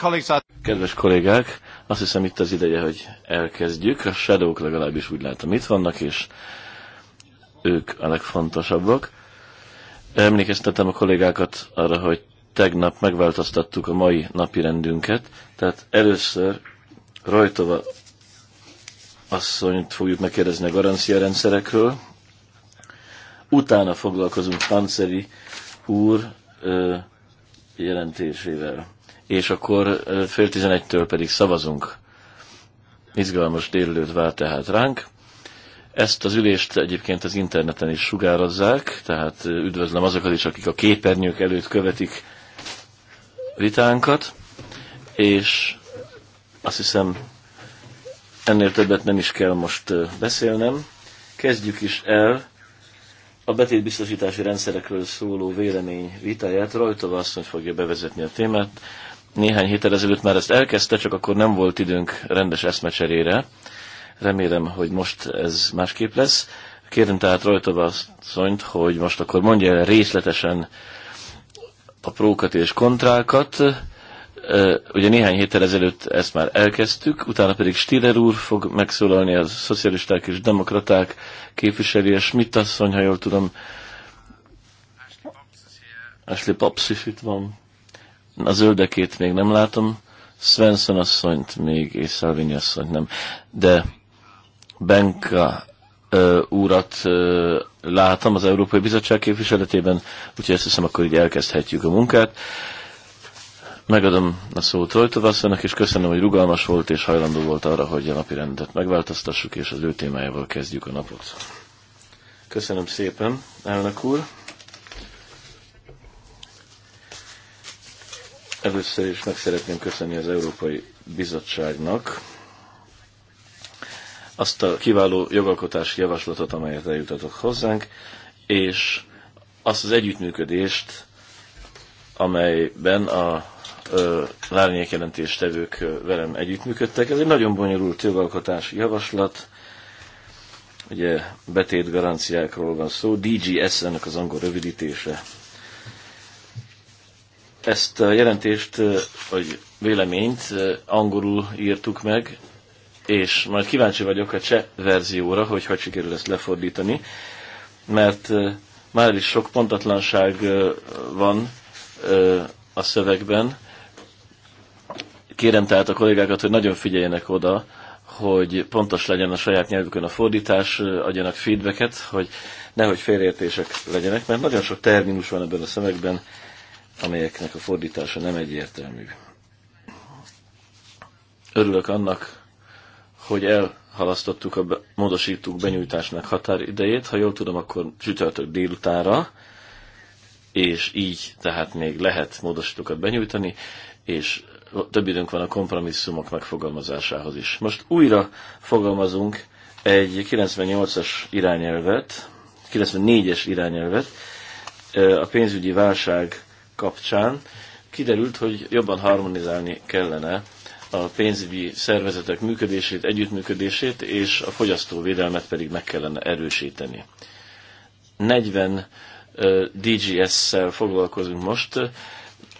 Uh, Kedves kollégák, azt hiszem itt az ideje, hogy elkezdjük. A shadowk legalábbis úgy látom itt vannak, és ők a legfontosabbak. Emlékeztetem a kollégákat arra, hogy tegnap megváltoztattuk a mai napi rendünket, tehát először Rajtova asszonyt fogjuk megkérdezni a garancia rendszerekről, utána foglalkozunk Panceri úr ö, jelentésével és akkor fél tizenegytől pedig szavazunk. Izgalmas délelőtt vár tehát ránk. Ezt az ülést egyébként az interneten is sugározzák, tehát üdvözlöm azokat is, akik a képernyők előtt követik vitánkat, és azt hiszem ennél többet nem is kell most beszélnem. Kezdjük is el a betétbiztosítási rendszerekről szóló vélemény vitáját. Rajtova hogy fogja bevezetni a témát néhány héttel ezelőtt már ezt elkezdte, csak akkor nem volt időnk rendes eszmecserére. Remélem, hogy most ez másképp lesz. Kérem tehát Rajtova asszonyt, hogy most akkor mondja el részletesen a prókat és kontrákat. Ugye néhány héttel ezelőtt ezt már elkezdtük, utána pedig Stiller úr fog megszólalni a szocialisták és demokraták képviselője, mit asszony, ha jól tudom. Ashley Pops is itt van a zöldekét még nem látom, Svensson asszonyt még, és Salvini asszonyt nem, de Benka ö, úrat ö, látom az Európai Bizottság képviseletében, úgyhogy ezt hiszem, akkor így elkezdhetjük a munkát. Megadom a szót Rojtovasszonynak, és köszönöm, hogy rugalmas volt és hajlandó volt arra, hogy a napi rendet megváltoztassuk, és az ő témájával kezdjük a napot. Köszönöm szépen, elnök úr! Először is meg szeretném köszönni az Európai Bizottságnak azt a kiváló jogalkotási javaslatot, amelyet eljutatok hozzánk, és azt az együttműködést, amelyben a lárnyékjelentéstevők velem együttműködtek. Ez egy nagyon bonyolult jogalkotási javaslat, ugye betét garanciákról van szó, DGS ennek az angol rövidítése ezt a jelentést, vagy véleményt angolul írtuk meg, és majd kíváncsi vagyok a cseh verzióra, hogy hogy sikerül ezt lefordítani, mert már is sok pontatlanság van a szövegben. Kérem tehát a kollégákat, hogy nagyon figyeljenek oda, hogy pontos legyen a saját nyelvükön a fordítás, adjanak feedbacket, hogy nehogy félértések legyenek, mert nagyon sok terminus van ebben a szövegben, amelyeknek a fordítása nem egyértelmű. Örülök annak, hogy elhalasztottuk a módosítók benyújtásnak határidejét, ha jól tudom, akkor csütörtök délutára, és így tehát még lehet módosítókat benyújtani, és több időnk van a kompromisszumok megfogalmazásához is. Most újra fogalmazunk egy 98-as irányelvet, 94-es irányelvet, a pénzügyi válság kapcsán kiderült, hogy jobban harmonizálni kellene a pénzügyi szervezetek működését, együttműködését, és a fogyasztóvédelmet pedig meg kellene erősíteni. 40 DGS-szel foglalkozunk most.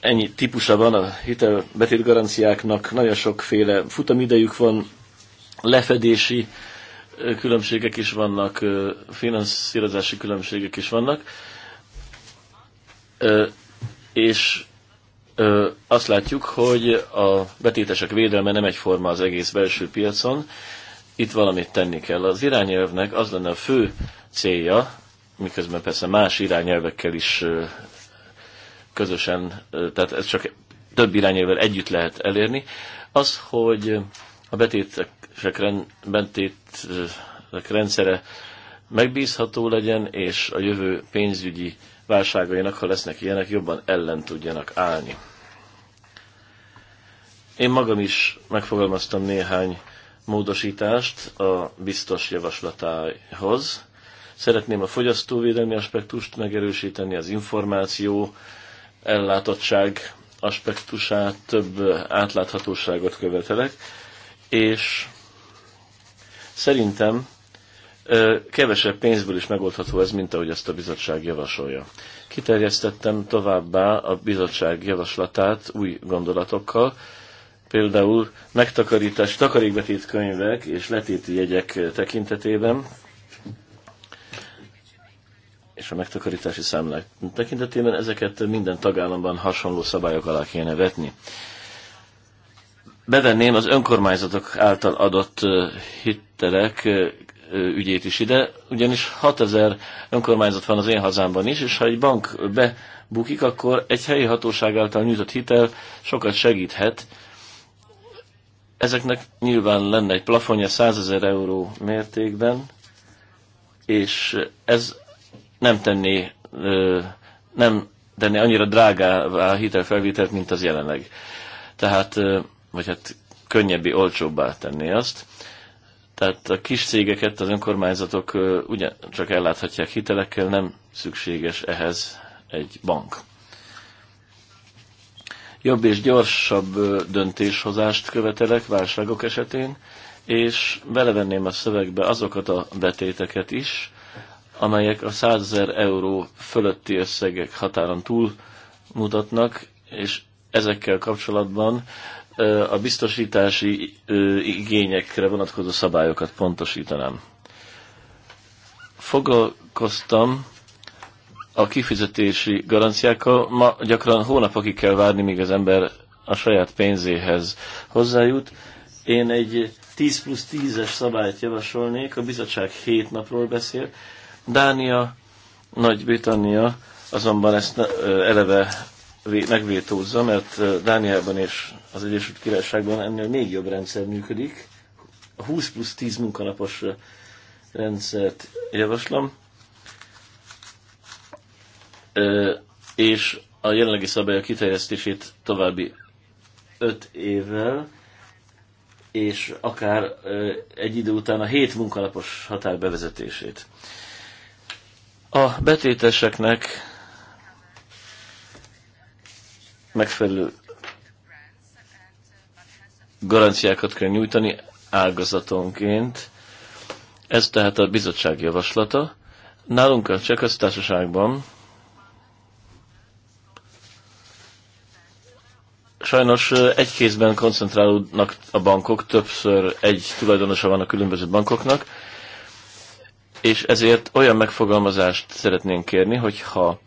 Ennyi típusa van a hitelbetétgaranciáknak nagyon sokféle futamidejük van, lefedési különbségek is vannak, finanszírozási különbségek is vannak és ö, azt látjuk, hogy a betétesek védelme nem egyforma az egész belső piacon, itt valamit tenni kell. Az irányelvnek az lenne a fő célja, miközben persze más irányelvekkel is ö, közösen, ö, tehát ez csak több irányelvvel együtt lehet elérni, az, hogy a betétesek rend, betétek rendszere megbízható legyen, és a jövő pénzügyi válságainak, ha lesznek ilyenek, jobban ellen tudjanak állni. Én magam is megfogalmaztam néhány módosítást a biztos javaslatához. Szeretném a fogyasztóvédelmi aspektust megerősíteni, az információ ellátottság aspektusát, több átláthatóságot követelek, és szerintem kevesebb pénzből is megoldható ez, mint ahogy ezt a bizottság javasolja. Kiterjesztettem továbbá a bizottság javaslatát új gondolatokkal, például megtakarítás, takarékbetét könyvek és letéti jegyek tekintetében, és a megtakarítási számlák tekintetében ezeket minden tagállamban hasonló szabályok alá kéne vetni. Bevenném az önkormányzatok által adott hitelek ügyét is ide, ugyanis 6000 önkormányzat van az én hazámban is, és ha egy bank bebukik, akkor egy helyi hatóság által nyújtott hitel sokat segíthet. Ezeknek nyilván lenne egy plafonja 100 ezer euró mértékben, és ez nem tenné, nem tenné annyira drágává a hitelfelvételt, mint az jelenleg. Tehát, vagy hát könnyebbé, olcsóbbá tenné azt tehát a kis cégeket az önkormányzatok ugyancsak elláthatják hitelekkel, nem szükséges ehhez egy bank. Jobb és gyorsabb döntéshozást követelek válságok esetén, és belevenném a szövegbe azokat a betéteket is, amelyek a 100 ezer euró fölötti összegek határon túl mutatnak, és ezekkel kapcsolatban a biztosítási igényekre vonatkozó szabályokat pontosítanám. Foglalkoztam a kifizetési garanciákkal. Ma gyakran hónapokig kell várni, míg az ember a saját pénzéhez hozzájut. Én egy 10 plusz 10-es szabályt javasolnék, a bizottság 7 napról beszél. Dánia, Nagy-Britannia azonban ezt eleve megvétózza, mert Dániában és az Egyesült Királyságban ennél még jobb rendszer működik. A 20 plusz 10 munkanapos rendszert javaslom. És a jelenlegi szabályok kiterjesztését további 5 évvel, és akár egy idő után a 7 munkanapos határ bevezetését. A betéteseknek megfelelő garanciákat kell nyújtani ágazatonként. Ez tehát a bizottság javaslata. Nálunk a Csehköztársaságban sajnos egy kézben koncentrálódnak a bankok, többször egy tulajdonosa van a különböző bankoknak, és ezért olyan megfogalmazást szeretnénk kérni, hogyha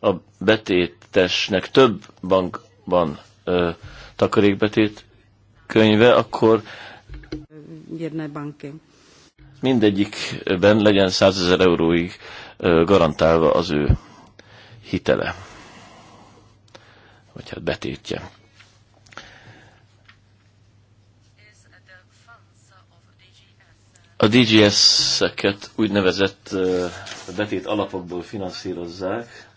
a betét betétesnek több bankban ö, takarékbetét könyve, akkor mindegyikben legyen 100 ezer euróig ö, garantálva az ő hitele, vagy hát betétje. A DGS-eket úgynevezett betét alapokból finanszírozzák,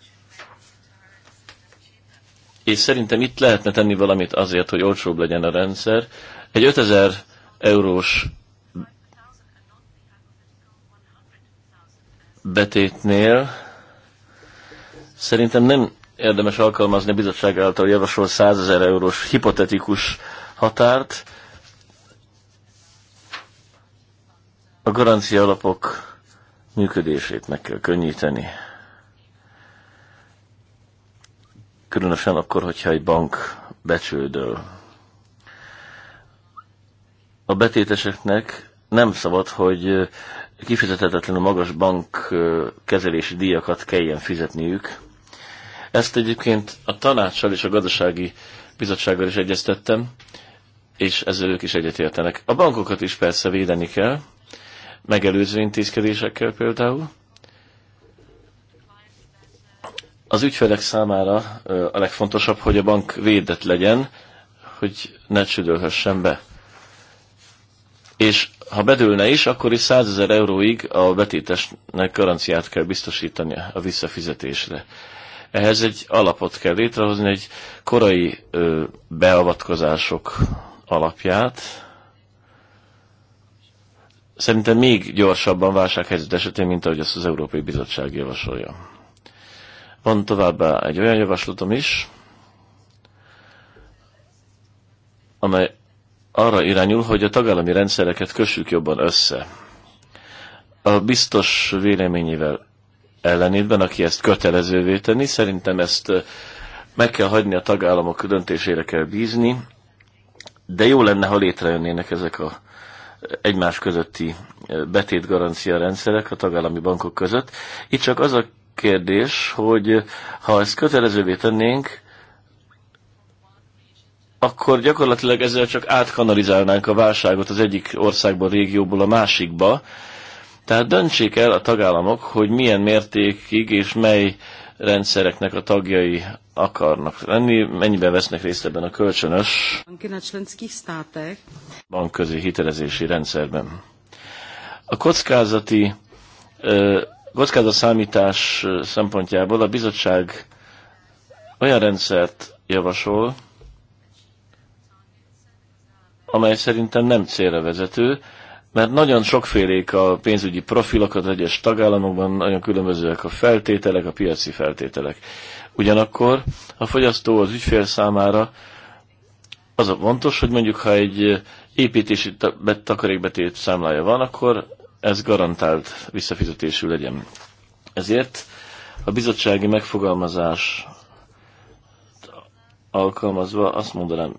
és szerintem itt lehetne tenni valamit azért, hogy olcsóbb legyen a rendszer. Egy 5000 eurós betétnél szerintem nem érdemes alkalmazni a bizottság által javasolt 100 ezer eurós hipotetikus határt. A garancia alapok működését meg kell könnyíteni. különösen akkor, hogyha egy bank becsődöl. A betéteseknek nem szabad, hogy kifizethetetlenül magas bank kezelési díjakat kelljen fizetniük. Ezt egyébként a tanácssal és a gazdasági bizottsággal is egyeztettem, és ezzel ők is egyetértenek. A bankokat is persze védeni kell, megelőző intézkedésekkel például, az ügyfelek számára a legfontosabb, hogy a bank védett legyen, hogy ne csüdölhessen be. És ha bedőlne is, akkor is 100 ezer euróig a betétesnek garanciát kell biztosítani a visszafizetésre. Ehhez egy alapot kell létrehozni, egy korai ö, beavatkozások alapját. Szerintem még gyorsabban válsághelyzet esetén, mint ahogy azt az Európai Bizottság javasolja. Van továbbá egy olyan javaslatom is, amely arra irányul, hogy a tagállami rendszereket kössük jobban össze. A biztos véleményével ellenében, aki ezt kötelezővé tenni, szerintem ezt meg kell hagyni a tagállamok döntésére kell bízni, de jó lenne, ha létrejönnének ezek a egymás közötti betétgarancia rendszerek a tagállami bankok között. Itt csak az a kérdés, hogy ha ezt kötelezővé tennénk, akkor gyakorlatilag ezzel csak átkanalizálnánk a válságot az egyik országból, régióból a másikba. Tehát döntsék el a tagállamok, hogy milyen mértékig és mely rendszereknek a tagjai akarnak lenni, mennyiben vesznek részt ebben a kölcsönös bankközi hitelezési rendszerben. A kockázati ö, kockázatszámítás szempontjából a bizottság olyan rendszert javasol, amely szerintem nem célra vezető, mert nagyon sokfélék a pénzügyi profilok az egyes tagállamokban, nagyon különbözőek a feltételek, a piaci feltételek. Ugyanakkor a fogyasztó az ügyfél számára az a fontos, hogy mondjuk ha egy építési takarékbetét számlája van, akkor ez garantált visszafizetésű legyen. Ezért a bizottsági megfogalmazás alkalmazva azt mondanám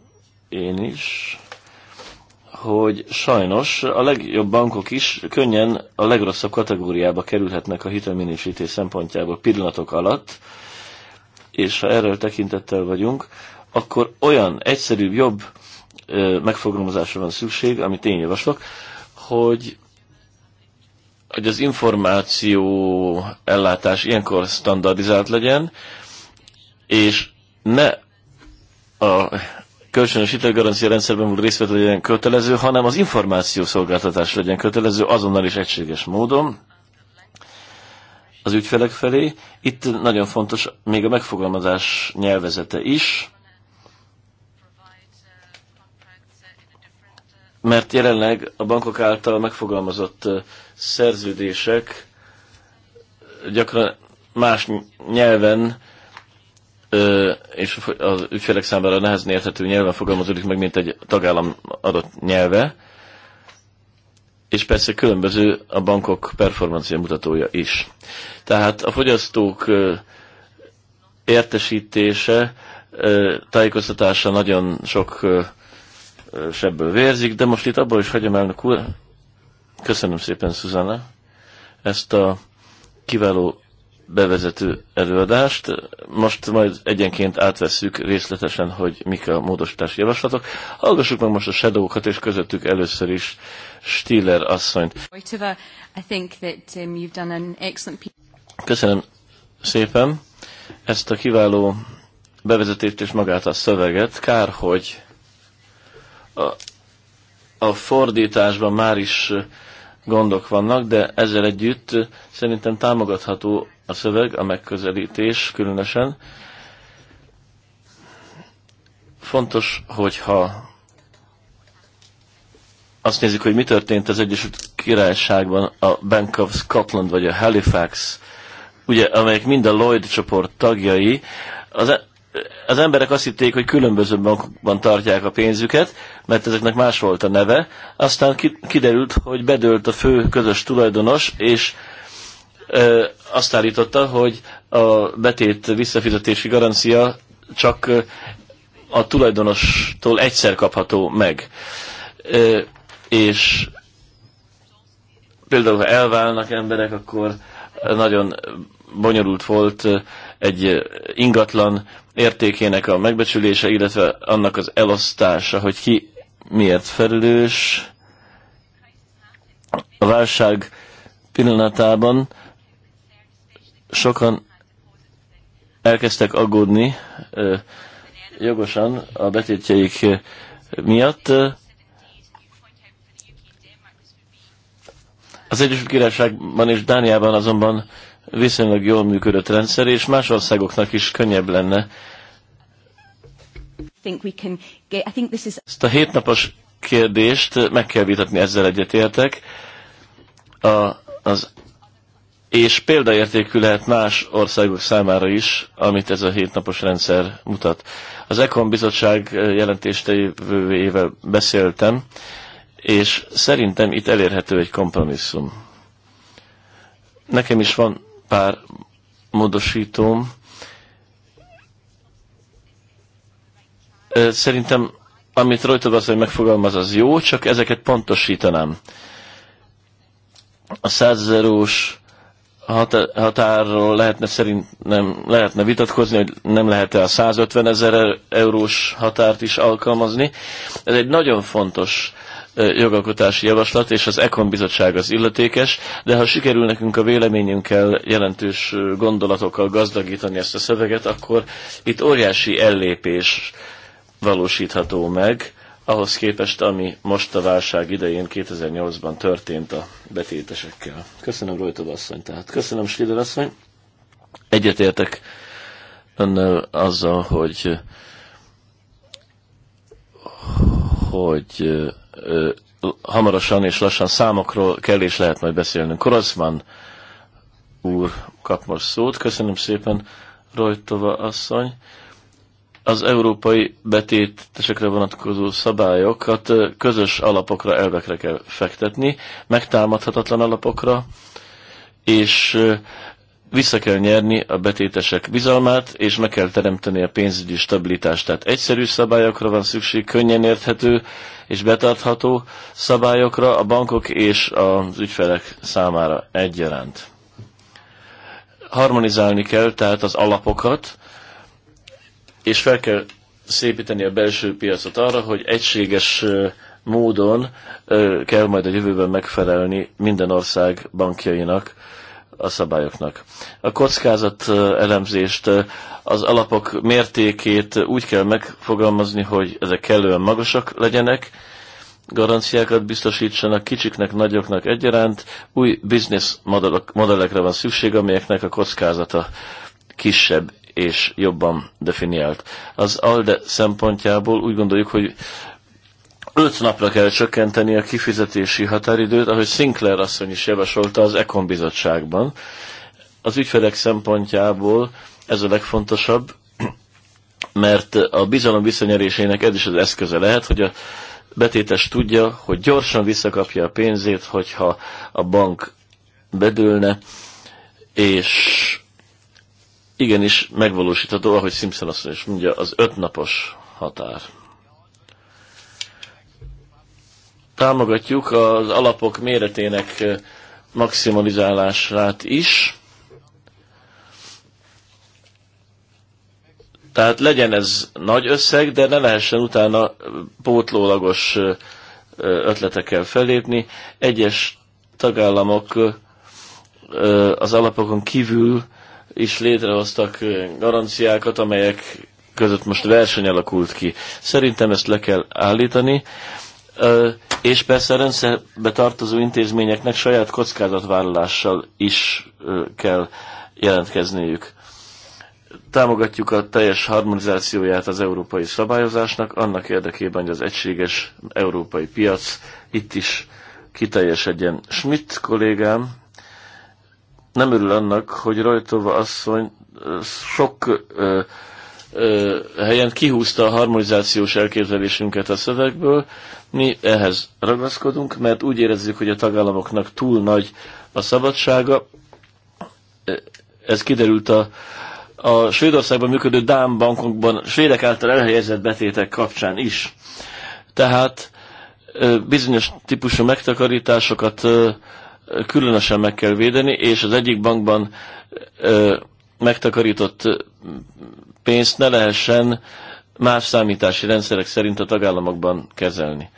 én is, hogy sajnos a legjobb bankok is könnyen a legrosszabb kategóriába kerülhetnek a hitelminősítés szempontjából pillanatok alatt, és ha erről tekintettel vagyunk, akkor olyan egyszerűbb, jobb megfogalmazásra van szükség, amit én javaslok, hogy hogy az információ ellátás ilyenkor standardizált legyen, és ne a kölcsönös hitelgarancia rendszerben való részvet legyen kötelező, hanem az szolgáltatás legyen kötelező azonnal is egységes módon az ügyfelek felé. Itt nagyon fontos még a megfogalmazás nyelvezete is, mert jelenleg a bankok által megfogalmazott szerződések gyakran más nyelven és az ügyfelek számára nehezen érthető nyelven fogalmazódik meg, mint egy tagállam adott nyelve, és persze különböző a bankok performancia mutatója is. Tehát a fogyasztók értesítése, tájékoztatása nagyon sok ebből vérzik, de most itt abból is hagyom elnök úr. Köszönöm szépen, Szuzana, ezt a kiváló bevezető előadást. Most majd egyenként átvesszük részletesen, hogy mik a módosítás javaslatok. Hallgassuk meg most a shadow és közöttük először is Stiller asszonyt. Um, Köszönöm szépen ezt a kiváló bevezetést és magát a szöveget. Kár, hogy a, a fordításban már is gondok vannak, de ezzel együtt szerintem támogatható a szöveg, a megközelítés különösen. Fontos, hogyha azt nézzük, hogy mi történt az Egyesült Királyságban a Bank of Scotland vagy a Halifax, ugye, amelyek mind a Lloyd csoport tagjai, az e- az emberek azt hitték, hogy különböző bankokban tartják a pénzüket, mert ezeknek más volt a neve. Aztán kiderült, hogy bedőlt a fő közös tulajdonos, és ö, azt állította, hogy a betét visszafizetési garancia csak a tulajdonostól egyszer kapható meg. Ö, és például, ha elválnak emberek, akkor nagyon bonyolult volt egy ingatlan értékének a megbecsülése, illetve annak az elosztása, hogy ki miért felelős a válság pillanatában sokan elkezdtek aggódni jogosan a betétjeik miatt. Az Egyesült Királyságban és Dániában azonban viszonylag jól működött rendszer, és más országoknak is könnyebb lenne. Ezt a hétnapos kérdést meg kell vitatni, ezzel egyetértek. A, az, és példaértékű lehet más országok számára is, amit ez a hétnapos rendszer mutat. Az Ekon bizottság jelentéstevőjével beszéltem, és szerintem itt elérhető egy kompromisszum. Nekem is van pár módosítóm. Szerintem, amit rajtad az, hogy megfogalmaz, az jó, csak ezeket pontosítanám. A százezerós határról lehetne szerint nem lehetne vitatkozni, hogy nem lehet-e a 150 ezer eurós határt is alkalmazni. Ez egy nagyon fontos jogalkotási javaslat, és az Ekon bizottság az illetékes, de ha sikerül nekünk a véleményünkkel jelentős gondolatokkal gazdagítani ezt a szöveget, akkor itt óriási ellépés valósítható meg, ahhoz képest, ami most a válság idején 2008-ban történt a betétesekkel. Köszönöm Rojtov asszony, tehát köszönöm Slider asszony. Egyetértek önnel azzal, hogy hogy ö, hamarosan és lassan számokról kell és lehet majd beszélnünk. Korozman úr kap most szót. Köszönöm szépen, Rojtova asszony. Az európai betétesekre vonatkozó szabályokat közös alapokra, elvekre kell fektetni, megtámadhatatlan alapokra, és vissza kell nyerni a betétesek bizalmát, és meg kell teremteni a pénzügyi stabilitást. Tehát egyszerű szabályokra van szükség, könnyen érthető és betartható szabályokra a bankok és az ügyfelek számára egyaránt. Harmonizálni kell tehát az alapokat, és fel kell szépíteni a belső piacot arra, hogy egységes módon kell majd a jövőben megfelelni minden ország bankjainak, a szabályoknak. A kockázat elemzést, az alapok mértékét úgy kell megfogalmazni, hogy ezek kellően magasak legyenek, garanciákat biztosítsanak kicsiknek, nagyoknak egyaránt, új biznisz modellekre van szükség, amelyeknek a kockázata kisebb és jobban definiált. Az ALDE szempontjából úgy gondoljuk, hogy öt napra kell csökkenteni a kifizetési határidőt, ahogy Sinclair asszony is javasolta az Ekon bizottságban. Az ügyfelek szempontjából ez a legfontosabb, mert a bizalom visszanyerésének ez is az eszköze lehet, hogy a betétes tudja, hogy gyorsan visszakapja a pénzét, hogyha a bank bedőlne, és igenis megvalósítható, ahogy Simpson azt is mondja, az ötnapos határ. támogatjuk az alapok méretének maximalizálását is. Tehát legyen ez nagy összeg, de ne lehessen utána pótlólagos ötletekkel felépni. Egyes tagállamok az alapokon kívül is létrehoztak garanciákat, amelyek között most verseny alakult ki. Szerintem ezt le kell állítani és persze a rendszerbe tartozó intézményeknek saját kockázatvállalással is kell jelentkezniük. Támogatjuk a teljes harmonizációját az európai szabályozásnak, annak érdekében, hogy az egységes európai piac itt is kiteljesedjen. Schmidt kollégám nem örül annak, hogy Rajtova asszony sok uh, helyen kihúzta a harmonizációs elképzelésünket a szövegből. Mi ehhez ragaszkodunk, mert úgy érezzük, hogy a tagállamoknak túl nagy a szabadsága. Ez kiderült a, a Svédországban működő Dán bankokban svédek által elhelyezett betétek kapcsán is. Tehát bizonyos típusú megtakarításokat különösen meg kell védeni, és az egyik bankban megtakarított pénzt ne lehessen más számítási rendszerek szerint a tagállamokban kezelni.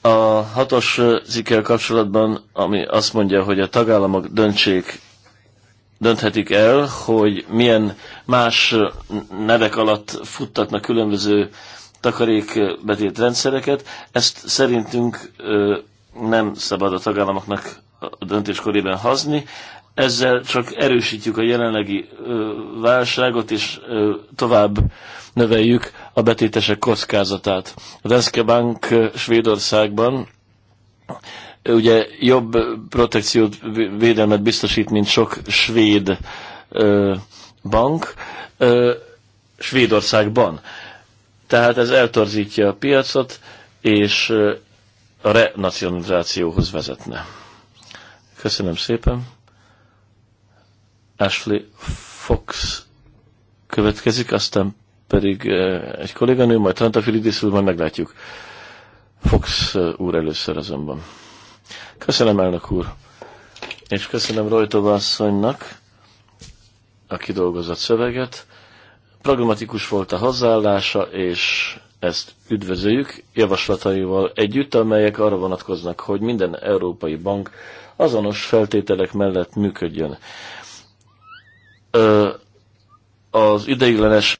A hatos cikkel kapcsolatban, ami azt mondja, hogy a tagállamok döntsék, dönthetik el, hogy milyen más nevek alatt futtatnak különböző takarékbetét rendszereket, ezt szerintünk nem szabad a tagállamoknak a döntéskorében hazni ezzel csak erősítjük a jelenlegi ö, válságot, és ö, tovább növeljük a betétesek kockázatát. A Danske Bank Svédországban ugye jobb protekciót, védelmet biztosít, mint sok svéd ö, bank ö, Svédországban. Tehát ez eltorzítja a piacot, és a renacionalizációhoz vezetne. Köszönöm szépen! Ashley Fox következik, aztán pedig eh, egy kolléganő, majd Trantafilidis úr, majd meglátjuk. Fox eh, úr először azonban. Köszönöm, elnök úr, és köszönöm Rojtova asszonynak aki dolgozott szöveget. Pragmatikus volt a hozzáállása, és ezt üdvözöljük javaslataival együtt, amelyek arra vonatkoznak, hogy minden európai bank azonos feltételek mellett működjön az ideiglenes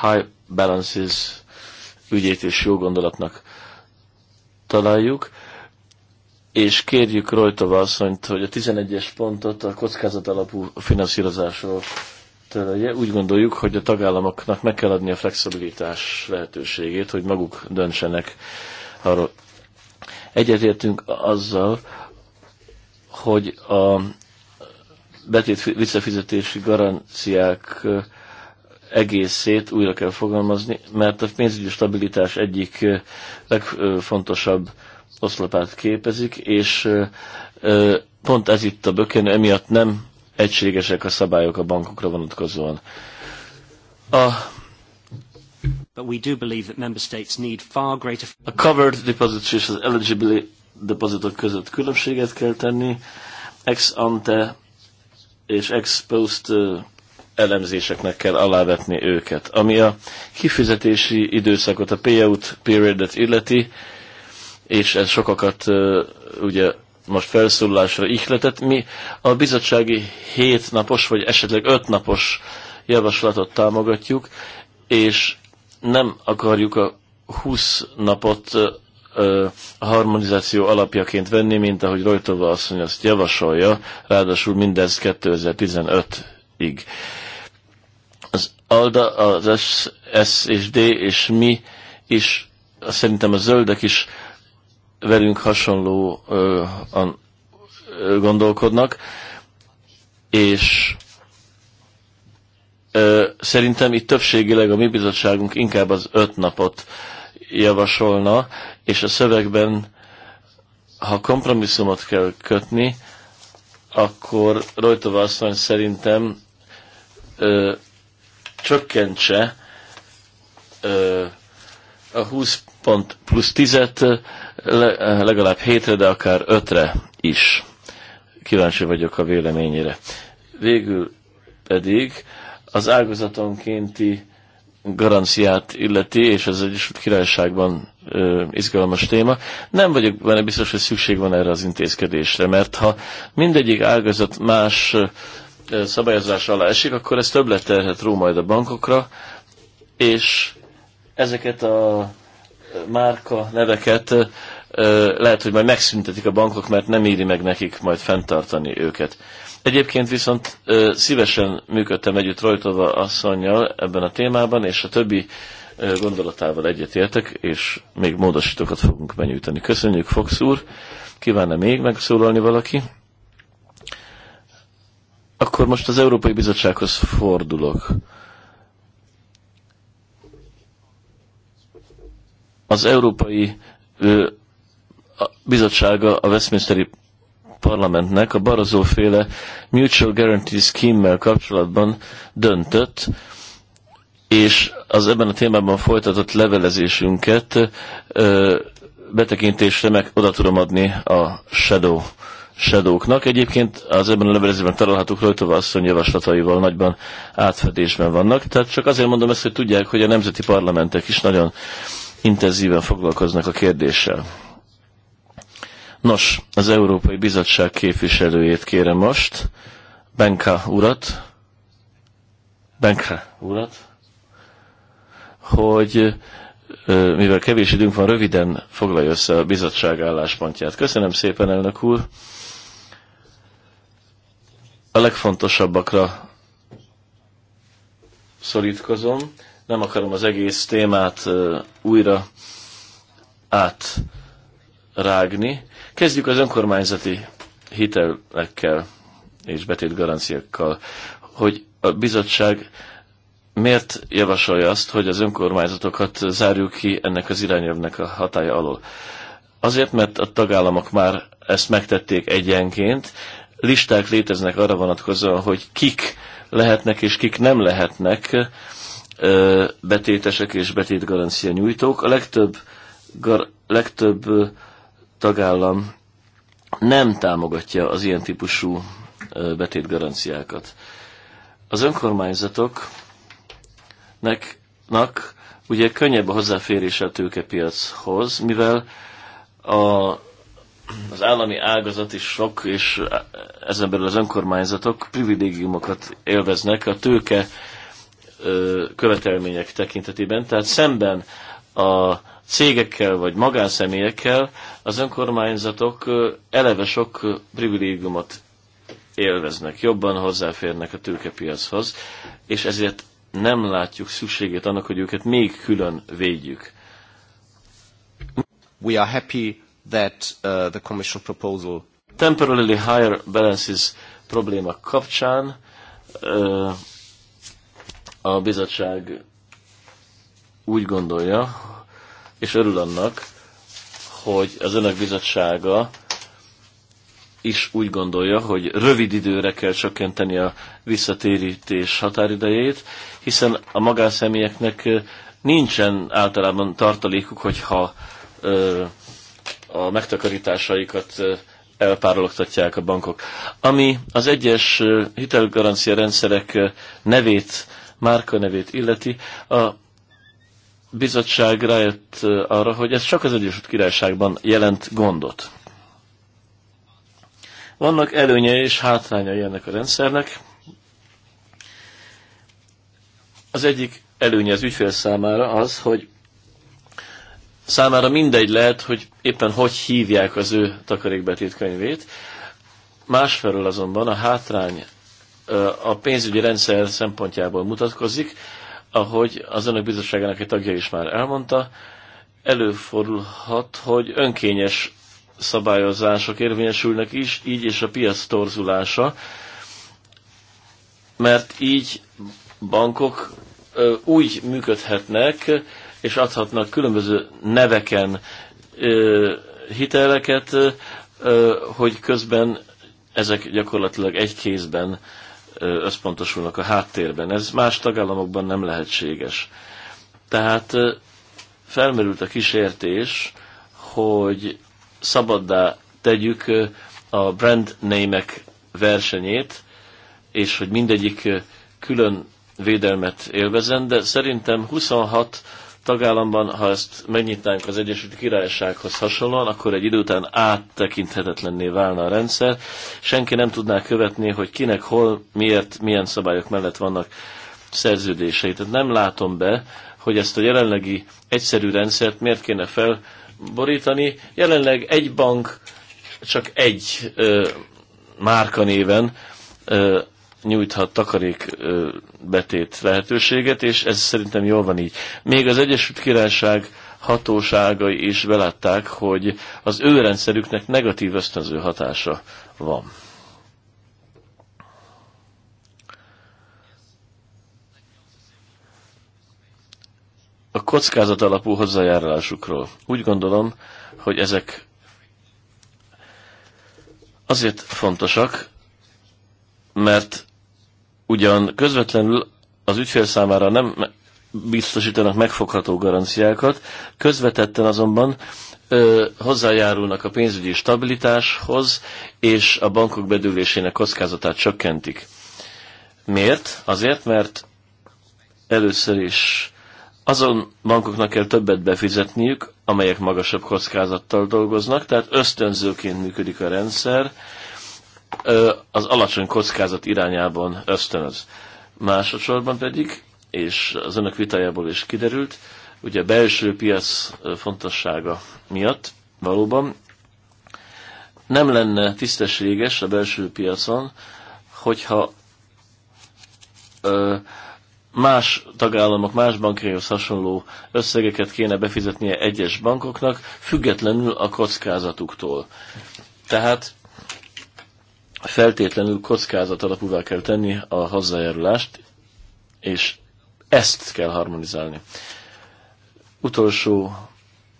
high balances ügyét és jó gondolatnak találjuk, és kérjük rajta asszonyt, hogy a 11-es pontot a kockázat alapú finanszírozásról törölje. Úgy gondoljuk, hogy a tagállamoknak meg kell adni a flexibilitás lehetőségét, hogy maguk döntsenek arról. Egyetértünk azzal, hogy a betét visszafizetési garanciák egészét újra kell fogalmazni, mert a pénzügyi stabilitás egyik legfontosabb oszlopát képezik, és pont ez itt a bökén, emiatt nem egységesek a szabályok a bankokra vonatkozóan. A But we do believe that member states need far greater... A covered deposits és az eligible depositok között különbséget kell tenni, ex ante és exposed elemzéseknek kell alávetni őket. Ami a kifizetési időszakot, a payout periodet illeti, és ez sokakat ugye most felszólásra ihletett, mi a bizottsági hétnapos, vagy esetleg napos javaslatot támogatjuk, és nem akarjuk a 20 napot a harmonizáció alapjaként venni, mint ahogy Rojtova asszony azt javasolja, ráadásul mindez 2015-ig. Az ALDA, az S, S és D és mi is, szerintem a zöldek is velünk hasonlóan gondolkodnak, és szerintem itt többségileg a mi bizottságunk inkább az öt napot javasolna, és a szövegben, ha kompromisszumot kell kötni, akkor Rojtova asszony szerintem ö, csökkentse ö, a 20 pont plusz 10-et legalább 7-re, de akár 5-re is. Kíváncsi vagyok a véleményére. Végül pedig az ágazatonkénti garanciát illeti, és ez egy Királyságban ö, izgalmas téma, nem vagyok benne biztos, hogy szükség van erre az intézkedésre, mert ha mindegyik ágazat más ö, szabályozás alá esik, akkor ez többletterhet ró majd a bankokra, és ezeket a márka neveket lehet, hogy majd megszüntetik a bankok, mert nem éri meg nekik majd fenntartani őket. Egyébként viszont szívesen működtem együtt Rojtova asszonynal ebben a témában, és a többi gondolatával egyetértek, és még módosítókat fogunk benyújtani. Köszönjük, Fox úr! Kívánna még megszólalni valaki? Akkor most az Európai Bizottsághoz fordulok. Az Európai a bizottsága a Westminsteri parlamentnek a barazóféle Mutual Guarantee Scheme-mel kapcsolatban döntött, és az ebben a témában folytatott levelezésünket ö, betekintésre meg oda tudom adni a Shadow Shadowknak. Egyébként az ebben a levelezésben találhatók Rojtova asszony javaslataival nagyban átfedésben vannak. Tehát csak azért mondom ezt, hogy tudják, hogy a nemzeti parlamentek is nagyon intenzíven foglalkoznak a kérdéssel. Nos, az Európai Bizottság képviselőjét kérem most, Benka urat, Benka urat, hogy mivel kevés időnk van, röviden foglalja össze a bizottság álláspontját. Köszönöm szépen, elnök úr! A legfontosabbakra szorítkozom. Nem akarom az egész témát újra átrágni. Kezdjük az önkormányzati hitelekkel és betétgaranciákkal, hogy a bizottság miért javasolja azt, hogy az önkormányzatokat zárjuk ki ennek az irányelvnek a hatája alól? Azért, mert a tagállamok már ezt megtették egyenként, listák léteznek arra vonatkozóan, hogy kik lehetnek és kik nem lehetnek betétesek és betétgarancia nyújtók. A legtöbb, gar, legtöbb tagállam nem támogatja az ilyen típusú betétgaranciákat. Az önkormányzatoknak ugye könnyebb a hozzáférés a tőkepiachoz, mivel a, az állami ágazat is sok, és ezen belül az önkormányzatok privilégiumokat élveznek a tőke követelmények tekintetében, tehát szemben a cégekkel vagy magánszemélyekkel az önkormányzatok eleve sok privilégiumot élveznek, jobban hozzáférnek a tőkepiachoz, és ezért nem látjuk szükségét annak, hogy őket még külön védjük. We are happy that uh, the commission proposal temporarily higher balances probléma kapcsán uh, a bizottság úgy gondolja, és örül annak, hogy az önök bizottsága is úgy gondolja, hogy rövid időre kell csökkenteni a visszatérítés határidejét, hiszen a magánszemélyeknek nincsen általában tartalékuk, hogyha ö, a megtakarításaikat elpárologtatják a bankok. Ami az egyes hitelgarancia rendszerek nevét, márka nevét illeti, a bizottság rájött arra, hogy ez csak az Egyesült Királyságban jelent gondot. Vannak előnyei és hátrányai ennek a rendszernek. Az egyik előnye az ügyfél számára az, hogy számára mindegy lehet, hogy éppen hogy hívják az ő takarékbetét könyvét. Másfelől azonban a hátrány a pénzügyi rendszer szempontjából mutatkozik, ahogy az önök bizottságának egy tagja is már elmondta, előfordulhat, hogy önkényes szabályozások érvényesülnek is, így és a piac torzulása, mert így bankok úgy működhetnek, és adhatnak különböző neveken hiteleket, hogy közben ezek gyakorlatilag egy kézben összpontosulnak a háttérben. Ez más tagállamokban nem lehetséges. Tehát felmerült a kísértés, hogy szabaddá tegyük a brand name-ek versenyét, és hogy mindegyik külön védelmet élvezen, de szerintem 26 tagállamban, ha ezt megnyitnánk az Egyesült Királysághoz hasonlóan, akkor egy idő után áttekinthetetlenné válna a rendszer. Senki nem tudná követni, hogy kinek, hol, miért, milyen szabályok mellett vannak szerződései. Tehát nem látom be, hogy ezt a jelenlegi egyszerű rendszert miért kéne felborítani. Jelenleg egy bank csak egy ö, márkanéven ö, nyújthat takarék betét lehetőséget, és ez szerintem jól van így. Még az Egyesült Királyság hatóságai is belátták, hogy az ő rendszerüknek negatív ösztönző hatása van. A kockázat alapú hozzájárulásukról. Úgy gondolom, hogy ezek azért fontosak, mert ugyan közvetlenül az ügyfél számára nem biztosítanak megfogható garanciákat, közvetetten azonban ö, hozzájárulnak a pénzügyi stabilitáshoz, és a bankok bedülésének kockázatát csökkentik. Miért? Azért, mert először is azon bankoknak kell többet befizetniük, amelyek magasabb kockázattal dolgoznak, tehát ösztönzőként működik a rendszer, az alacsony kockázat irányában ösztönöz. Másodszorban pedig, és az önök vitájából is kiderült, ugye a belső piac fontossága miatt valóban nem lenne tisztességes a belső piacon, hogyha más tagállamok, más bankjaihoz hasonló összegeket kéne befizetnie egyes bankoknak, függetlenül a kockázatuktól. Tehát feltétlenül kockázat alapúvá kell tenni a hozzájárulást, és ezt kell harmonizálni. Utolsó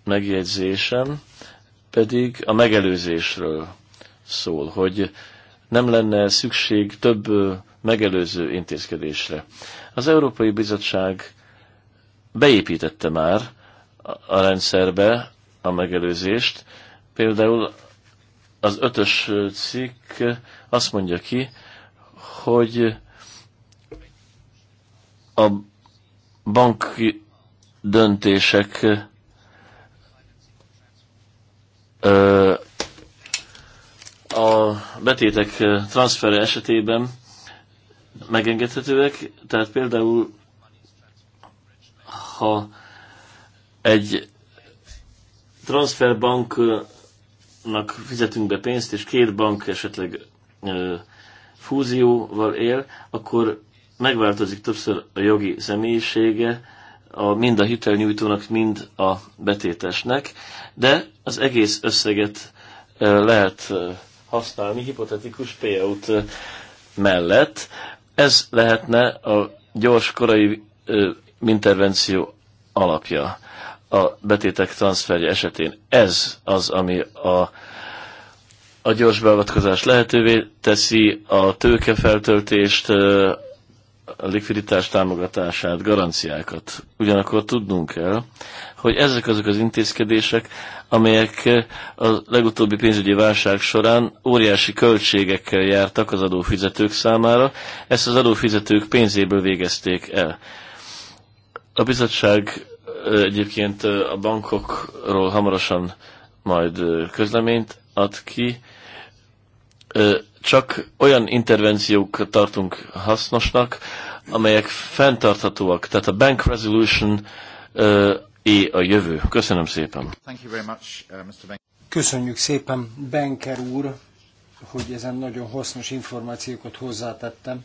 megjegyzésem pedig a megelőzésről szól, hogy nem lenne szükség több megelőző intézkedésre. Az Európai Bizottság beépítette már a rendszerbe a megelőzést, például az ötös cikk azt mondja ki, hogy a banki döntések a betétek transfere esetében megengedhetőek, tehát például ha egy transferbank banknak fizetünk be pénzt, és két bank esetleg ö, fúzióval él, akkor megváltozik többször a jogi személyisége, a, mind a hitelnyújtónak, mind a betétesnek, de az egész összeget ö, lehet ö, használni hipotetikus payout ö, mellett. Ez lehetne a gyors korai ö, intervenció alapja a betétek transferje esetén. Ez az, ami a, a gyors beavatkozás lehetővé teszi, a tőkefeltöltést, a likviditás támogatását, garanciákat. Ugyanakkor tudnunk kell, hogy ezek azok az intézkedések, amelyek a legutóbbi pénzügyi válság során óriási költségekkel jártak az adófizetők számára, ezt az adófizetők pénzéből végezték el. A bizottság egyébként a bankokról hamarosan majd közleményt ad ki. Csak olyan intervenciókat tartunk hasznosnak, amelyek fenntarthatóak. Tehát a Bank Resolution é a jövő. Köszönöm szépen. Uh, Köszönjük szépen, Benker úr, hogy ezen nagyon hasznos információkat hozzátettem.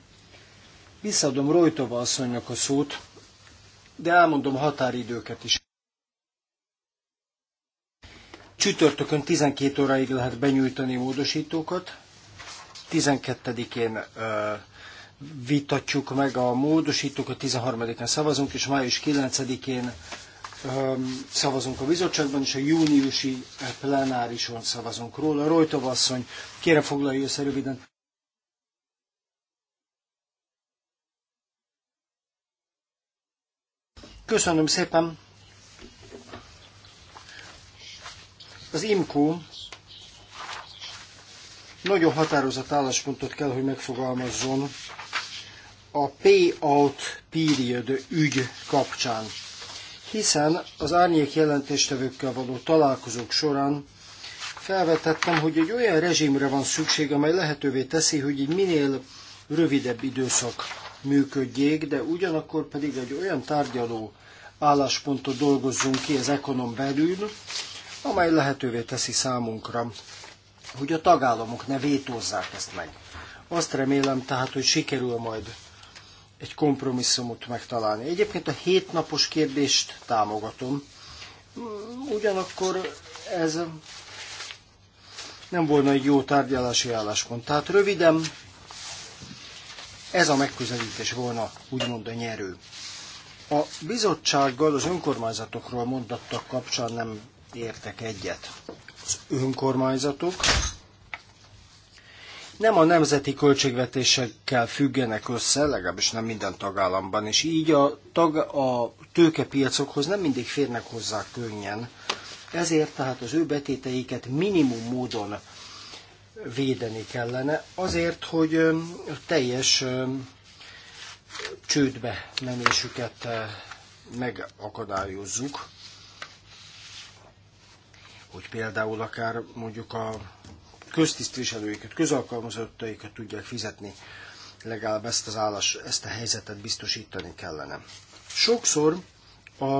Visszaadom Rojtova asszonynak a szót, de elmondom határidőket is. Csütörtökön 12 óraig lehet benyújtani módosítókat, 12-én vitatjuk meg a módosítókat, 13-án szavazunk, és május 9-én szavazunk a bizottságban, és a júniusi plenárison szavazunk róla. Rojtov asszony, kérem foglalja össze röviden. Köszönöm szépen. Az IMCO nagyon határozott álláspontot kell, hogy megfogalmazzon a payout period ügy kapcsán, hiszen az árnyék jelentéstevőkkel való találkozók során felvetettem, hogy egy olyan rezsimre van szükség, amely lehetővé teszi, hogy egy minél rövidebb időszak működjék, de ugyanakkor pedig egy olyan tárgyaló álláspontot dolgozzunk ki az ekonom belül, amely lehetővé teszi számunkra, hogy a tagállamok ne vétózzák ezt meg. Azt remélem tehát, hogy sikerül majd egy kompromisszumot megtalálni. Egyébként a hétnapos kérdést támogatom. Ugyanakkor ez nem volna egy jó tárgyalási álláspont. Tehát röviden ez a megközelítés volna úgymond a nyerő. A bizottsággal az önkormányzatokról mondattak kapcsán nem értek egyet. Az önkormányzatok nem a nemzeti költségvetésekkel függenek össze, legalábbis nem minden tagállamban, és így a, tag, a tőkepiacokhoz nem mindig férnek hozzá könnyen. Ezért tehát az ő betéteiket minimum módon védeni kellene, azért, hogy teljes csődbe menésüket megakadályozzuk, hogy például akár mondjuk a köztisztviselőiket, közalkalmazottaikat tudják fizetni, legalább ezt az állás, ezt a helyzetet biztosítani kellene. Sokszor a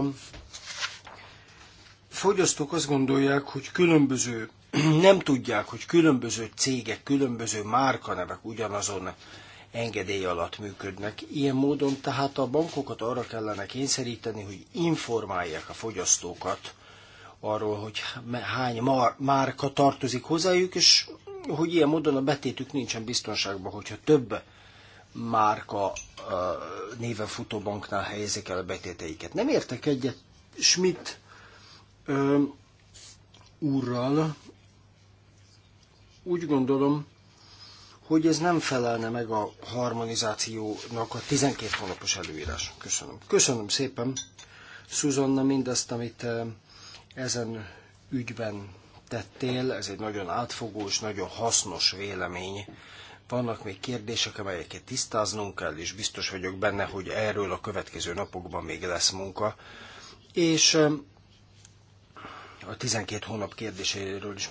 fogyasztók azt gondolják, hogy különböző nem tudják, hogy különböző cégek, különböző márkanevek ugyanazon engedély alatt működnek. Ilyen módon tehát a bankokat arra kellene kényszeríteni, hogy informálják a fogyasztókat arról, hogy hány mar- márka tartozik hozzájuk, és hogy ilyen módon a betétük nincsen biztonságban, hogyha több márka néven futó banknál helyezik el a betéteiket. Nem értek egyet Schmidt úrral, úgy gondolom, hogy ez nem felelne meg a harmonizációnak a 12 hónapos előírás. Köszönöm. Köszönöm szépen, Szuzanna, mindazt, amit eh, ezen ügyben tettél. Ez egy nagyon átfogó és nagyon hasznos vélemény. Vannak még kérdések, amelyeket tisztáznunk kell, és biztos vagyok benne, hogy erről a következő napokban még lesz munka. És eh, a 12 hónap kérdéséről is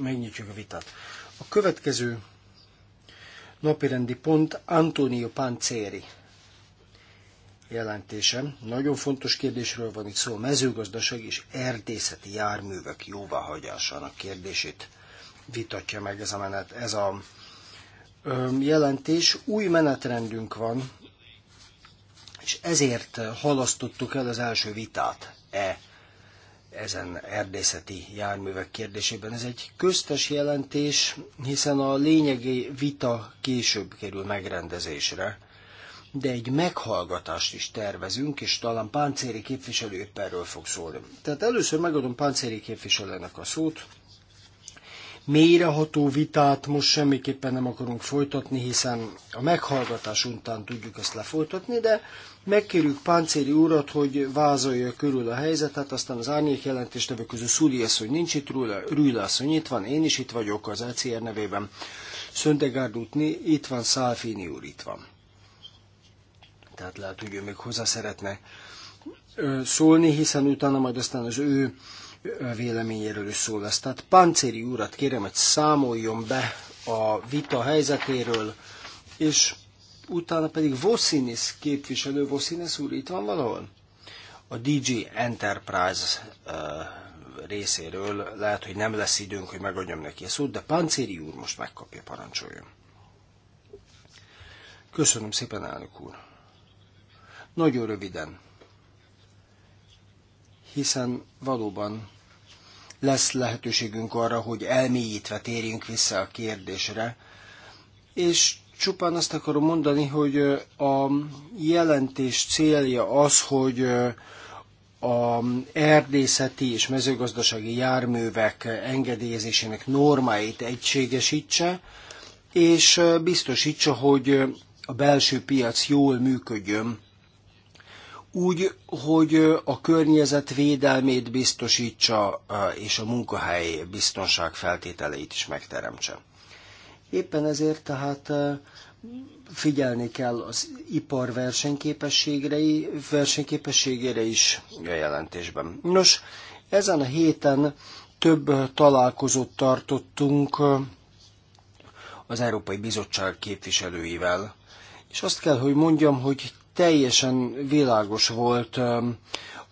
megnyitjuk a vitát. A következő napirendi pont Antonio Pancéri jelentése. Nagyon fontos kérdésről van itt szó, a mezőgazdaság és erdészeti járművek jóváhagyásának kérdését vitatja meg ez a menet. Ez a jelentés. Új menetrendünk van, és ezért halasztottuk el az első vitát e ezen erdészeti járművek kérdésében. Ez egy köztes jelentés, hiszen a lényegi vita később kerül megrendezésre, de egy meghallgatást is tervezünk, és talán Páncéri képviselő éppen erről fog szólni. Tehát először megadom Páncéri képviselőnek a szót, mélyreható vitát most semmiképpen nem akarunk folytatni, hiszen a meghallgatás után tudjuk ezt lefolytatni, de megkérjük Páncéli úrat, hogy vázolja körül a helyzetet, aztán az árnyék jelentéstevő közül Szúri hogy nincs itt, Rüle asszony itt van, én is itt vagyok az ECR nevében, Szöntegárd útni, itt van, Szálfini úr itt van. Tehát lehet, hogy ő még hozzá szeretne szólni, hiszen utána majd aztán az ő véleményéről is szól lesz. Tehát Páncéri úrat kérem, hogy számoljon be a vita helyzetéről, és utána pedig Vosinis képviselő, Vosinis úr itt van valahol? A DG Enterprise uh, részéről lehet, hogy nem lesz időnk, hogy megadjam neki a szót, de Páncéri úr most megkapja, parancsoljon. Köszönöm szépen, elnök úr. Nagyon röviden, hiszen valóban lesz lehetőségünk arra, hogy elmélyítve térjünk vissza a kérdésre. És csupán azt akarom mondani, hogy a jelentés célja az, hogy a erdészeti és mezőgazdasági járművek engedélyezésének normáit egységesítse, és biztosítsa, hogy a belső piac jól működjön úgy, hogy a környezet védelmét biztosítsa, és a munkahely biztonság feltételeit is megteremtse. Éppen ezért tehát figyelni kell az ipar versenyképességére is a jelentésben. Nos, ezen a héten több találkozót tartottunk az Európai Bizottság képviselőivel, és azt kell, hogy mondjam, hogy teljesen világos volt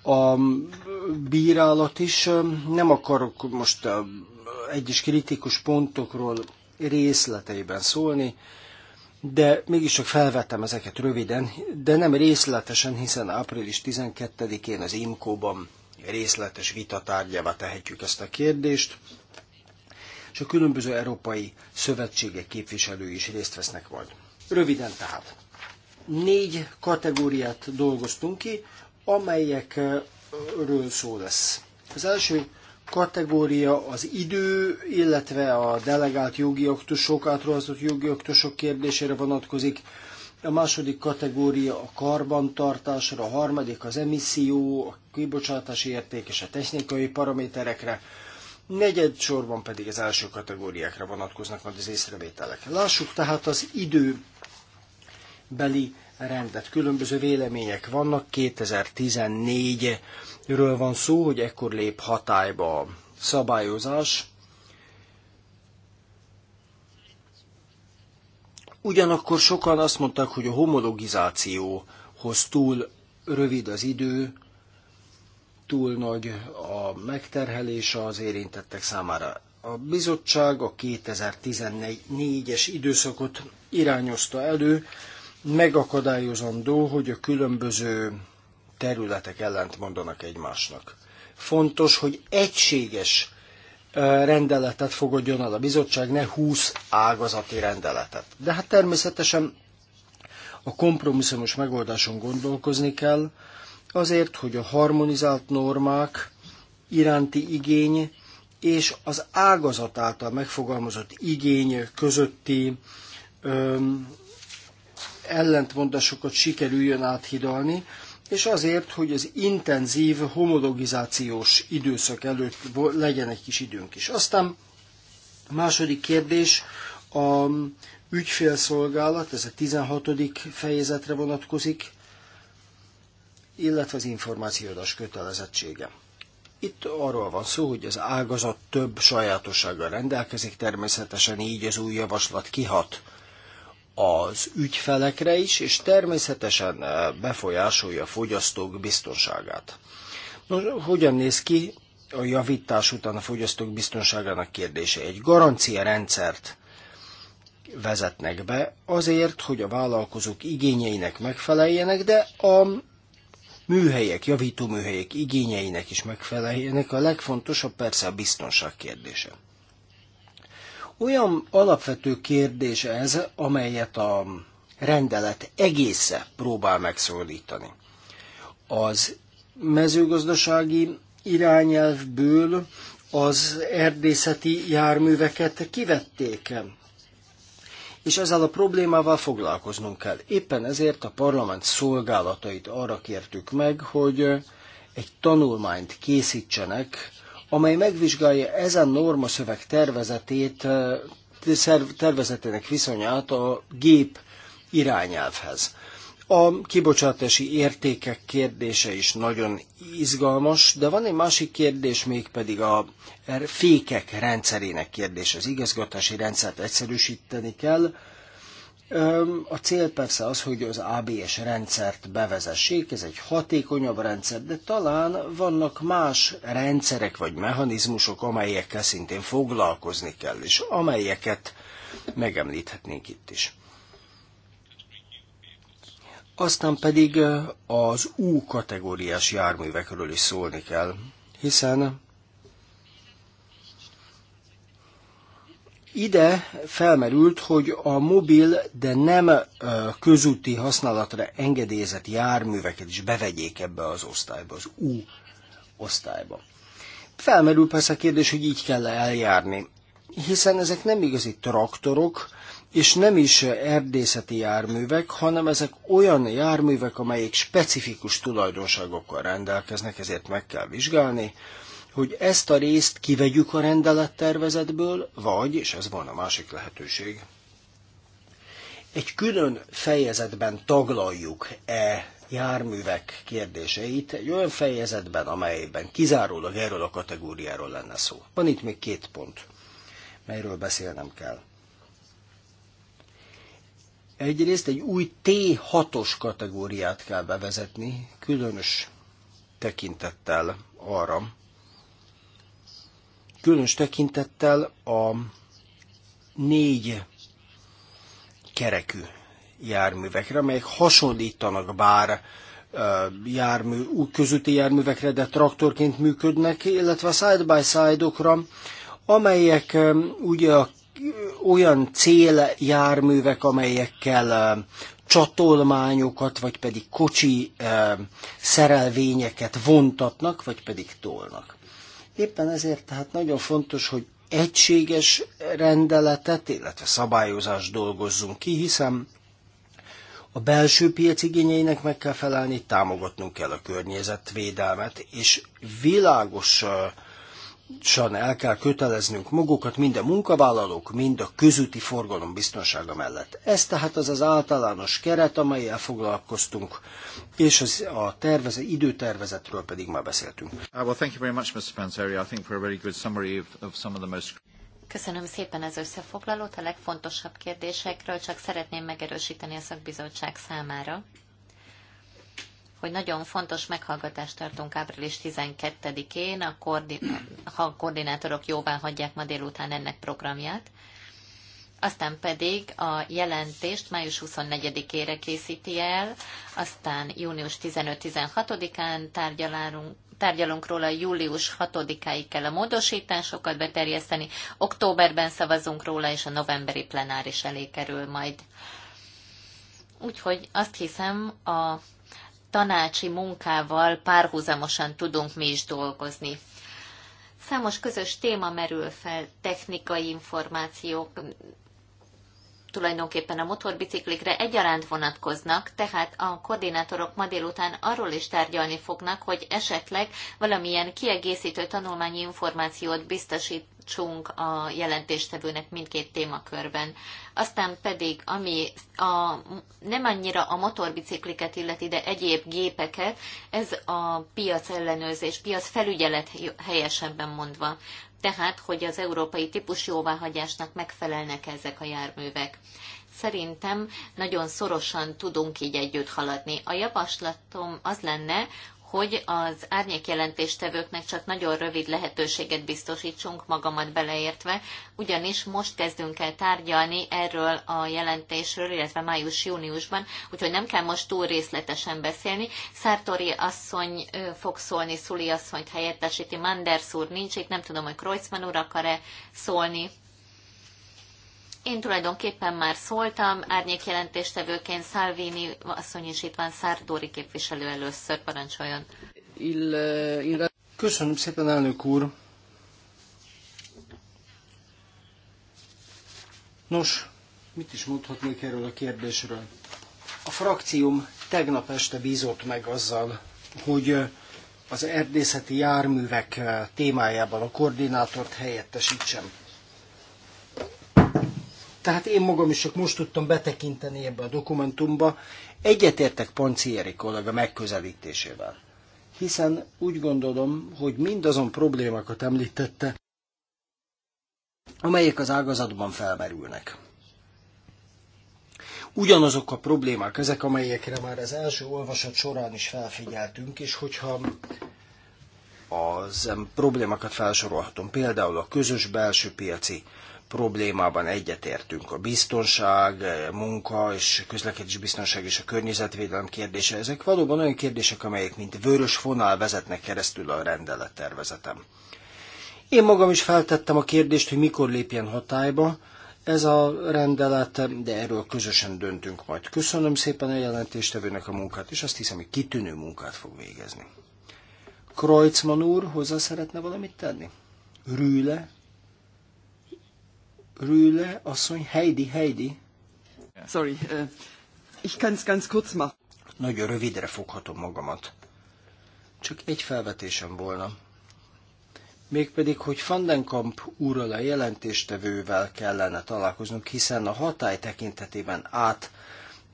a bírálat is. Nem akarok most egyes kritikus pontokról részleteiben szólni, de mégiscsak felvettem ezeket röviden, de nem részletesen, hiszen április 12-én az imco ban részletes vitatárgyává tehetjük ezt a kérdést, és a különböző európai szövetségek képviselői is részt vesznek majd. Röviden tehát négy kategóriát dolgoztunk ki, amelyekről szó lesz. Az első kategória az idő, illetve a delegált jogi aktusok, átruházott jogi aktusok kérdésére vonatkozik. A második kategória a karbantartásra, a harmadik az emisszió, a kibocsátási érték és a technikai paraméterekre, negyed sorban pedig az első kategóriákra vonatkoznak majd az észrevételek. Lássuk tehát az idő beli rendet. Különböző vélemények vannak, 2014-ről van szó, hogy ekkor lép hatályba a szabályozás. Ugyanakkor sokan azt mondták, hogy a homologizációhoz túl rövid az idő, túl nagy a megterhelése az érintettek számára. A bizottság a 2014-es időszakot irányozta elő, megakadályozandó, hogy a különböző területek ellent mondanak egymásnak. Fontos, hogy egységes rendeletet fogadjon el a bizottság, ne 20 ágazati rendeletet. De hát természetesen a kompromisszumos megoldáson gondolkozni kell, azért, hogy a harmonizált normák iránti igény és az ágazat által megfogalmazott igény közötti öm, ellentmondásokat sikerüljön áthidalni, és azért, hogy az intenzív homologizációs időszak előtt legyen egy kis időnk is. Aztán második kérdés, a ügyfélszolgálat, ez a 16. fejezetre vonatkozik, illetve az információadás kötelezettsége. Itt arról van szó, hogy az ágazat több sajátossággal rendelkezik, természetesen így az új javaslat kihat az ügyfelekre is, és természetesen eh, befolyásolja a fogyasztók biztonságát. Nos, hogyan néz ki a javítás után a fogyasztók biztonságának kérdése? Egy garancia rendszert vezetnek be azért, hogy a vállalkozók igényeinek megfeleljenek, de a műhelyek, javító műhelyek igényeinek is megfeleljenek. A legfontosabb persze a biztonság kérdése. Olyan alapvető kérdés ez, amelyet a rendelet egésze próbál megszólítani. Az mezőgazdasági irányelvből az erdészeti járműveket kivették. És ezzel a problémával foglalkoznunk kell. Éppen ezért a parlament szolgálatait arra kértük meg, hogy egy tanulmányt készítsenek amely megvizsgálja ezen norma tervezetét, tervezetének viszonyát a gép irányelvhez. A kibocsátási értékek kérdése is nagyon izgalmas, de van egy másik kérdés, mégpedig a fékek rendszerének kérdése. Az igazgatási rendszert egyszerűsíteni kell, a cél persze az, hogy az ABS rendszert bevezessék, ez egy hatékonyabb rendszer, de talán vannak más rendszerek vagy mechanizmusok, amelyekkel szintén foglalkozni kell, és amelyeket megemlíthetnénk itt is. Aztán pedig az U kategóriás járművekről is szólni kell, hiszen Ide felmerült, hogy a mobil, de nem közúti használatra engedélyezett járműveket is bevegyék ebbe az osztályba, az U osztályba. Felmerül persze a kérdés, hogy így kell eljárni, hiszen ezek nem igazi traktorok, és nem is erdészeti járművek, hanem ezek olyan járművek, amelyek specifikus tulajdonságokkal rendelkeznek, ezért meg kell vizsgálni, hogy ezt a részt kivegyük a rendelettervezetből, vagy, és ez van a másik lehetőség, egy külön fejezetben taglaljuk e járművek kérdéseit, egy olyan fejezetben, amelyben kizárólag erről a kategóriáról lenne szó. Van itt még két pont, melyről beszélnem kell. Egyrészt egy új T6-os kategóriát kell bevezetni, különös tekintettel arra, különös tekintettel a négy kerekű járművekre, amelyek hasonlítanak bár jármű, közúti járművekre, de traktorként működnek, illetve a side-by-side-okra, amelyek ugye olyan céljárművek, amelyekkel csatolmányokat, vagy pedig kocsi szerelvényeket vontatnak, vagy pedig tolnak. Éppen ezért tehát nagyon fontos, hogy egységes rendeletet, illetve szabályozást dolgozzunk ki, hiszen a belső piac igényeinek meg kell felelni, támogatnunk kell a környezetvédelmet, és világos san el kell köteleznünk magukat, mind a munkavállalók, mind a közúti forgalom biztonsága mellett. Ez tehát az az általános keret, amelyel foglalkoztunk, és az a terveze, időtervezetről pedig már beszéltünk. Köszönöm szépen az összefoglalót, a legfontosabb kérdésekről csak szeretném megerősíteni a szakbizottság számára, hogy nagyon fontos meghallgatást tartunk április 12-én, a koordin- a koordinátorok jóvá hagyják ma délután ennek programját. Aztán pedig a jelentést május 24-ére készíti el, aztán június 15-16-án tárgyalunk, tárgyalunk róla, július 6-áig kell a módosításokat beterjeszteni, októberben szavazunk róla, és a novemberi plenáris elé kerül majd. Úgyhogy azt hiszem, a tanácsi munkával párhuzamosan tudunk mi is dolgozni. Számos közös téma merül fel, technikai információk, tulajdonképpen a motorbiciklikre egyaránt vonatkoznak, tehát a koordinátorok ma délután arról is tárgyalni fognak, hogy esetleg valamilyen kiegészítő tanulmányi információt biztosít javítsunk a jelentéstevőnek mindkét témakörben. Aztán pedig, ami a, nem annyira a motorbicikliket illeti, de egyéb gépeket, ez a piac ellenőrzés, piac felügyelet helyesebben mondva. Tehát, hogy az európai típus jóváhagyásnak megfelelnek ezek a járművek szerintem nagyon szorosan tudunk így együtt haladni. A javaslatom az lenne, hogy az árnyékjelentéstevőknek csak nagyon rövid lehetőséget biztosítsunk, magamat beleértve, ugyanis most kezdünk el tárgyalni erről a jelentésről, illetve május-júniusban, úgyhogy nem kell most túl részletesen beszélni. Szártori asszony fog szólni, Szuli asszonyt helyettesíti, Manders úr nincs itt, nem tudom, hogy Kreuzmann úr akar-e szólni. Én tulajdonképpen már szóltam, árnyékjelentéstevőként Salvini asszony is itt van, Szárdóri képviselő először, parancsoljon. Eh, Köszönöm szépen, elnök úr. Nos, mit is mondhatnék erről a kérdésről? A frakcióm tegnap este bízott meg azzal, hogy eh, az erdészeti járművek eh, témájában a koordinátort helyettesítsem tehát én magam is csak most tudtam betekinteni ebbe a dokumentumba, egyetértek Pancieri kollega megközelítésével. Hiszen úgy gondolom, hogy mindazon problémákat említette, amelyek az ágazatban felmerülnek. Ugyanazok a problémák, ezek, amelyekre már az első olvasat során is felfigyeltünk, és hogyha az problémákat felsorolhatom, például a közös belső piaci problémában egyetértünk. A biztonság, a munka és a közlekedés biztonság és a környezetvédelem kérdése, ezek valóban olyan kérdések, amelyek mint vörös fonál vezetnek keresztül a rendelettervezetem. Én magam is feltettem a kérdést, hogy mikor lépjen hatályba ez a rendelet, de erről közösen döntünk majd. Köszönöm szépen a jelentéstevőnek a munkát, és azt hiszem, hogy kitűnő munkát fog végezni. Kreutzmann úr hozzá szeretne valamit tenni? Rüle Rühle asszony, Heidi, Heidi. Sorry, uh, ich kann's ganz kurz machen. Nagyon rövidre foghatom magamat. Csak egy felvetésem volna. Mégpedig, hogy Fandenkamp úrral a jelentéstevővel kellene találkoznunk, hiszen a hatály tekintetében át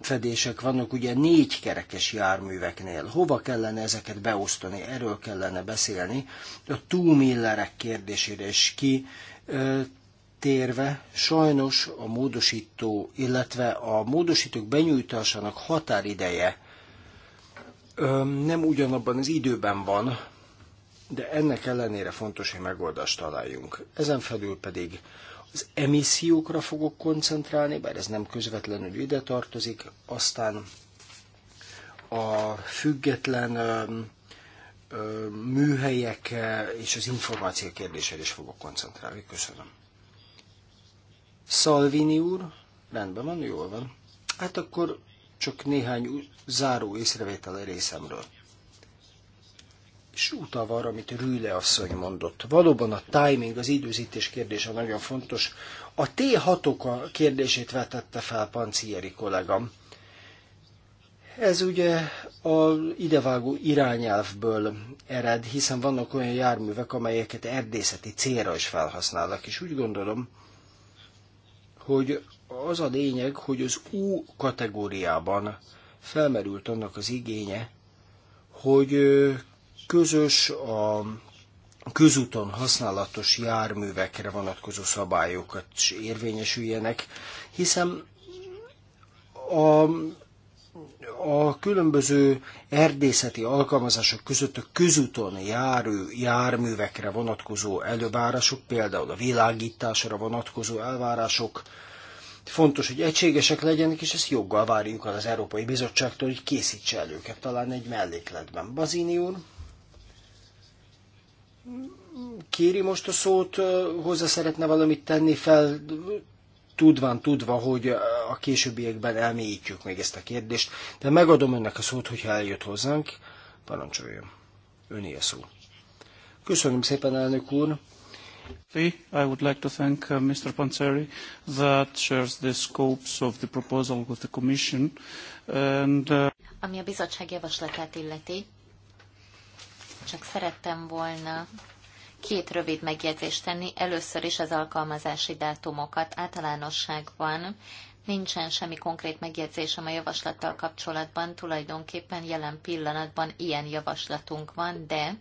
fedések vannak ugye négy kerekes járműveknél. Hova kellene ezeket beosztani? Erről kellene beszélni. A túlmillerek kérdésére is ki térve, sajnos a módosító, illetve a módosítók benyújtásának határideje nem ugyanabban az időben van, de ennek ellenére fontos, hogy megoldást találjunk. Ezen felül pedig az emissziókra fogok koncentrálni, bár ez nem közvetlenül ide tartozik, aztán a független műhelyek és az információ kérdésére is fogok koncentrálni. Köszönöm. Salvini úr, rendben van, jól van. Hát akkor csak néhány záró észrevétel részemről. És utalva arra, amit Rüle asszony mondott. Valóban a timing, az időzítés kérdése nagyon fontos. A T6-ok kérdését vetette fel Pancieri kollégám. Ez ugye a idevágó irányelvből ered, hiszen vannak olyan járművek, amelyeket erdészeti célra is felhasználnak, és úgy gondolom, hogy az a lényeg, hogy az U kategóriában felmerült annak az igénye, hogy közös a közúton használatos járművekre vonatkozó szabályokat érvényesüljenek, hiszen a a különböző erdészeti alkalmazások között a közúton járő járművekre vonatkozó elővárások, például a világításra vonatkozó elvárások, fontos, hogy egységesek legyenek, és ezt joggal várjuk az Európai Bizottságtól, hogy készítse el őket, talán egy mellékletben. Bazini úr, kéri most a szót, hozzá szeretne valamit tenni, fel tudván tudva, hogy a későbbiekben elmélyítjük még ezt a kérdést, de megadom önnek a szót, hogyha eljött hozzánk, parancsoljon. Öné a szó. Köszönöm szépen, elnök úr. I would like to thank uh, Mr. Panzeri, that shares the scopes of the proposal with the Commission. And, uh... Ami a bizottság javaslatát illeti, csak szerettem volna két rövid megjegyzést tenni. Először is az alkalmazási dátumokat általánosságban nincsen semmi konkrét megjegyzésem a javaslattal kapcsolatban. Tulajdonképpen jelen pillanatban ilyen javaslatunk van, de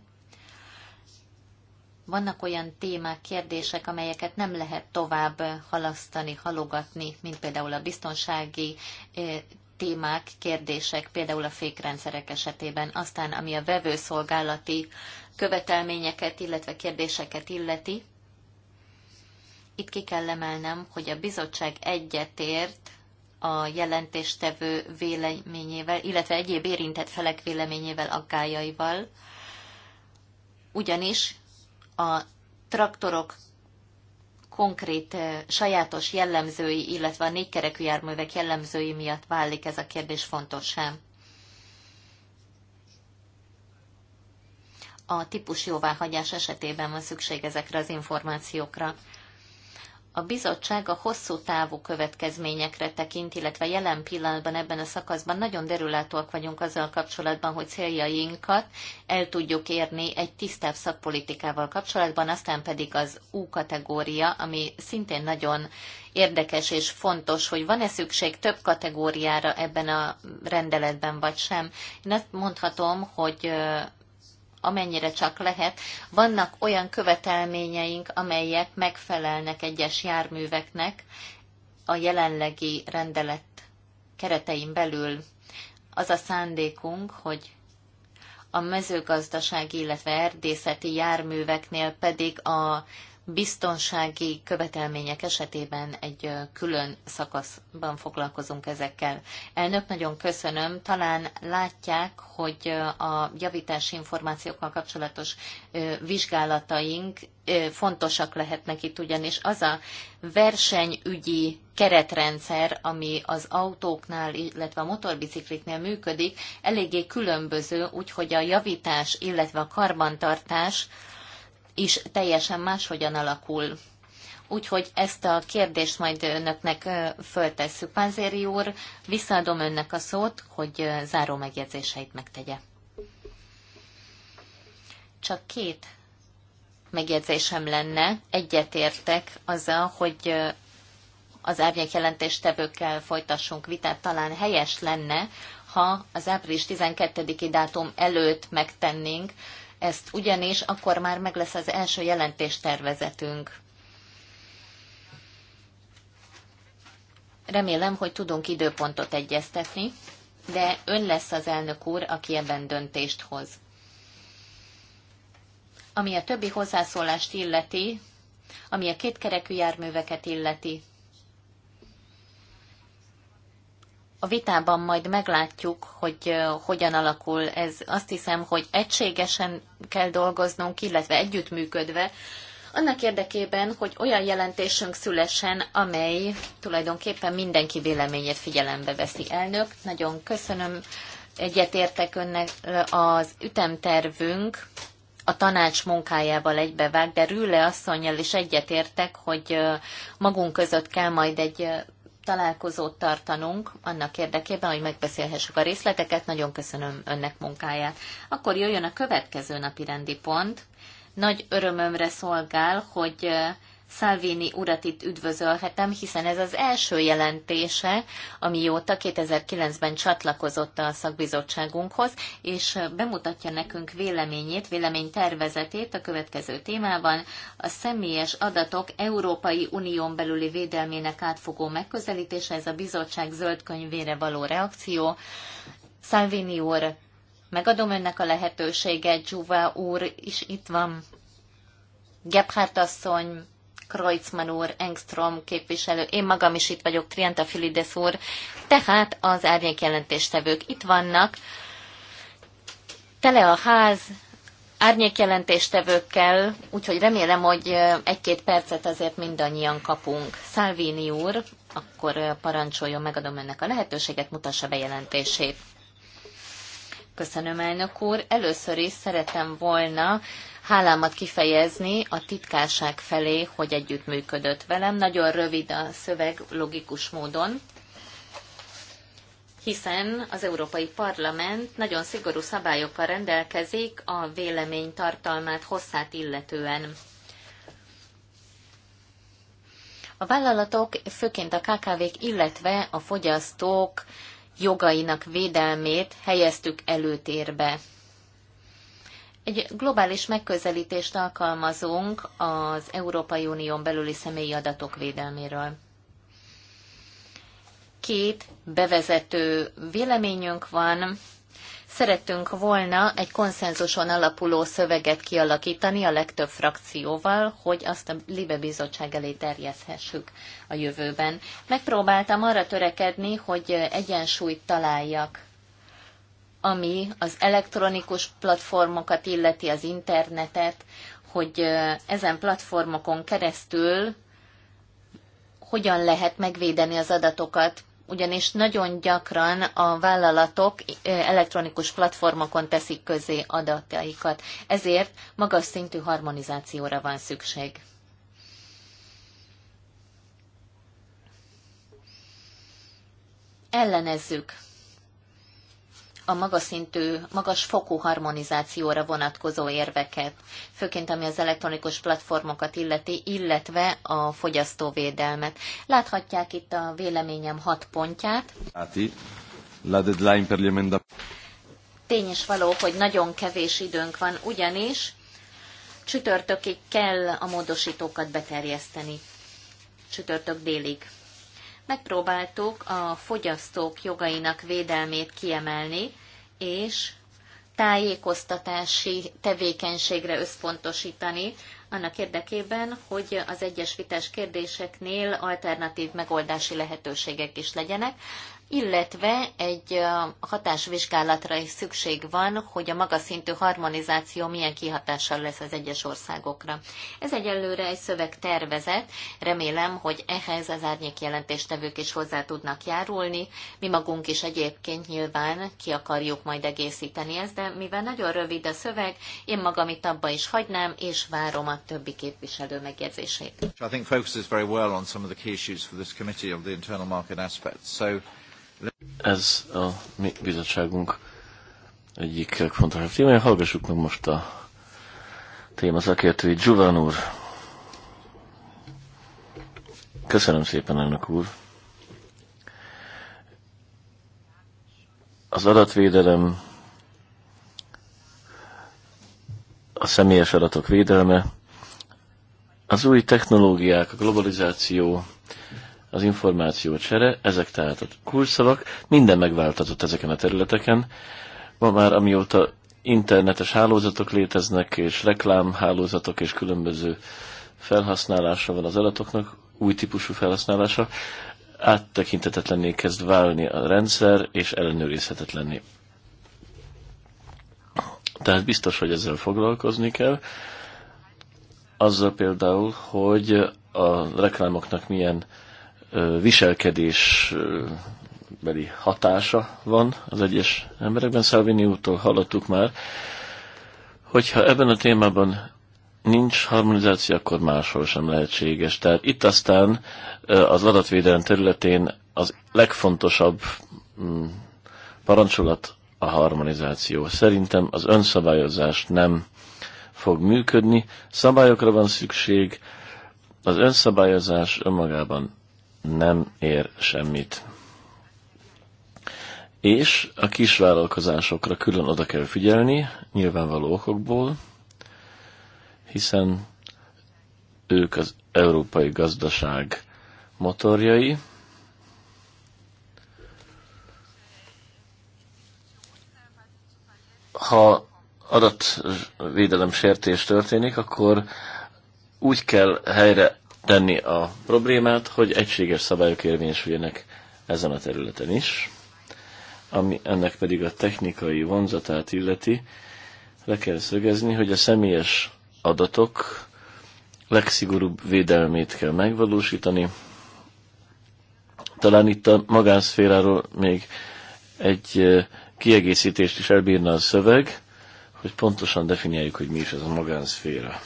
vannak olyan témák, kérdések, amelyeket nem lehet tovább halasztani, halogatni, mint például a biztonsági eh, témák, kérdések, például a fékrendszerek esetében. Aztán, ami a vevőszolgálati követelményeket, illetve kérdéseket illeti, itt ki kell emelnem, hogy a bizottság egyetért a jelentéstevő véleményével, illetve egyéb érintett felek véleményével, aggájaival, ugyanis a traktorok konkrét eh, sajátos jellemzői, illetve a négykerekű járművek jellemzői miatt válik ez a kérdés fontossá. a típus jóváhagyás esetében van szükség ezekre az információkra. A bizottság a hosszú távú következményekre tekint, illetve jelen pillanatban ebben a szakaszban nagyon derülátóak vagyunk azzal kapcsolatban, hogy céljainkat el tudjuk érni egy tisztább szakpolitikával kapcsolatban, aztán pedig az U kategória, ami szintén nagyon érdekes és fontos, hogy van-e szükség több kategóriára ebben a rendeletben vagy sem. Én azt mondhatom, hogy amennyire csak lehet. Vannak olyan követelményeink, amelyek megfelelnek egyes járműveknek a jelenlegi rendelet keretein belül. Az a szándékunk, hogy a mezőgazdasági, illetve erdészeti járműveknél pedig a biztonsági követelmények esetében egy külön szakaszban foglalkozunk ezekkel. Elnök, nagyon köszönöm. Talán látják, hogy a javítási információkkal kapcsolatos vizsgálataink fontosak lehetnek itt, ugyanis az a versenyügyi keretrendszer, ami az autóknál, illetve a motorbicikliknél működik, eléggé különböző, úgyhogy a javítás, illetve a karbantartás is teljesen máshogyan alakul. Úgyhogy ezt a kérdést majd önöknek föltesszük. Pánzéri úr, visszaadom önnek a szót, hogy záró megjegyzéseit megtegye. Csak két megjegyzésem lenne. Egyetértek azzal, hogy az árnyék jelentéstevőkkel folytassunk vitát. Talán helyes lenne, ha az április 12-i dátum előtt megtennénk, ezt, ugyanis akkor már meg lesz az első jelentéstervezetünk. Remélem, hogy tudunk időpontot egyeztetni, de ön lesz az elnök úr, aki ebben döntést hoz. Ami a többi hozzászólást illeti, ami a kétkerekű járműveket illeti, a vitában majd meglátjuk, hogy hogyan alakul ez. Azt hiszem, hogy egységesen kell dolgoznunk, illetve együttműködve, annak érdekében, hogy olyan jelentésünk szülesen, amely tulajdonképpen mindenki véleményét figyelembe veszi. Elnök, nagyon köszönöm, egyetértek önnek az ütemtervünk, a tanács munkájával egybevág, de Rüle asszonyjal is egyetértek, hogy magunk között kell majd egy találkozót tartanunk annak érdekében, hogy megbeszélhessük a részleteket. Nagyon köszönöm önnek munkáját. Akkor jöjjön a következő napi rendi pont. Nagy örömömre szolgál, hogy Salvini urat itt üdvözölhetem, hiszen ez az első jelentése, amióta 2009-ben csatlakozott a szakbizottságunkhoz, és bemutatja nekünk véleményét, véleménytervezetét a következő témában, a személyes adatok Európai Unión belüli védelmének átfogó megközelítése, ez a bizottság zöld könyvére való reakció. Salvini úr, megadom önnek a lehetőséget, Zsuva úr is itt van. Gebhardt asszony, Kreuzmann úr, Engström képviselő, én magam is itt vagyok, Trienta Filides úr, tehát az árnyékjelentéstevők itt vannak. Tele a ház árnyékjelentéstevőkkel, úgyhogy remélem, hogy egy-két percet azért mindannyian kapunk. Szálvini úr, akkor parancsoljon, megadom ennek a lehetőséget, mutassa bejelentését. Köszönöm, elnök úr. Először is szeretem volna hálámat kifejezni a titkárság felé, hogy együttműködött velem. Nagyon rövid a szöveg logikus módon hiszen az Európai Parlament nagyon szigorú szabályokkal rendelkezik a vélemény tartalmát hosszát illetően. A vállalatok, főként a KKV-k, illetve a fogyasztók jogainak védelmét helyeztük előtérbe. Egy globális megközelítést alkalmazunk az Európai Unión belüli személyi adatok védelméről. Két bevezető véleményünk van, Szerettünk volna egy konszenzuson alapuló szöveget kialakítani a legtöbb frakcióval, hogy azt a Libe Bizottság elé terjeszhessük a jövőben. Megpróbáltam arra törekedni, hogy egyensúlyt találjak ami az elektronikus platformokat illeti az internetet, hogy ezen platformokon keresztül hogyan lehet megvédeni az adatokat, ugyanis nagyon gyakran a vállalatok eh, elektronikus platformokon teszik közé adataikat. Ezért magas szintű harmonizációra van szükség. Ellenezzük a magas szintű, magas fokú harmonizációra vonatkozó érveket, főként ami az elektronikus platformokat illeti, illetve a fogyasztóvédelmet. Láthatják itt a véleményem hat pontját. La Tény való, hogy nagyon kevés időnk van, ugyanis csütörtökig kell a módosítókat beterjeszteni. Csütörtök délig megpróbáltuk a fogyasztók jogainak védelmét kiemelni, és tájékoztatási tevékenységre összpontosítani, annak érdekében, hogy az egyes vitás kérdéseknél alternatív megoldási lehetőségek is legyenek illetve egy hatásvizsgálatra is szükség van, hogy a magas szintű harmonizáció milyen kihatással lesz az egyes országokra. Ez egyelőre egy szövegtervezet, remélem, hogy ehhez az árnyék jelentéstevők is hozzá tudnak járulni. Mi magunk is egyébként nyilván ki akarjuk majd egészíteni ezt, de mivel nagyon rövid a szöveg, én magam itt abba is hagynám, és várom a többi képviselő megjegyzését. I think focuses very well on some of the key issues for this committee of the internal market aspects. So ez a mi bizottságunk egyik legfontosabb témája. Hallgassuk meg most a téma szakértői Giuvan úr. Köszönöm szépen, elnök úr. Az adatvédelem, a személyes adatok védelme, az új technológiák, a globalizáció az információ csere, ezek tehát a kulcsszavak, minden megváltozott ezeken a területeken. Ma már amióta internetes hálózatok léteznek, és reklámhálózatok, és különböző felhasználása van az adatoknak, új típusú felhasználása, áttekintetetlenné kezd válni a rendszer, és ellenőrizhetetlenné. Tehát biztos, hogy ezzel foglalkozni kell. Azzal például, hogy a reklámoknak milyen viselkedésbeli hatása van az egyes emberekben. Szalvini úttól hallottuk már, hogyha ebben a témában nincs harmonizáció, akkor máshol sem lehetséges. Tehát itt aztán az adatvédelem területén az legfontosabb mm, parancsolat a harmonizáció. Szerintem az önszabályozás nem fog működni, szabályokra van szükség, az önszabályozás önmagában nem ér semmit. És a kisvállalkozásokra külön oda kell figyelni, nyilvánvaló okokból, hiszen ők az európai gazdaság motorjai, ha adatvédelem sértés történik, akkor úgy kell helyre tenni a problémát, hogy egységes szabályok érvényesüljenek ezen a területen is, ami ennek pedig a technikai vonzatát illeti, le kell szögezni, hogy a személyes adatok legszigorúbb védelmét kell megvalósítani. Talán itt a magánszféráról még egy kiegészítést is elbírna a szöveg, hogy pontosan definiáljuk, hogy mi is ez a magánszféra.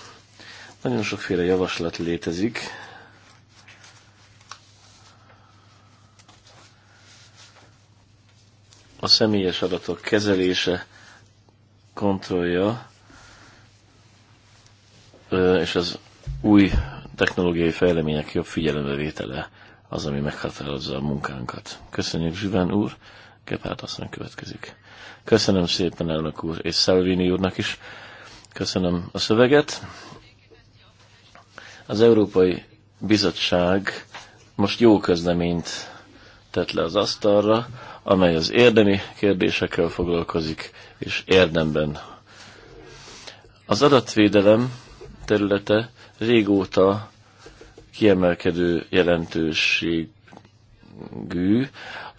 Nagyon sokféle javaslat létezik. A személyes adatok kezelése, kontrollja és az új technológiai fejlemények jobb figyelembevétele az, ami meghatározza a munkánkat. Köszönjük Zsiván úr, Gepárt aztán következik. Köszönöm szépen elnök úr és Salvini úrnak is. Köszönöm a szöveget. Az Európai Bizottság most jó közleményt tett le az asztalra, amely az érdemi kérdésekkel foglalkozik, és érdemben. Az adatvédelem területe régóta kiemelkedő jelentőségű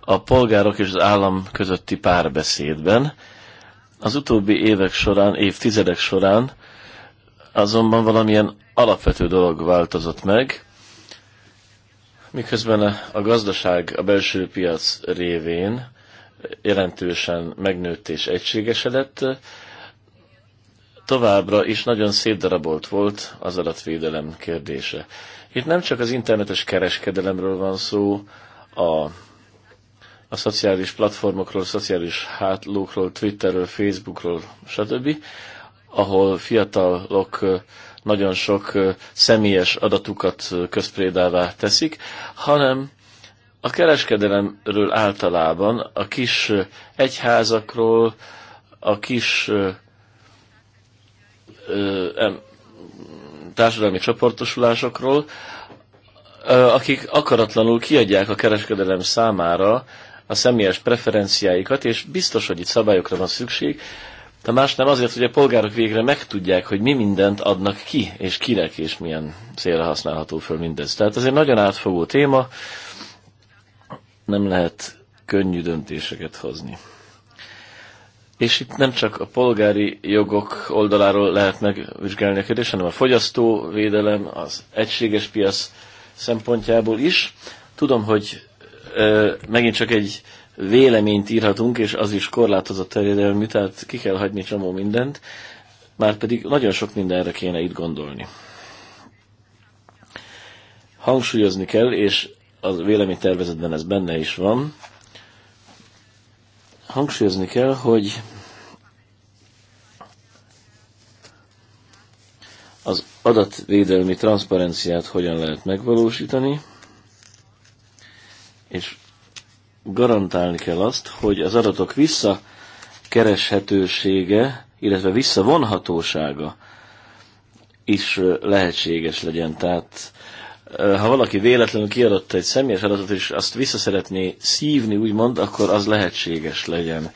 a polgárok és az állam közötti párbeszédben. Az utóbbi évek során, évtizedek során azonban valamilyen alapvető dolog változott meg, miközben a gazdaság a belső piac révén jelentősen megnőtt és egységesedett, továbbra is nagyon szétdarabolt volt az adatvédelem kérdése. Itt nem csak az internetes kereskedelemről van szó, a, a szociális platformokról, szociális hátlókról, Twitterről, Facebookról, stb., ahol fiatalok nagyon sok személyes adatukat közprédává teszik, hanem a kereskedelemről általában, a kis egyházakról, a kis társadalmi csoportosulásokról, akik akaratlanul kiadják a kereskedelem számára a személyes preferenciáikat, és biztos, hogy itt szabályokra van szükség, de más nem azért, hogy a polgárok végre megtudják, hogy mi mindent adnak ki, és kinek, és milyen célra használható föl mindez. Tehát ez egy nagyon átfogó téma, nem lehet könnyű döntéseket hozni. És itt nem csak a polgári jogok oldaláról lehet megvizsgálni a kérdést, hanem a fogyasztóvédelem, az egységes piac szempontjából is. Tudom, hogy ö, megint csak egy véleményt írhatunk, és az is korlátozott terjedelmű, tehát ki kell hagyni csomó mindent, már pedig nagyon sok mindenre kéne itt gondolni. Hangsúlyozni kell, és az véleménytervezetben ez benne is van, hangsúlyozni kell, hogy az adatvédelmi transzparenciát hogyan lehet megvalósítani, és garantálni kell azt, hogy az adatok visszakereshetősége, illetve visszavonhatósága is lehetséges legyen. Tehát ha valaki véletlenül kiadott egy személyes adatot, és azt vissza szeretné szívni, úgymond, akkor az lehetséges legyen.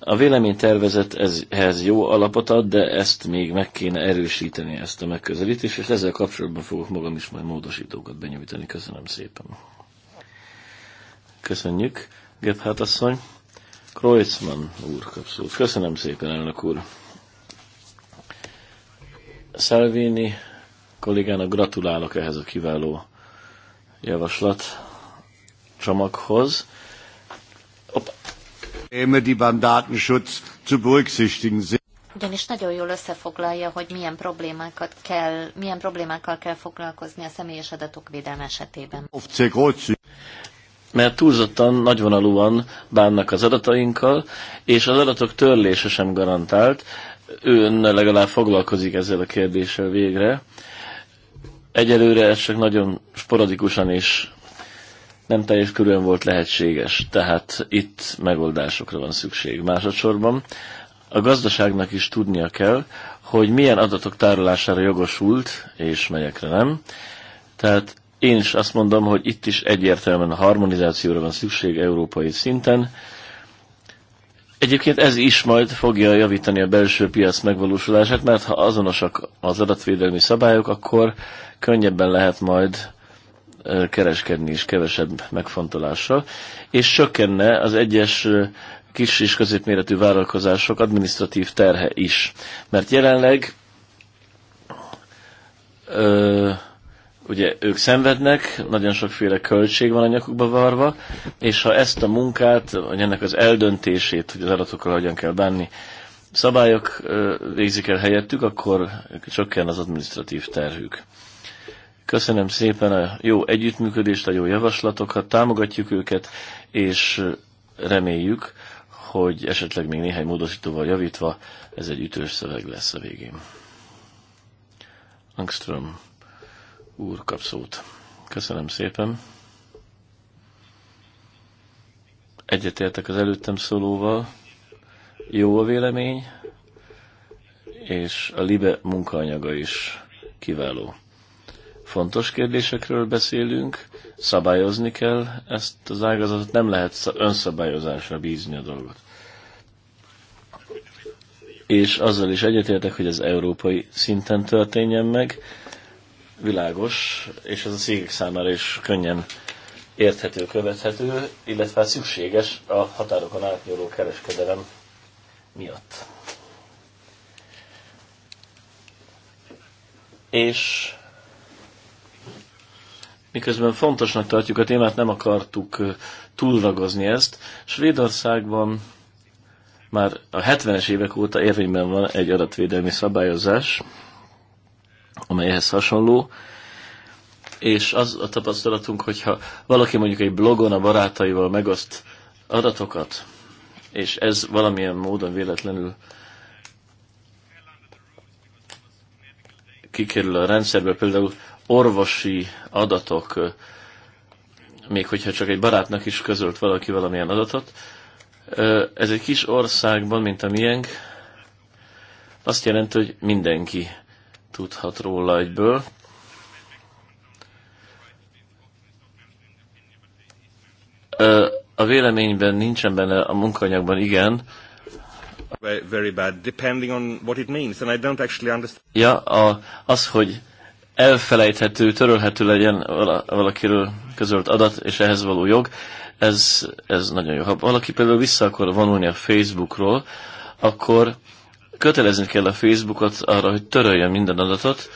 A véleménytervezet ezhez jó alapot ad, de ezt még meg kéne erősíteni, ezt a megközelítést, és ezzel kapcsolatban fogok magam is majd módosítókat benyújtani. Köszönöm szépen. Köszönjük, Gebhardt asszony. Kreuzmann úr kapszult. Köszönöm szépen, elnök úr. Salvini kollégának gratulálok ehhez a kiváló javaslat csomaghoz. ugyanis nagyon jól összefoglalja, hogy milyen problémákat kell, milyen problémákkal kell foglalkozni a személyes adatok védelme esetében mert túlzottan nagyvonalúan bánnak az adatainkkal, és az adatok törlése sem garantált. Ön legalább foglalkozik ezzel a kérdéssel végre. Egyelőre ez csak nagyon sporadikusan és nem teljes körülön volt lehetséges, tehát itt megoldásokra van szükség. Másodszorban a gazdaságnak is tudnia kell, hogy milyen adatok tárolására jogosult, és melyekre nem. Tehát én is azt mondom, hogy itt is egyértelműen a harmonizációra van szükség európai szinten. Egyébként ez is majd fogja javítani a belső piac megvalósulását, mert ha azonosak az adatvédelmi szabályok, akkor könnyebben lehet majd kereskedni is kevesebb megfontolással, és csökkenne az egyes kis és középméretű vállalkozások adminisztratív terhe is. Mert jelenleg ö, ugye ők szenvednek, nagyon sokféle költség van a nyakukba varva, és ha ezt a munkát, vagy ennek az eldöntését, hogy az adatokkal hogyan kell bánni, szabályok végzik el helyettük, akkor csökken az administratív terhük. Köszönöm szépen a jó együttműködést, a jó javaslatokat, támogatjuk őket, és reméljük, hogy esetleg még néhány módosítóval javítva ez egy ütős szöveg lesz a végén. Angström úr kap szót. Köszönöm szépen. Egyetértek az előttem szólóval. Jó a vélemény, és a LIBE munkaanyaga is kiváló. Fontos kérdésekről beszélünk, szabályozni kell ezt az ágazatot, nem lehet önszabályozásra bízni a dolgot. És azzal is egyetértek, hogy az európai szinten történjen meg, világos, és ez a szégek számára is könnyen érthető, követhető, illetve hát szükséges a határokon átnyúló kereskedelem miatt. És miközben fontosnak tartjuk a témát, nem akartuk túlragozni ezt. Svédországban már a 70-es évek óta érvényben van egy adatvédelmi szabályozás, amelyhez hasonló, és az a tapasztalatunk, hogyha valaki mondjuk egy blogon a barátaival megoszt adatokat, és ez valamilyen módon véletlenül kikerül a rendszerbe, például orvosi adatok, még hogyha csak egy barátnak is közölt valaki valamilyen adatot, ez egy kis országban, mint a miénk, azt jelenti, hogy mindenki tudhat róla egyből. A véleményben nincsen benne, a munkanyagban igen. Very bad, depending on what it means, and I don't actually understand. Ja, a, az, hogy elfelejthető, törölhető legyen valakiről közölt adat, és ehhez való jog, ez, ez nagyon jó. Ha valaki például vissza akar vonulni a Facebookról, akkor kötelezni kell a Facebookot arra, hogy törölje minden adatot,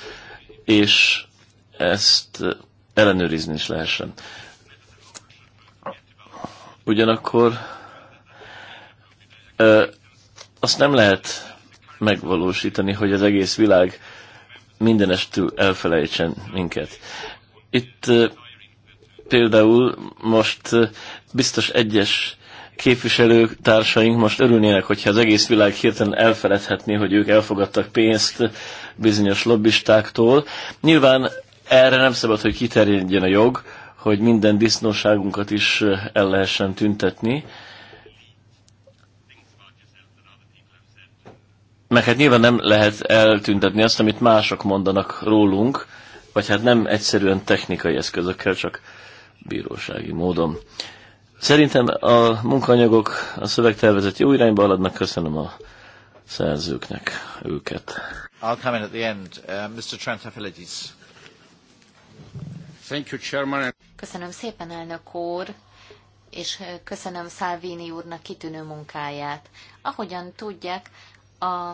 és ezt ellenőrizni is lehessen. Ugyanakkor ö, azt nem lehet megvalósítani, hogy az egész világ mindenestül elfelejtsen minket. Itt ö, például most ö, biztos egyes társaink most örülnének, hogyha az egész világ hirtelen elfeledhetné, hogy ők elfogadtak pénzt bizonyos lobbistáktól. Nyilván erre nem szabad, hogy kiterjedjen a jog, hogy minden disznóságunkat is el lehessen tüntetni. Meg hát nyilván nem lehet eltüntetni azt, amit mások mondanak rólunk, vagy hát nem egyszerűen technikai eszközökkel, csak bírósági módon. Szerintem a munkanyagok a szövegtervezet jó irányba haladnak, köszönöm a szerzőknek őket. I'll come in at the end. Uh, Mr. Trent Thank you, Chairman. Köszönöm szépen, elnök úr, és köszönöm Salvini úrnak kitűnő munkáját. Ahogyan tudják, a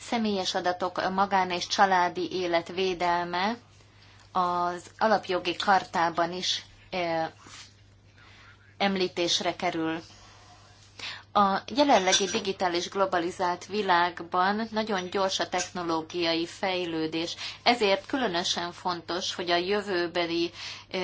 személyes adatok, a magán és családi élet védelme az alapjogi kartában is E, említésre kerül. A jelenlegi digitális globalizált világban nagyon gyors a technológiai fejlődés, ezért különösen fontos, hogy a jövőbeli e,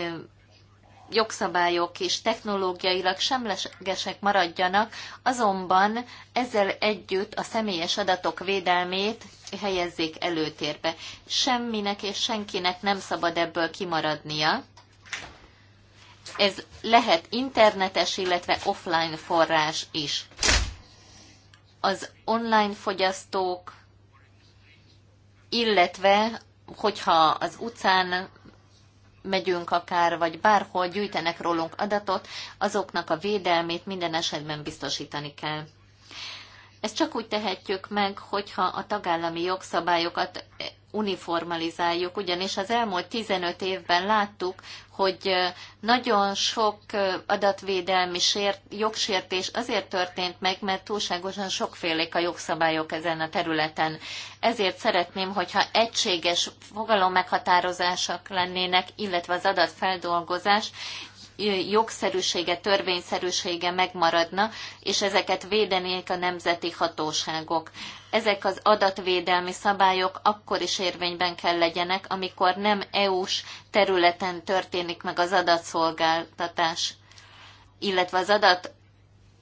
jogszabályok és technológiailag semlegesek maradjanak, azonban ezzel együtt a személyes adatok védelmét helyezzék előtérbe. Semminek és senkinek nem szabad ebből kimaradnia ez lehet internetes, illetve offline forrás is. Az online fogyasztók, illetve hogyha az utcán megyünk akár, vagy bárhol gyűjtenek rólunk adatot, azoknak a védelmét minden esetben biztosítani kell. Ezt csak úgy tehetjük meg, hogyha a tagállami jogszabályokat eh, uniformalizáljuk, ugyanis az elmúlt 15 évben láttuk, hogy eh, nagyon sok eh, adatvédelmi sért, jogsértés azért történt meg, mert túlságosan sokfélék a jogszabályok ezen a területen. Ezért szeretném, hogyha egységes fogalommeghatározások lennének, illetve az adatfeldolgozás, jogszerűsége, törvényszerűsége megmaradna, és ezeket védenék a nemzeti hatóságok. Ezek az adatvédelmi szabályok akkor is érvényben kell legyenek, amikor nem EU-s területen történik meg az adatszolgáltatás, illetve az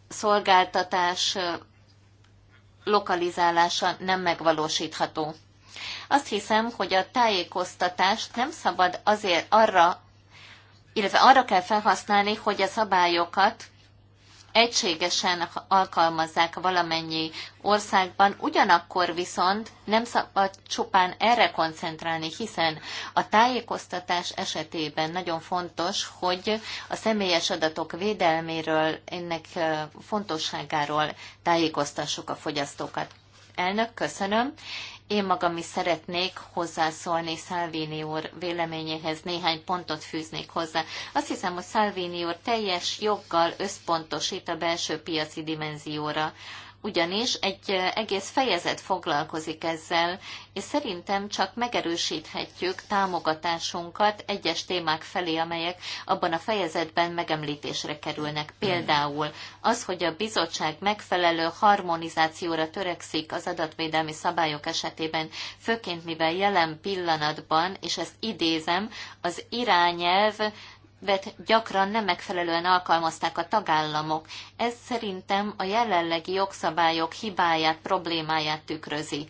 adatszolgáltatás lokalizálása nem megvalósítható. Azt hiszem, hogy a tájékoztatást nem szabad azért arra illetve arra kell felhasználni, hogy a szabályokat egységesen alkalmazzák valamennyi országban, ugyanakkor viszont nem szabad csupán erre koncentrálni, hiszen a tájékoztatás esetében nagyon fontos, hogy a személyes adatok védelméről, ennek fontosságáról tájékoztassuk a fogyasztókat. Elnök, köszönöm. Én magam is szeretnék hozzászólni Salvini úr véleményéhez, néhány pontot fűznék hozzá. Azt hiszem, hogy Salvini úr teljes joggal összpontosít a belső piaci dimenzióra ugyanis egy eh, egész fejezet foglalkozik ezzel, és szerintem csak megerősíthetjük támogatásunkat egyes témák felé, amelyek abban a fejezetben megemlítésre kerülnek. Hmm. Például az, hogy a bizottság megfelelő harmonizációra törekszik az adatvédelmi szabályok esetében, főként mivel jelen pillanatban, és ezt idézem, az irányelv gyakran nem megfelelően alkalmazták a tagállamok. Ez szerintem a jelenlegi jogszabályok hibáját, problémáját tükrözi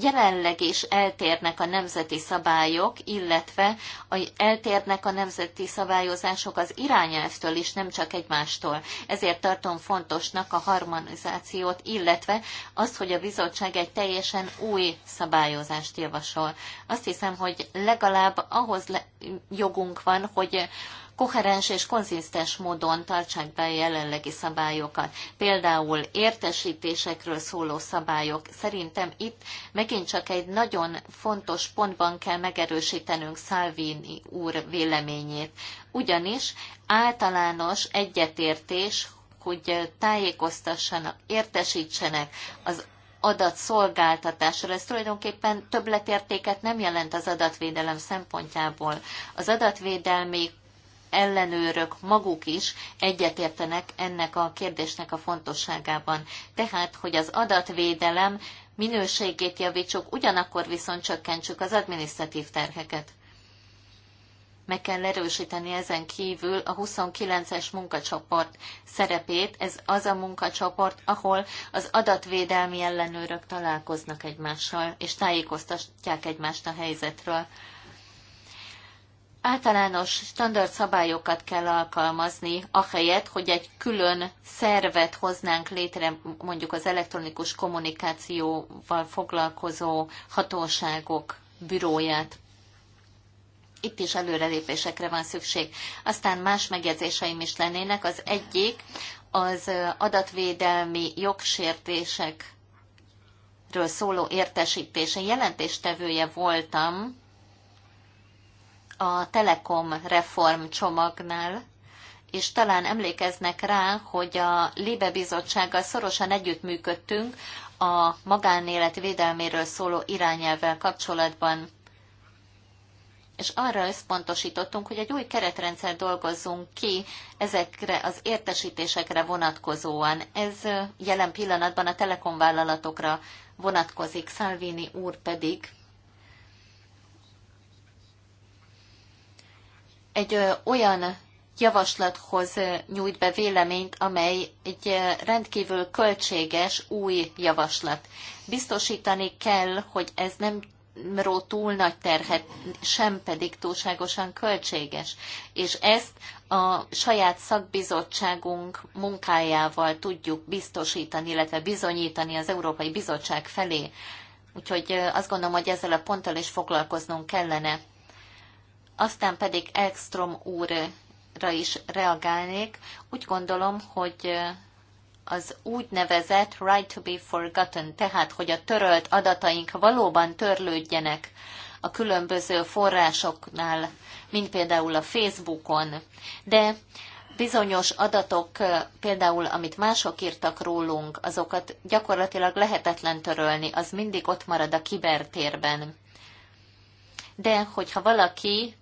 jelenleg is eltérnek a nemzeti szabályok, illetve a, eltérnek a nemzeti szabályozások az irányelvtől is, nem csak egymástól. Ezért tartom fontosnak a harmonizációt, illetve azt, hogy a bizottság egy teljesen új szabályozást javasol. Azt hiszem, hogy legalább ahhoz le, jogunk van, hogy koherens és konzisztens módon tartsák be a jelenlegi szabályokat. Például értesítésekről szóló szabályok. Szerintem itt megint csak egy nagyon fontos pontban kell megerősítenünk Salvini úr véleményét. Ugyanis általános egyetértés, hogy tájékoztassanak, értesítsenek az adatszolgáltatásról. Ez tulajdonképpen többletértéket nem jelent az adatvédelem szempontjából. Az adatvédelmi ellenőrök maguk is egyetértenek ennek a kérdésnek a fontosságában. Tehát, hogy az adatvédelem minőségét javítsuk, ugyanakkor viszont csökkentsük az adminisztratív terheket. Meg kell erősíteni ezen kívül a 29-es munkacsoport szerepét. Ez az a munkacsoport, ahol az adatvédelmi ellenőrök találkoznak egymással, és tájékoztatják egymást a helyzetről általános standard szabályokat kell alkalmazni, ahelyett, hogy egy külön szervet hoznánk létre mondjuk az elektronikus kommunikációval foglalkozó hatóságok büróját. Itt is előrelépésekre van szükség. Aztán más megjegyzéseim is lennének. Az egyik az adatvédelmi jogsértésekről szóló értesítése. Jelentéstevője voltam a Telekom reform csomagnál, és talán emlékeznek rá, hogy a Libe Bizottsággal szorosan együttműködtünk a magánélet védelméről szóló irányelvvel kapcsolatban. És arra összpontosítottunk, hogy egy új keretrendszer dolgozzunk ki ezekre az értesítésekre vonatkozóan. Ez uh, jelen pillanatban a telekomvállalatokra vonatkozik, Salvini úr pedig egy olyan javaslathoz nyújt be véleményt, amely egy rendkívül költséges új javaslat. Biztosítani kell, hogy ez nem ró túl nagy terhet, sem pedig túlságosan költséges. És ezt a saját szakbizottságunk munkájával tudjuk biztosítani, illetve bizonyítani az Európai Bizottság felé. Úgyhogy azt gondolom, hogy ezzel a ponttal is foglalkoznunk kellene. Aztán pedig Elkstrom úrra is reagálnék. Úgy gondolom, hogy az úgynevezett right to be forgotten, tehát hogy a törölt adataink valóban törlődjenek a különböző forrásoknál, mint például a Facebookon, de bizonyos adatok, például amit mások írtak rólunk, azokat gyakorlatilag lehetetlen törölni, az mindig ott marad a kibertérben. De hogyha valaki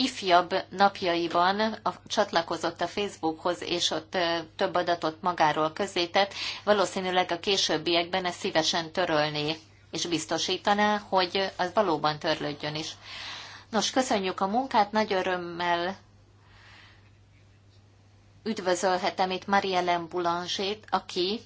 ifjabb napjaiban a, csatlakozott a Facebookhoz, és ott több adatot magáról közzétett, valószínűleg a későbbiekben ezt szívesen törölné, és biztosítaná, hogy az valóban törlődjön is. Nos, köszönjük a munkát, nagy örömmel üdvözölhetem itt Marie-Hélène aki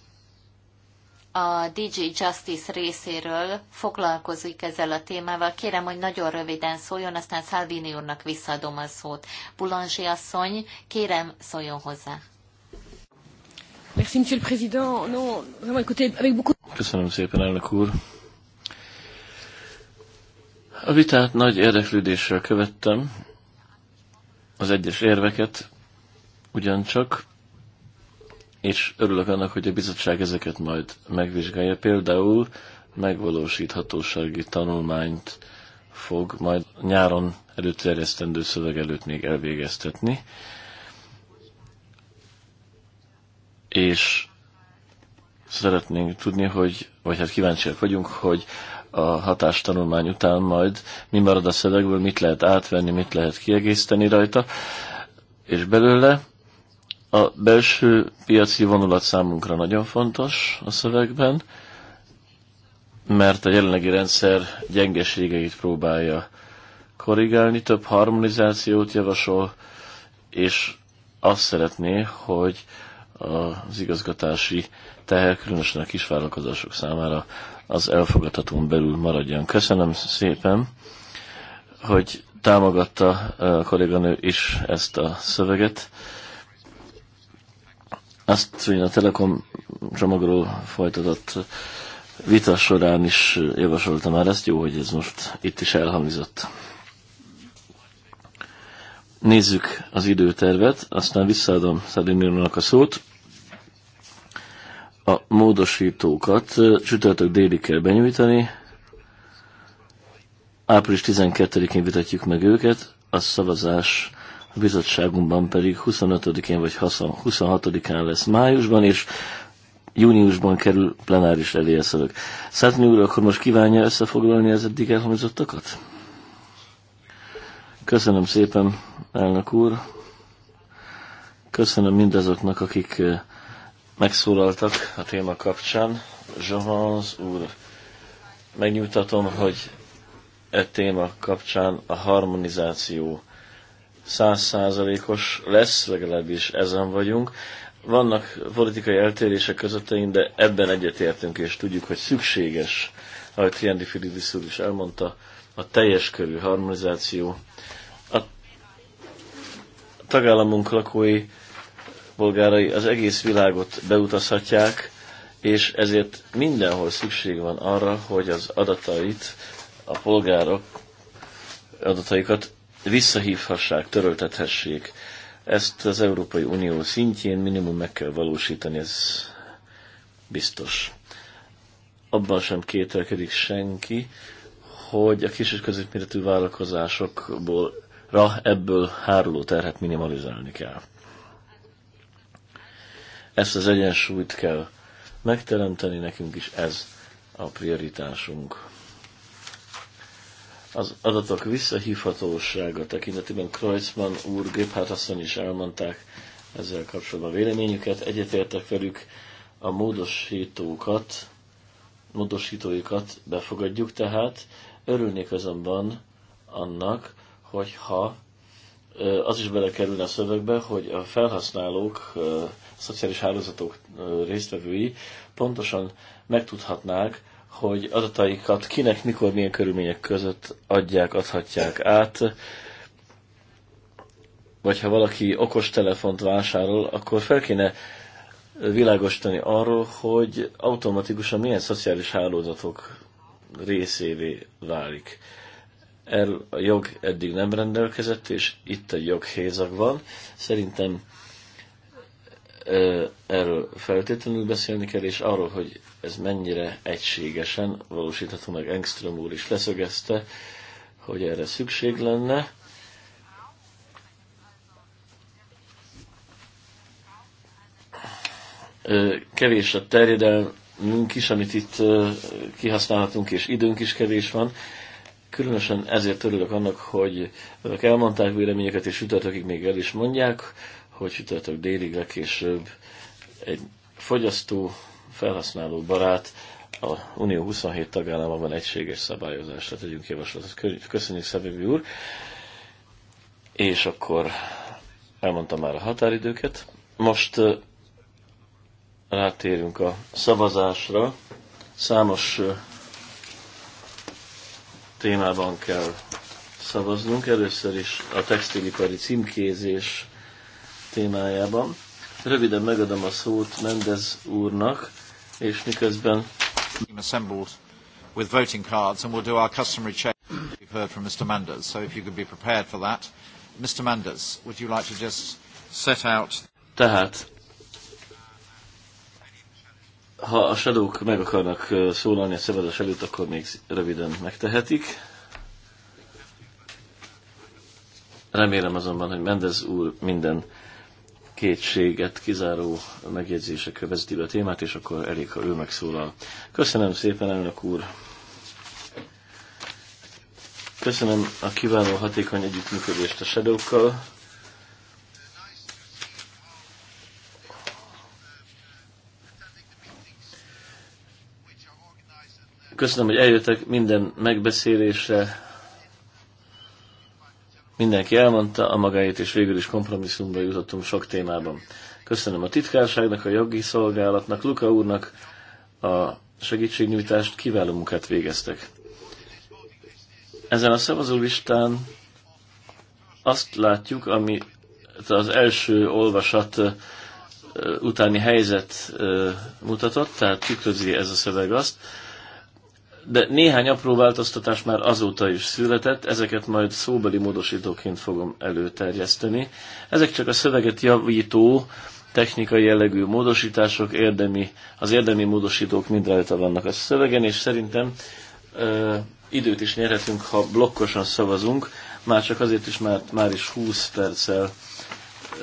a DG Justice részéről foglalkozik ezzel a témával. Kérem, hogy nagyon röviden szóljon, aztán Salvini úrnak visszaadom a szót. Boulanger asszony, kérem, szóljon hozzá. Köszönöm szépen, elnök úr. A vitát nagy érdeklődéssel követtem, az egyes érveket, ugyancsak és örülök annak, hogy a bizottság ezeket majd megvizsgálja. Például megvalósíthatósági tanulmányt fog majd nyáron előterjesztendő szöveg előtt még elvégeztetni. És szeretnénk tudni, hogy, vagy hát kíváncsiak vagyunk, hogy a hatástanulmány után majd mi marad a szövegből, mit lehet átvenni, mit lehet kiegészíteni rajta, és belőle a belső piaci vonulat számunkra nagyon fontos a szövegben, mert a jelenlegi rendszer gyengeségeit próbálja korrigálni, több harmonizációt javasol, és azt szeretné, hogy az igazgatási teher, különösen a kisvállalkozások számára az elfogadhatón belül maradjon. Köszönöm szépen, hogy támogatta a eh, kolléganő is ezt a szöveget azt hogy a Telekom csomagról folytatott vita során is javasolta már ezt, jó, hogy ez most itt is elhangzott. Nézzük az időtervet, aztán visszaadom Szedinőnök a szót. A módosítókat csütörtök déli kell benyújtani, április 12-én vitatjuk meg őket, a szavazás a bizottságunkban pedig 25-én vagy 26-án lesz májusban, és júniusban kerül plenáris elé a szövök. Szátni úr, akkor most kívánja összefoglalni az eddig elhangzottakat? Köszönöm szépen, elnök úr. Köszönöm mindazoknak, akik eh, megszólaltak a téma kapcsán. Zsahans úr, megnyugtatom, hogy e téma kapcsán a harmonizáció százszázalékos lesz, legalábbis ezen vagyunk. Vannak politikai eltérések közöttein, de ebben egyetértünk, és tudjuk, hogy szükséges, ahogy Triandi Filidis úr is elmondta, a teljes körű harmonizáció. A tagállamunk lakói, polgárai az egész világot beutazhatják, és ezért mindenhol szükség van arra, hogy az adatait, a polgárok adataikat visszahívhassák, töröltethessék. Ezt az Európai Unió szintjén minimum meg kell valósítani, ez biztos. Abban sem kételkedik senki, hogy a kis és középméretű vállalkozásokból ra ebből háruló terhet minimalizálni kell. Ezt az egyensúlyt kell megteremteni, nekünk is ez a prioritásunk az adatok visszahívhatósága tekintetében Kreuzmann úr, Géphárt asszony is elmondták ezzel kapcsolatban véleményüket. Egyetértek velük a módosítókat, módosítóikat befogadjuk tehát. Örülnék azonban annak, hogyha az is belekerülne a szövegbe, hogy a felhasználók, a szociális hálózatok résztvevői pontosan megtudhatnák, hogy adataikat kinek, mikor, milyen körülmények között adják, adhatják át, vagy ha valaki okos telefont vásárol, akkor fel kéne világosítani arról, hogy automatikusan milyen szociális hálózatok részévé válik. Erről a jog eddig nem rendelkezett, és itt egy joghézag van. Szerintem erről feltétlenül beszélni kell, és arról, hogy ez mennyire egységesen valósítható meg. Engström úr is leszögezte, hogy erre szükség lenne. Kevés a terjedelmünk is, amit itt kihasználhatunk, és időnk is kevés van. Különösen ezért örülök annak, hogy önök elmondták véleményeket, és sütörtökig még el is mondják, hogy sütörtök délig legkésőbb egy fogyasztó felhasználó barát, a Unió 27 tagállamában egységes szabályozásra tegyünk javaslatot. Köszönjük, Szebevi úr! És akkor elmondtam már a határidőket. Most rátérünk a szavazásra. Számos témában kell szavaznunk. Először is a textilipari címkézés témájában. Röviden megadom a szót Mendez úrnak, és miközben assembled with voting cards and we'll do our customary check we've heard from Mr. Manders. So if you could be prepared for that. Mr. Manders, would you like to just set out... Tehát, ha a shadowk meg akarnak uh, szólalni a szavazás előtt, akkor még röviden megtehetik. Remélem azonban, hogy Mendez úr minden kétséget kizáró megjegyzések vezeti be a témát, és akkor elég, ha ő megszólal. Köszönöm szépen, elnök úr! Köszönöm a kiváló hatékony együttműködést a shadow Köszönöm, hogy eljöttek minden megbeszélésre, Mindenki elmondta a magáét, és végül is kompromisszumba jutottunk sok témában. Köszönöm a titkárságnak, a jogi szolgálatnak, Luka úrnak a segítségnyújtást, kiváló munkát végeztek. Ezen a szavazólistán azt látjuk, ami az első olvasat utáni helyzet mutatott, tehát tükrözi ez a szöveg azt, de néhány apró változtatás már azóta is született, ezeket majd szóbeli módosítóként fogom előterjeszteni. Ezek csak a szöveget javító, technikai jellegű módosítások, érdemi, az érdemi módosítók mind rajta vannak a szövegen, és szerintem ö, időt is nyerhetünk, ha blokkosan szavazunk, már csak azért is, mert már is 20 perccel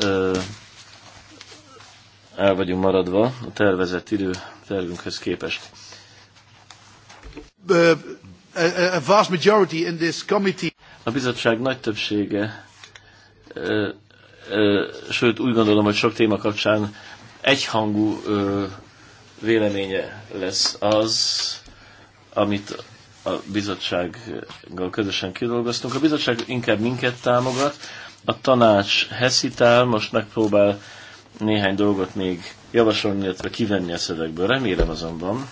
ö, el vagyunk maradva a tervezett idő tervünkhöz képest. Uh, a vast majority in this committee. A bizottság nagy többsége, uh, uh, sőt úgy gondolom, hogy sok téma kapcsán egyhangú véleménye lesz az, amit a bizottsággal közösen kidolgoztunk. A bizottság inkább minket támogat, a tanács heszitál, most megpróbál néhány dolgot még javasolni, illetve kivenni a szövegből. Remélem azonban,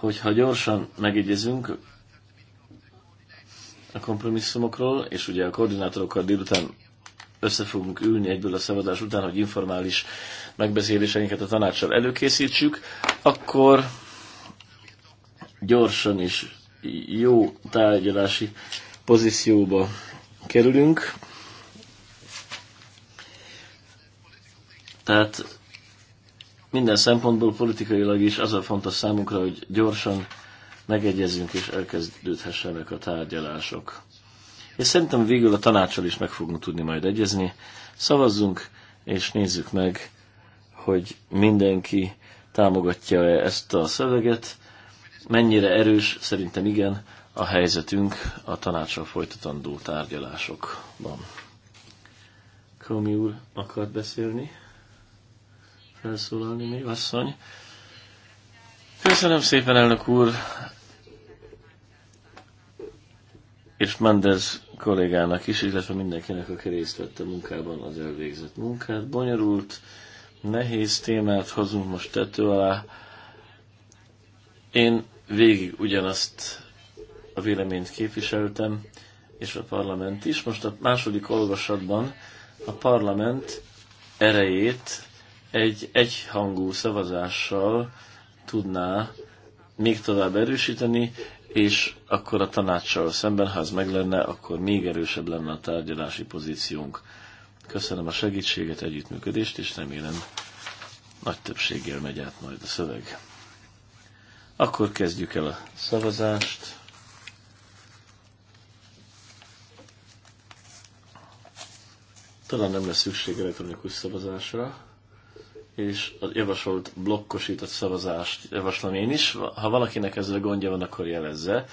hogyha gyorsan megegyezünk a kompromisszumokról, és ugye a koordinátorokkal délután össze fogunk ülni egyből a szabadás után, hogy informális megbeszéléseinket a tanácssal előkészítsük, akkor gyorsan és jó tárgyalási pozícióba kerülünk. Tehát minden szempontból politikailag is az a fontos számunkra, hogy gyorsan megegyezünk és elkezdődhessenek a tárgyalások. És szerintem végül a tanácsal is meg fogunk tudni majd egyezni. Szavazzunk, és nézzük meg, hogy mindenki támogatja -e ezt a szöveget. Mennyire erős, szerintem igen, a helyzetünk a tanácsal folytatandó tárgyalásokban. Komi úr akart beszélni? felszólalni még, asszony. Köszönöm szépen, elnök úr, és Mendez kollégának is, illetve mindenkinek, aki részt vett a munkában az elvégzett munkát. Bonyolult, nehéz témát hozunk most tető alá. Én végig ugyanazt a véleményt képviseltem, és a parlament is. Most a második olvasatban a parlament erejét egy egyhangú szavazással tudná még tovább erősíteni, és akkor a tanácssal szemben, ha ez meg lenne, akkor még erősebb lenne a tárgyalási pozíciónk. Köszönöm a segítséget, együttműködést, és remélem nagy többséggel megy át majd a szöveg. Akkor kezdjük el a szavazást. Talán nem lesz szükség elektronikus szavazásra és a javasolt blokkosított szavazást javaslom én is. Ha valakinek ezzel gondja van, akkor jelezze,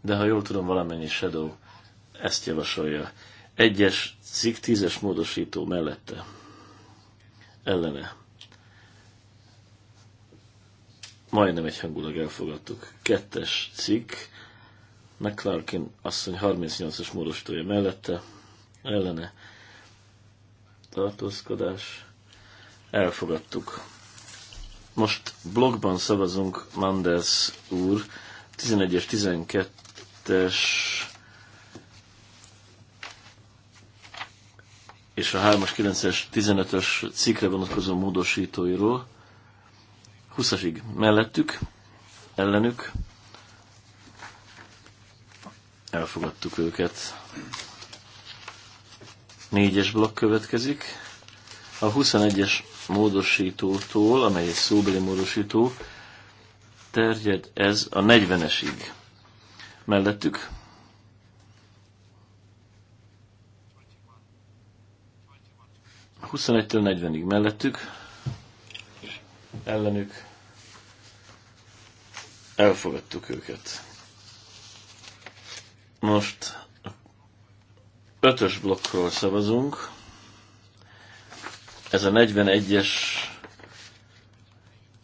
de ha jól tudom, valamennyi Shadow ezt javasolja. Egyes cikk tízes módosító mellette. Ellene. Majdnem hangulag elfogadtuk. Kettes cikk. McClarkin asszony 38-as módosítója mellette. Ellene. Tartózkodás elfogadtuk. Most blogban szavazunk Manders úr 11-es, 12-es és a 3-as, 9-es, 15-ös cikkre vonatkozó módosítóiról. 20-asig mellettük, ellenük. Elfogadtuk őket. 4-es blokk következik. A 21-es módosítótól, amely egy szóbeli módosító, terjed ez a 40-esig. Mellettük 21-től 40-ig mellettük, ellenük elfogadtuk őket. Most ötös blokkról szavazunk ez a 41-es,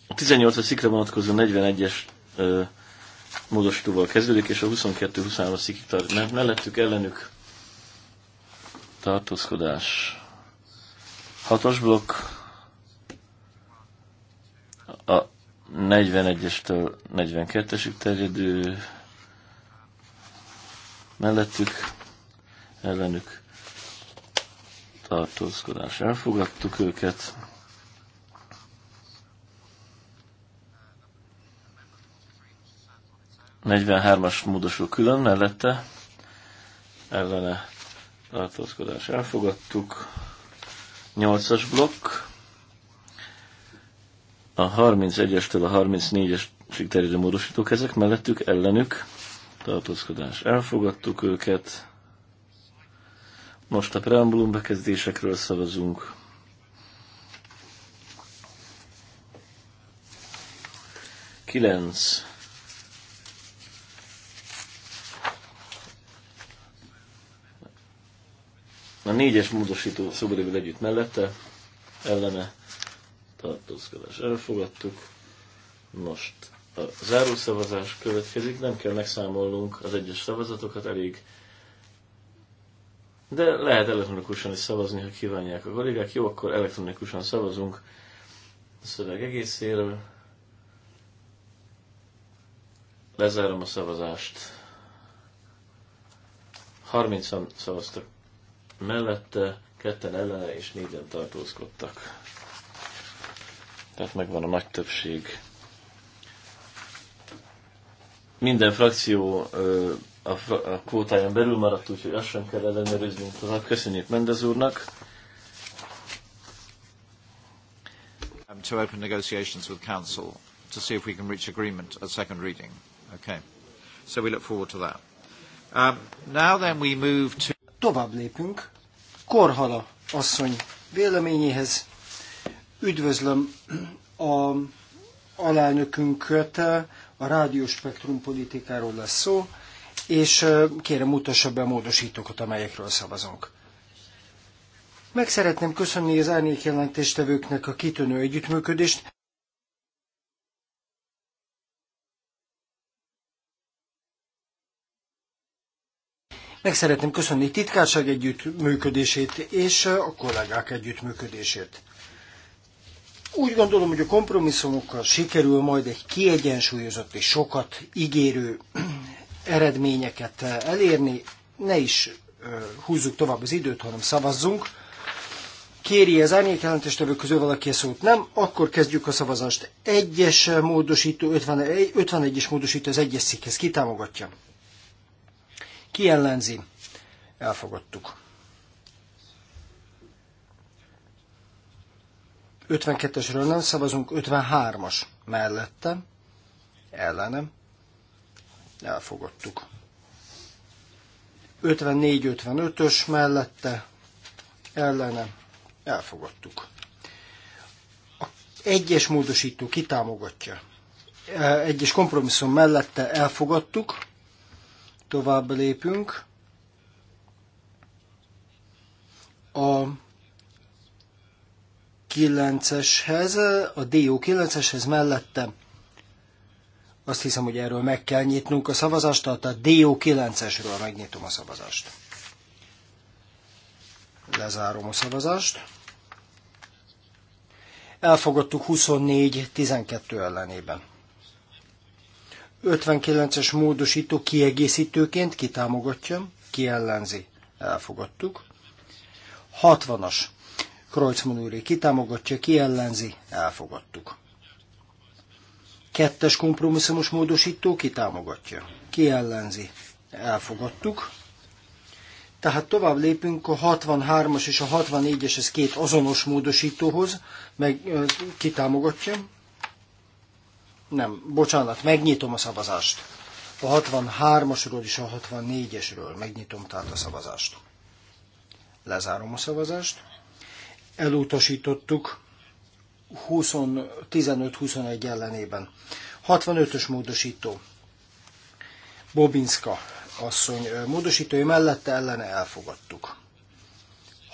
a 18-as szikre vonatkozó 41-es módosítóval kezdődik, és a 22-23-as szikig tart, mert mellettük ellenük tartózkodás. Hatos blokk a 41-estől 42-esig terjedő mellettük, ellenük tartózkodás. Elfogadtuk őket. 43-as módosú külön mellette ellene tartózkodás. Elfogadtuk. as blokk. A 31-estől a 34-esig terjedő módosítók ezek mellettük, ellenük tartózkodás. Elfogadtuk őket. Most a preambulum bekezdésekről szavazunk. Kilenc. A négyes módosító szobrével együtt mellette, ellene tartózkodás elfogadtuk. Most a zárószavazás következik, nem kell megszámolnunk az egyes szavazatokat, elég de lehet elektronikusan is szavazni, ha kívánják a kollégák. Jó, akkor elektronikusan szavazunk a szöveg egészéről. Lezárom a szavazást. 30-an szavaztak mellette, ketten ellene és négyen tartózkodtak. Tehát megvan a nagy többség. Minden frakció ö, a, a kvótáján belül maradt, úgyhogy azt sem kell ellenőrizni tovább. Köszönjük Mendez úrnak. To open negotiations with Council to see if we can reach agreement at second reading. Okay. So we look forward to that. Um, now then we move to... Tovább lépünk. Korhala asszony véleményéhez. Üdvözlöm a alelnökünket, a rádióspektrum politikáról lesz szó és kérem mutassa be a módosítókat, amelyekről szavazunk. Meg szeretném köszönni az árnyék jelentéstevőknek a kitűnő együttműködést. Meg szeretném köszönni titkárság együttműködését és a kollégák együttműködését. Úgy gondolom, hogy a kompromisszumokkal sikerül majd egy kiegyensúlyozott és sokat ígérő eredményeket eh, elérni. Ne is eh, húzzuk tovább az időt, hanem szavazzunk. Kéri az árnyékjelentéstevő közül valaki a szót? Nem, akkor kezdjük a szavazást. Egyes módosító, 51, 51-es módosító az egyes szikhez. Ki támogatja? Ki ellenzi? Elfogadtuk. 52-esről nem szavazunk, 53-as mellette, ellenem, elfogadtuk. 54-55-ös mellette ellene elfogadtuk. A egyes módosító kitámogatja. E, egyes kompromisszum mellette elfogadtuk, tovább lépünk. A 9-eshez, a DO 9-eshez mellette azt hiszem, hogy erről meg kell nyitnunk a szavazást, tehát a DO9-esről megnyitom a szavazást. Lezárom a szavazást. Elfogadtuk 24-12 ellenében. 59-es módosító kiegészítőként kitámogatja, ki ellenzi. Elfogadtuk. 60-as Kreuzmann úré kitámogatja, ki ellenzi. Elfogadtuk. Kettes kompromisszumos módosító ki támogatja? Ki ellenzi? Elfogadtuk. Tehát tovább lépünk a 63-as és a 64-es, ez két azonos módosítóhoz, meg ki támogatja? Nem, bocsánat, megnyitom a szavazást. A 63-asról és a 64-esről megnyitom tehát a szavazást. Lezárom a szavazást. Elutasítottuk 15-21 ellenében. 65-ös módosító. Bobinska asszony módosítói mellette ellene elfogadtuk.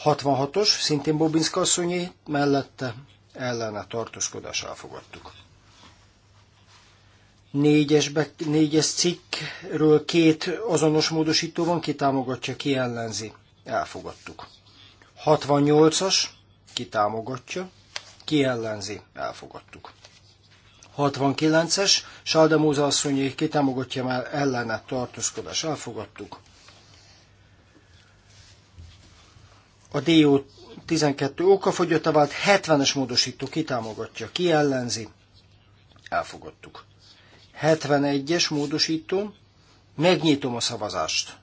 66-os, szintén Bobinska asszonyi mellette ellene tartózkodás elfogadtuk. Négyes, be, négyes cikkről két azonos módosító van, ki támogatja, ki ellenzi. Elfogadtuk. 68-as, ki támogatja, ki ellenzi, elfogadtuk. 69-es, Móza asszonyé, ki támogatja már ellene tartózkodás, elfogadtuk. A DO 12 okafogyotta vált 70-es módosító kitámogatja, ki ellenzi, elfogadtuk. 71-es módosító, megnyitom a szavazást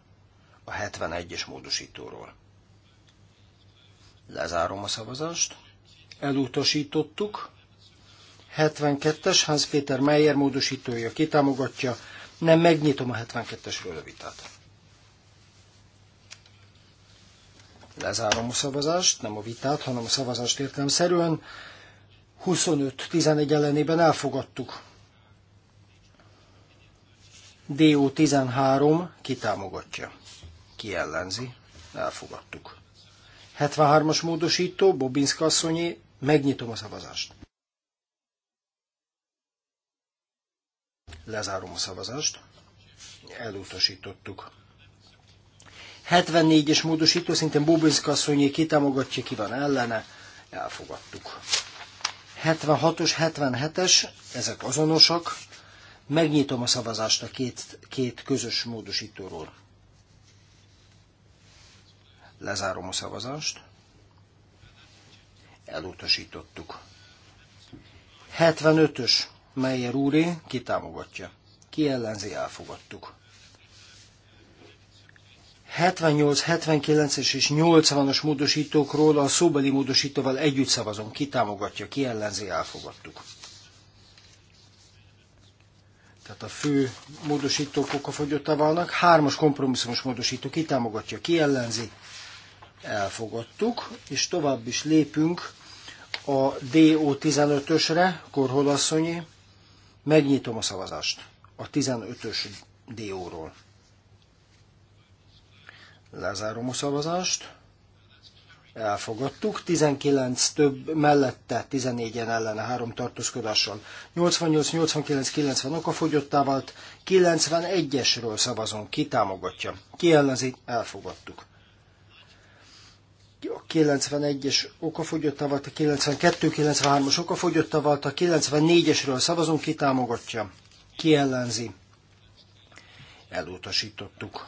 a 71-es módosítóról. Lezárom a szavazást elutasítottuk. 72-es Hans Péter Meyer módosítója kitámogatja. Nem megnyitom a 72-esről a vitát. Lezárom a szavazást, nem a vitát, hanem a szavazást értelemszerűen. 25-11 ellenében elfogadtuk. DO13 kitámogatja. Ki ellenzi? Elfogadtuk. 73-as módosító, Bobinszka asszonyi Megnyitom a szavazást. Lezárom a szavazást. Elutasítottuk. 74-es módosító, szintén Bobinska asszonyé kitámogatja, ki van ellene. Elfogadtuk. 76-os, 77-es, ezek azonosak. Megnyitom a szavazást a két, két közös módosítóról. Lezárom a szavazást. Elutasítottuk. 75-ös melyer úré kitámogatja. Ki ellenzi elfogadtuk. 78, 79-es és 80-as módosítókról a szóbeli módosítóval együtt szavazom. Ki támogatja, ki ellenzi, elfogadtuk. Tehát a fő módosítók okafogyottá válnak. Hármas kompromisszumos módosító ki támogatja, ki ellenzi, elfogadtuk. És tovább is lépünk a DO15-ösre, Korholasszonyi, megnyitom a szavazást a 15-ös DO-ról. Lezárom a szavazást. Elfogadtuk. 19 több mellette, 14-en ellene, három tartózkodással. 88, 89, 90 okafogyottá vált. 91-esről szavazom, Ki támogatja? Ki ellenzi? Elfogadtuk a 91-es okafogyott tavat, a 92-93-as okafogyott tavat, a 94-esről szavazunk, ki támogatja, ki ellenzi. Elutasítottuk.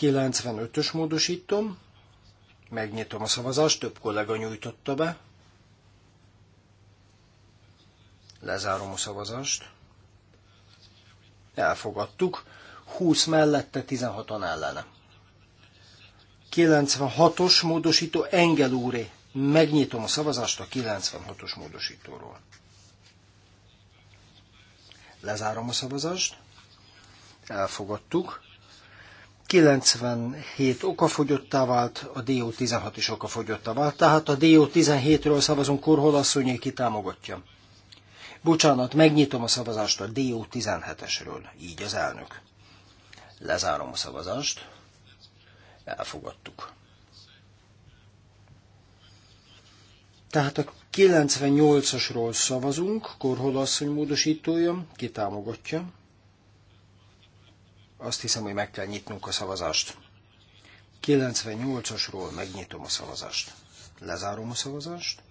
95-ös módosítom, megnyitom a szavazást, több kollega nyújtotta be. Lezárom a szavazást. Elfogadtuk. 20 mellette, 16-an ellenem. 96-os módosító Engel úré. Megnyitom a szavazást a 96-os módosítóról. Lezárom a szavazást. Elfogadtuk. 97 okafogyottá vált, a DO16 is okafogyottá vált, tehát a DO17-ről szavazunk, Korhol asszonyé ki támogatja. Bocsánat, megnyitom a szavazást a DO17-esről, így az elnök. Lezárom a szavazást. Elfogadtuk. Tehát a 98-asról szavazunk, Korhol módosítója, ki támogatja. Azt hiszem, hogy meg kell nyitnunk a szavazást. 98-asról megnyitom a szavazást. Lezárom a szavazást.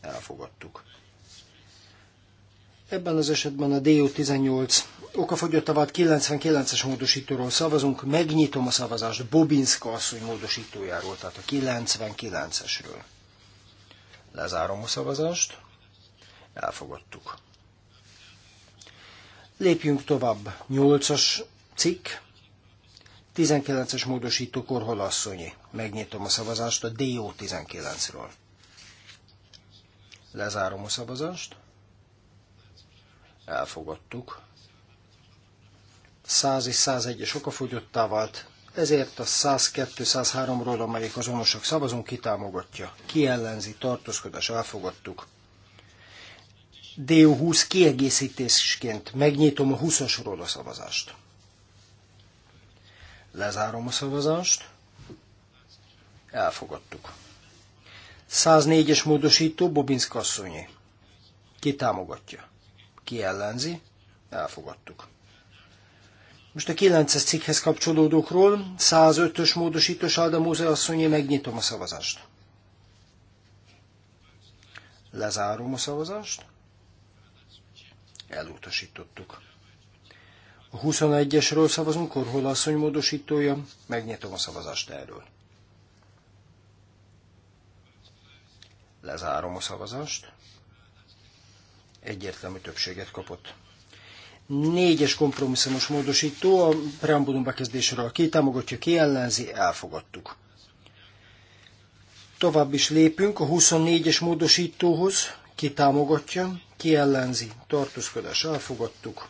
Elfogadtuk. Ebben az esetben a DO18 Okafogyott a vad. 99-es módosítóról szavazunk, megnyitom a szavazást Bobinska asszony módosítójáról, tehát a 99-esről. Lezárom a szavazást, elfogadtuk. Lépjünk tovább, 8-as cikk, 19-es módosító Korhol asszonyi. Megnyitom a szavazást a DO19-ről. Lezárom a szavazást. Elfogadtuk. 100 és 101-es okafogyottá vált, ezért a 102-103-ról, amelyik azonosak szavazunk, kitámogatja. Kiellenzi, tartózkodás, elfogadtuk. du 20 kiegészítésként megnyitom a 20-asról a szavazást. Lezárom a szavazást. Elfogadtuk. 104-es módosító Bobinsz Kasszonyi. Kitámogatja. Kiellenzi. Elfogadtuk. Most a 9-es cikkhez kapcsolódókról, 105-ös módosítós Alda Móze asszonyé, megnyitom a szavazást. Lezárom a szavazást. Elutasítottuk. A 21-esről szavazunk, Korhol asszony módosítója, megnyitom a szavazást erről. Lezárom a szavazást. Egyértelmű többséget kapott. Négyes kompromisszumos módosító a preambulum bekezdésről. Ki támogatja, ki ellenzi, elfogadtuk. Tovább is lépünk a 24-es módosítóhoz. Ki támogatja, ki ellenzi, tartózkodás, elfogadtuk.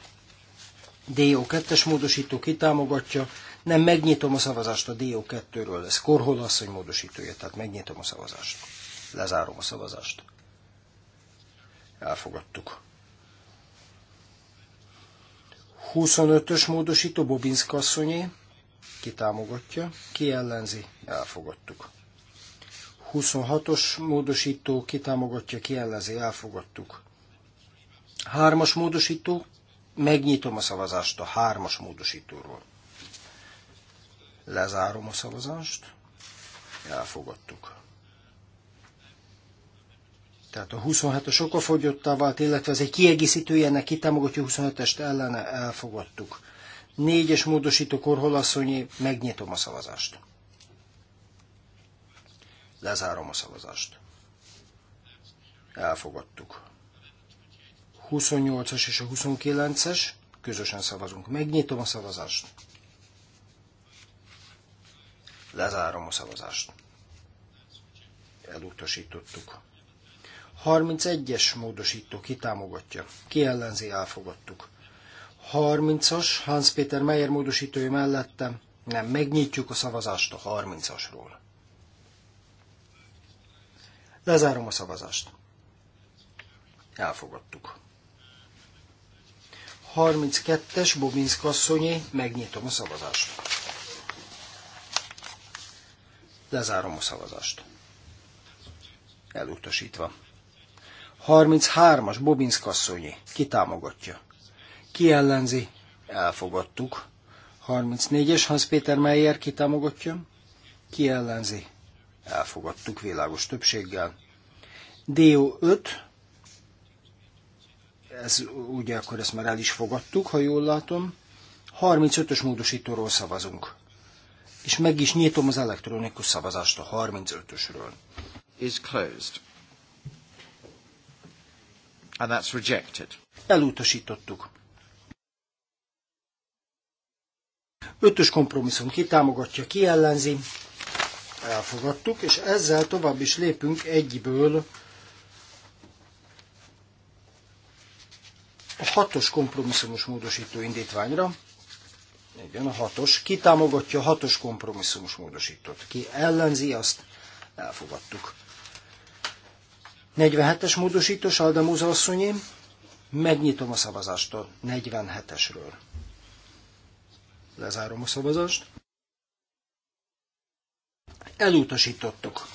DO2-es módosító támogatja, nem megnyitom a szavazást a DO2-ről, ez korholasszony módosítója, tehát megnyitom a szavazást. Lezárom a szavazást. Elfogadtuk. 25-ös módosító Bobinska asszonyé. Ki támogatja, ki ellenzi, elfogadtuk. 26-os módosító kitámogatja, ki ellenzi, elfogadtuk. Hármas módosító, megnyitom a szavazást a hármas módosítóról. Lezárom a szavazást, elfogadtuk. Tehát a 27-es okafogyottá vált, illetve ez egy kiegészítője ennek kitámogatja 27-est ellene elfogadtuk. Négyes módosító korholasszonyi, megnyitom a szavazást. Lezárom a szavazást. Elfogadtuk. 28-as és a 29-es, közösen szavazunk. Megnyitom a szavazást. Lezárom a szavazást. Elutasítottuk. 31-es módosító kitámogatja. Ki ellenzi, elfogadtuk. 30-as, Hans Péter Meyer módosítói mellettem. Nem, megnyitjuk a szavazást a 30-asról. Lezárom a szavazást. Elfogadtuk. 32-es Bobinsk asszonyé, megnyitom a szavazást. Lezárom a szavazást. Elutasítva. 33-as Bobinsz kasszonyi. kitámogatja, kiellenzi, Ki ellenzi? Elfogadtuk. 34-es Hans Péter Meyer kitámogatja. támogatja? Ki ellenzi? Elfogadtuk világos többséggel. Dio 5, ez ugye akkor ezt már el is fogadtuk, ha jól látom. 35-ös módosítóról szavazunk. És meg is nyitom az elektronikus szavazást a 35-ösről. Is closed. And that's rejected. Elutasítottuk. Ötös kompromisszum ki támogatja, ki ellenzi. Elfogadtuk, és ezzel tovább is lépünk egyből a hatos kompromisszumos módosító indítványra. Igen, a hatos. Ki támogatja a hatos kompromisszumos módosítót? Ki ellenzi, azt elfogadtuk. 47-es módosító Múza asszonyé, megnyitom a szavazást a 47-esről. Lezárom a szavazást. Elutasítottuk.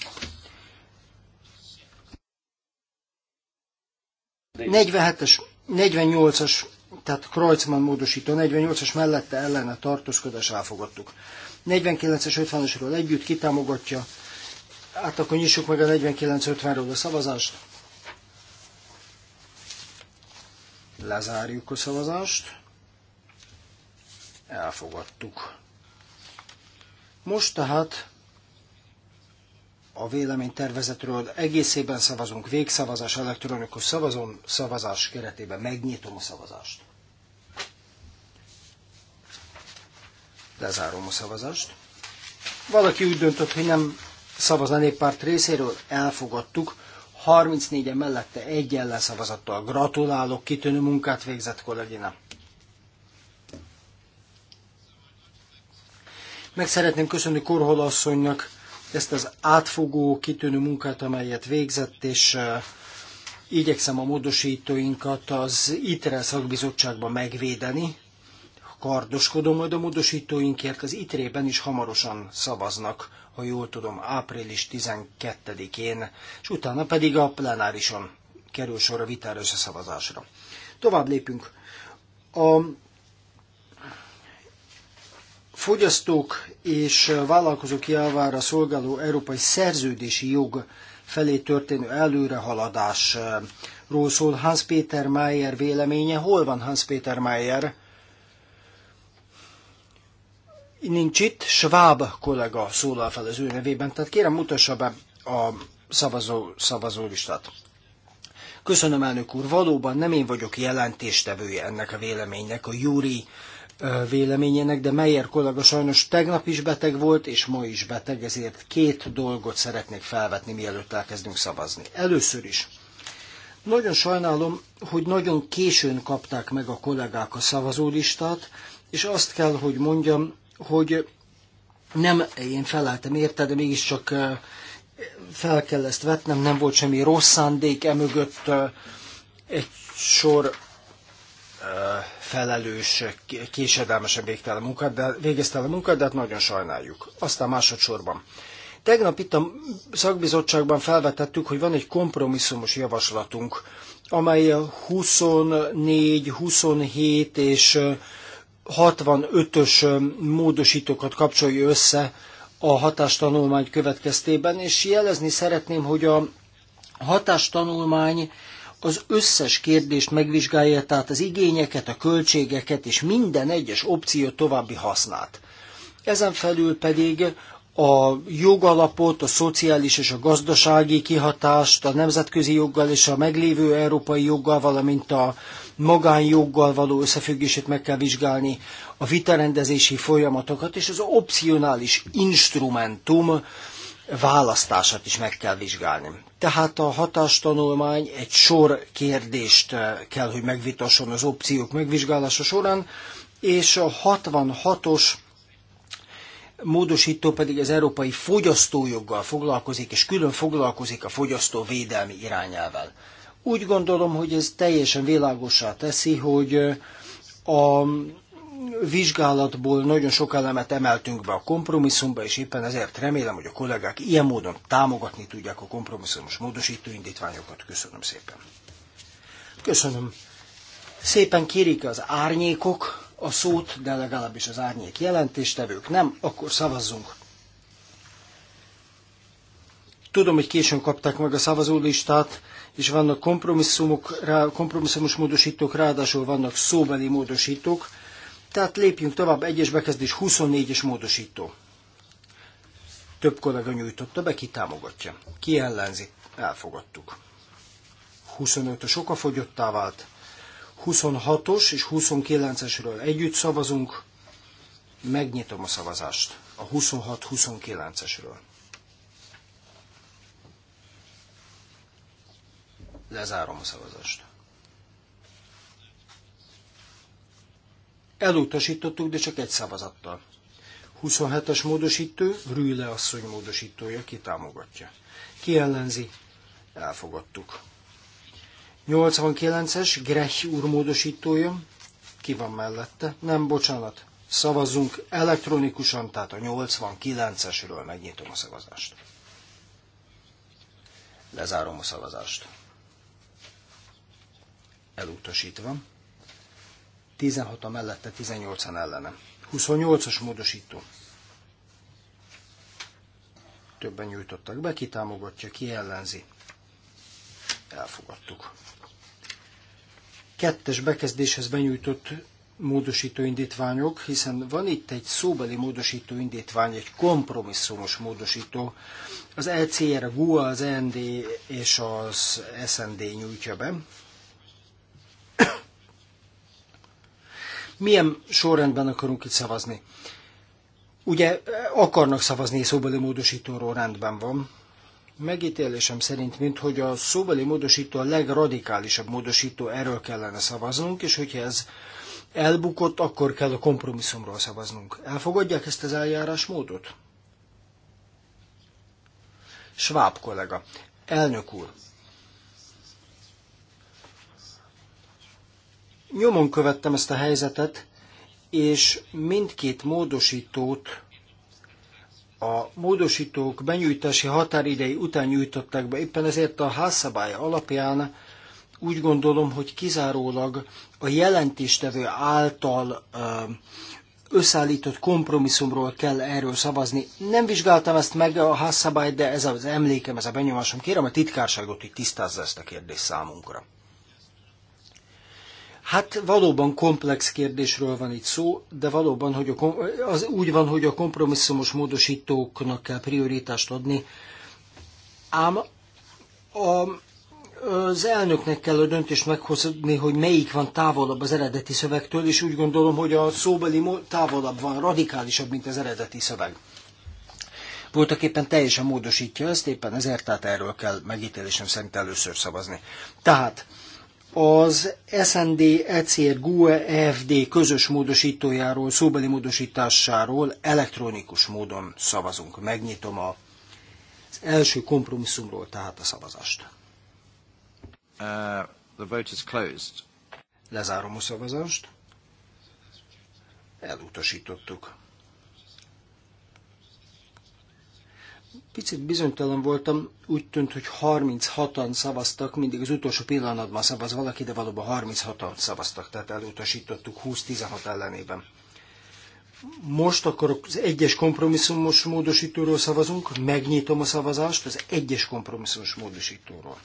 47-es, 48-as, tehát Kreuzmann módosító, 48-as mellette ellene tartózkodás elfogadtuk. 49-es, 50-esről együtt kitámogatja, Hát akkor nyissuk meg a 49-50-ről a szavazást. Lezárjuk a szavazást. Elfogadtuk. Most tehát a véleménytervezetről egészében szavazunk, végszavazás elektronikus szavazom, szavazás keretében megnyitom a szavazást. Lezárom a szavazást. Valaki úgy döntött, hogy nem szavaz a néppárt részéről, elfogadtuk. 34-en mellette egy ellenszavazattal. Gratulálok, kitűnő munkát végzett kollégina. Meg szeretném köszönni Korhol asszonynak ezt az átfogó, kitűnő munkát, amelyet végzett, és uh, igyekszem a módosítóinkat az ITRE szakbizottságban megvédeni. Kardoskodom majd a módosítóinkért, az ITRE-ben is hamarosan szavaznak ha jól tudom, április 12-én, és utána pedig a plenárison kerül sor a vitára és a szavazásra. Tovább lépünk. A fogyasztók és vállalkozók javára szolgáló európai szerződési jog felé történő előrehaladásról szól Hans Péter Mayer véleménye. Hol van Hans Péter Mayer? nincs itt, Schwab kollega szólal fel az ő nevében, tehát kérem mutassa be a szavazó, szavazólistát. Köszönöm, elnök úr, valóban nem én vagyok jelentéstevője ennek a véleménynek, a Júri véleményének, de Meyer kollega sajnos tegnap is beteg volt, és ma is beteg, ezért két dolgot szeretnék felvetni, mielőtt elkezdünk szavazni. Először is, nagyon sajnálom, hogy nagyon későn kapták meg a kollégák a szavazólistát, és azt kell, hogy mondjam, hogy nem én feleltem érte, de mégiscsak fel kell ezt vetnem, nem volt semmi rossz szándék, emögött egy sor felelős, késedelmesen végtel a munkát, de végezte el a munkát, de hát nagyon sajnáljuk. Aztán másodszorban. Tegnap itt a szakbizottságban felvetettük, hogy van egy kompromisszumos javaslatunk, amely 24, 27 és 65-ös módosítókat kapcsolja össze a hatástanulmány következtében, és jelezni szeretném, hogy a hatástanulmány az összes kérdést megvizsgálja, tehát az igényeket, a költségeket és minden egyes opció további hasznát. Ezen felül pedig a jogalapot, a szociális és a gazdasági kihatást, a nemzetközi joggal és a meglévő európai joggal, valamint a magánjoggal való összefüggését meg kell vizsgálni, a vitarendezési folyamatokat és az opcionális instrumentum választását is meg kell vizsgálni. Tehát a hatástanulmány egy sor kérdést eh, kell, hogy megvitasson az opciók megvizsgálása során, és a 66-os módosító pedig az európai fogyasztójoggal foglalkozik, és külön foglalkozik a fogyasztó védelmi irányával úgy gondolom, hogy ez teljesen világosá teszi, hogy a vizsgálatból nagyon sok elemet emeltünk be a kompromisszumba, és éppen ezért remélem, hogy a kollégák ilyen módon támogatni tudják a kompromisszumos módosító indítványokat. Köszönöm szépen. Köszönöm. Szépen kérik az árnyékok a szót, de legalábbis az árnyék jelentéstevők nem, akkor szavazzunk. Tudom, hogy későn kapták meg a szavazólistát, és vannak kompromisszumok, rá, kompromisszumos módosítók, ráadásul vannak szóbeli módosítók, tehát lépjünk tovább, egyes bekezdés 24-es módosító. Több kollega nyújtotta be, ki támogatja. Ki ellenzi? Elfogadtuk. 25-ös okafogyottá vált. 26-os és 29-esről együtt szavazunk. Megnyitom a szavazást a 26-29-esről. Lezárom a szavazást. Elutasítottuk, de csak egy szavazattal. 27-es módosító, Rüle asszony módosítója, ki támogatja. Ki ellenzi? Elfogadtuk. 89-es, Grech úr módosítója, ki van mellette? Nem, bocsánat. Szavazzunk elektronikusan, tehát a 89-esről megnyitom a szavazást. Lezárom a szavazást elutasítva. 16 a mellette, 18-an ellene. 28-as módosító. Többen nyújtottak be, ki támogatja, ki ellenzi. Elfogadtuk. Kettes bekezdéshez benyújtott módosító indítványok, hiszen van itt egy szóbeli módosító indítvány, egy kompromisszumos módosító. Az ECR, a GUA, az END és az SND nyújtja be. milyen sorrendben akarunk itt szavazni. Ugye akarnak szavazni szóbeli módosítóról, rendben van. Megítélésem szerint, mint hogy a szóbeli módosító a legradikálisabb módosító, erről kellene szavaznunk, és hogyha ez elbukott, akkor kell a kompromisszumról szavaznunk. Elfogadják ezt az eljárásmódot? Schwab kollega. Elnök úr, Nyomon követtem ezt a helyzetet, és mindkét módosítót a módosítók benyújtási határidei után nyújtották be. Éppen ezért a házszabály alapján úgy gondolom, hogy kizárólag a jelentéstevő által összeállított kompromisszumról kell erről szavazni. Nem vizsgáltam ezt meg a házszabályt, de ez az emlékem, ez a benyomásom. Kérem a titkárságot, hogy tisztázza ezt a kérdést számunkra. Hát valóban komplex kérdésről van itt szó, de valóban hogy a, az úgy van, hogy a kompromisszumos módosítóknak kell prioritást adni, ám a, az elnöknek kell a döntést meghozni, hogy melyik van távolabb az eredeti szövegtől, és úgy gondolom, hogy a szóbeli távolabb van, radikálisabb, mint az eredeti szöveg. Voltak éppen teljesen módosítja ezt, éppen ezért tehát erről kell megítélésem szerint először szavazni. Tehát az SND, ECR, GUE, EFD közös módosítójáról, szóbeli módosításáról elektronikus módon szavazunk. Megnyitom a, az első kompromisszumról, tehát a szavazást. Uh, the vote is closed. Lezárom a szavazást. Elutasítottuk. Picit bizonytalan voltam, úgy tűnt, hogy 36-an szavaztak, mindig az utolsó pillanatban szavaz valaki, de valóban 36-an szavaztak, tehát elutasítottuk 20-16 ellenében. Most akkor az egyes kompromisszumos módosítóról szavazunk, megnyitom a szavazást az egyes kompromisszumos módosítóról.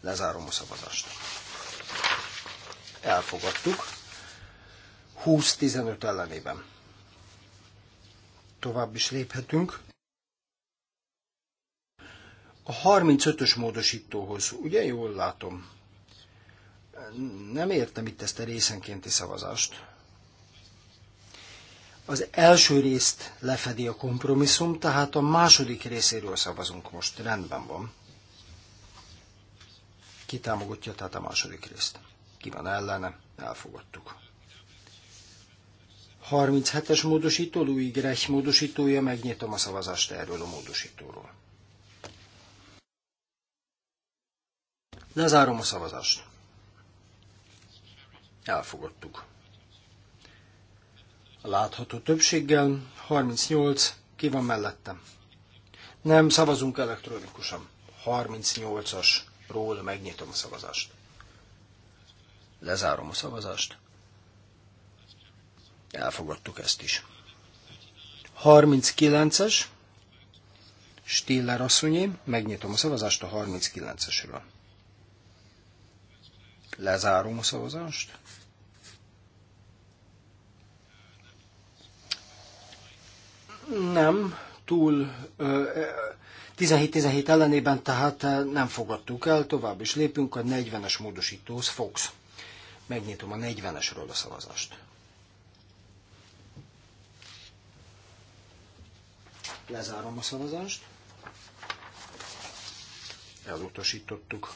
Lezárom a szavazást. Elfogadtuk. 20-15 ellenében tovább is léphetünk. A 35-ös módosítóhoz, ugye jól látom? Nem értem itt ezt a részenkénti szavazást. Az első részt lefedi a kompromisszum, tehát a második részéről szavazunk most. Rendben van. Ki támogatja tehát a második részt? Ki van ellene? Elfogadtuk. 37-es módosító, Louis Grech módosítója, megnyitom a szavazást erről a módosítóról. Lezárom a szavazást. Elfogadtuk. A látható többséggel 38, ki van mellettem? Nem, szavazunk elektronikusan. 38-asról megnyitom a szavazást. Lezárom a szavazást. Elfogadtuk ezt is. 39-es. Stiller asszonyé. Megnyitom a szavazást a 39-esről. Lezárom a szavazást. Nem, túl 17-17 ellenében, tehát nem fogadtuk el, tovább is lépünk a 40-es módosítóhoz Fox. Megnyitom a 40-esről a szavazást. Lezárom a szavazást. Elutasítottuk.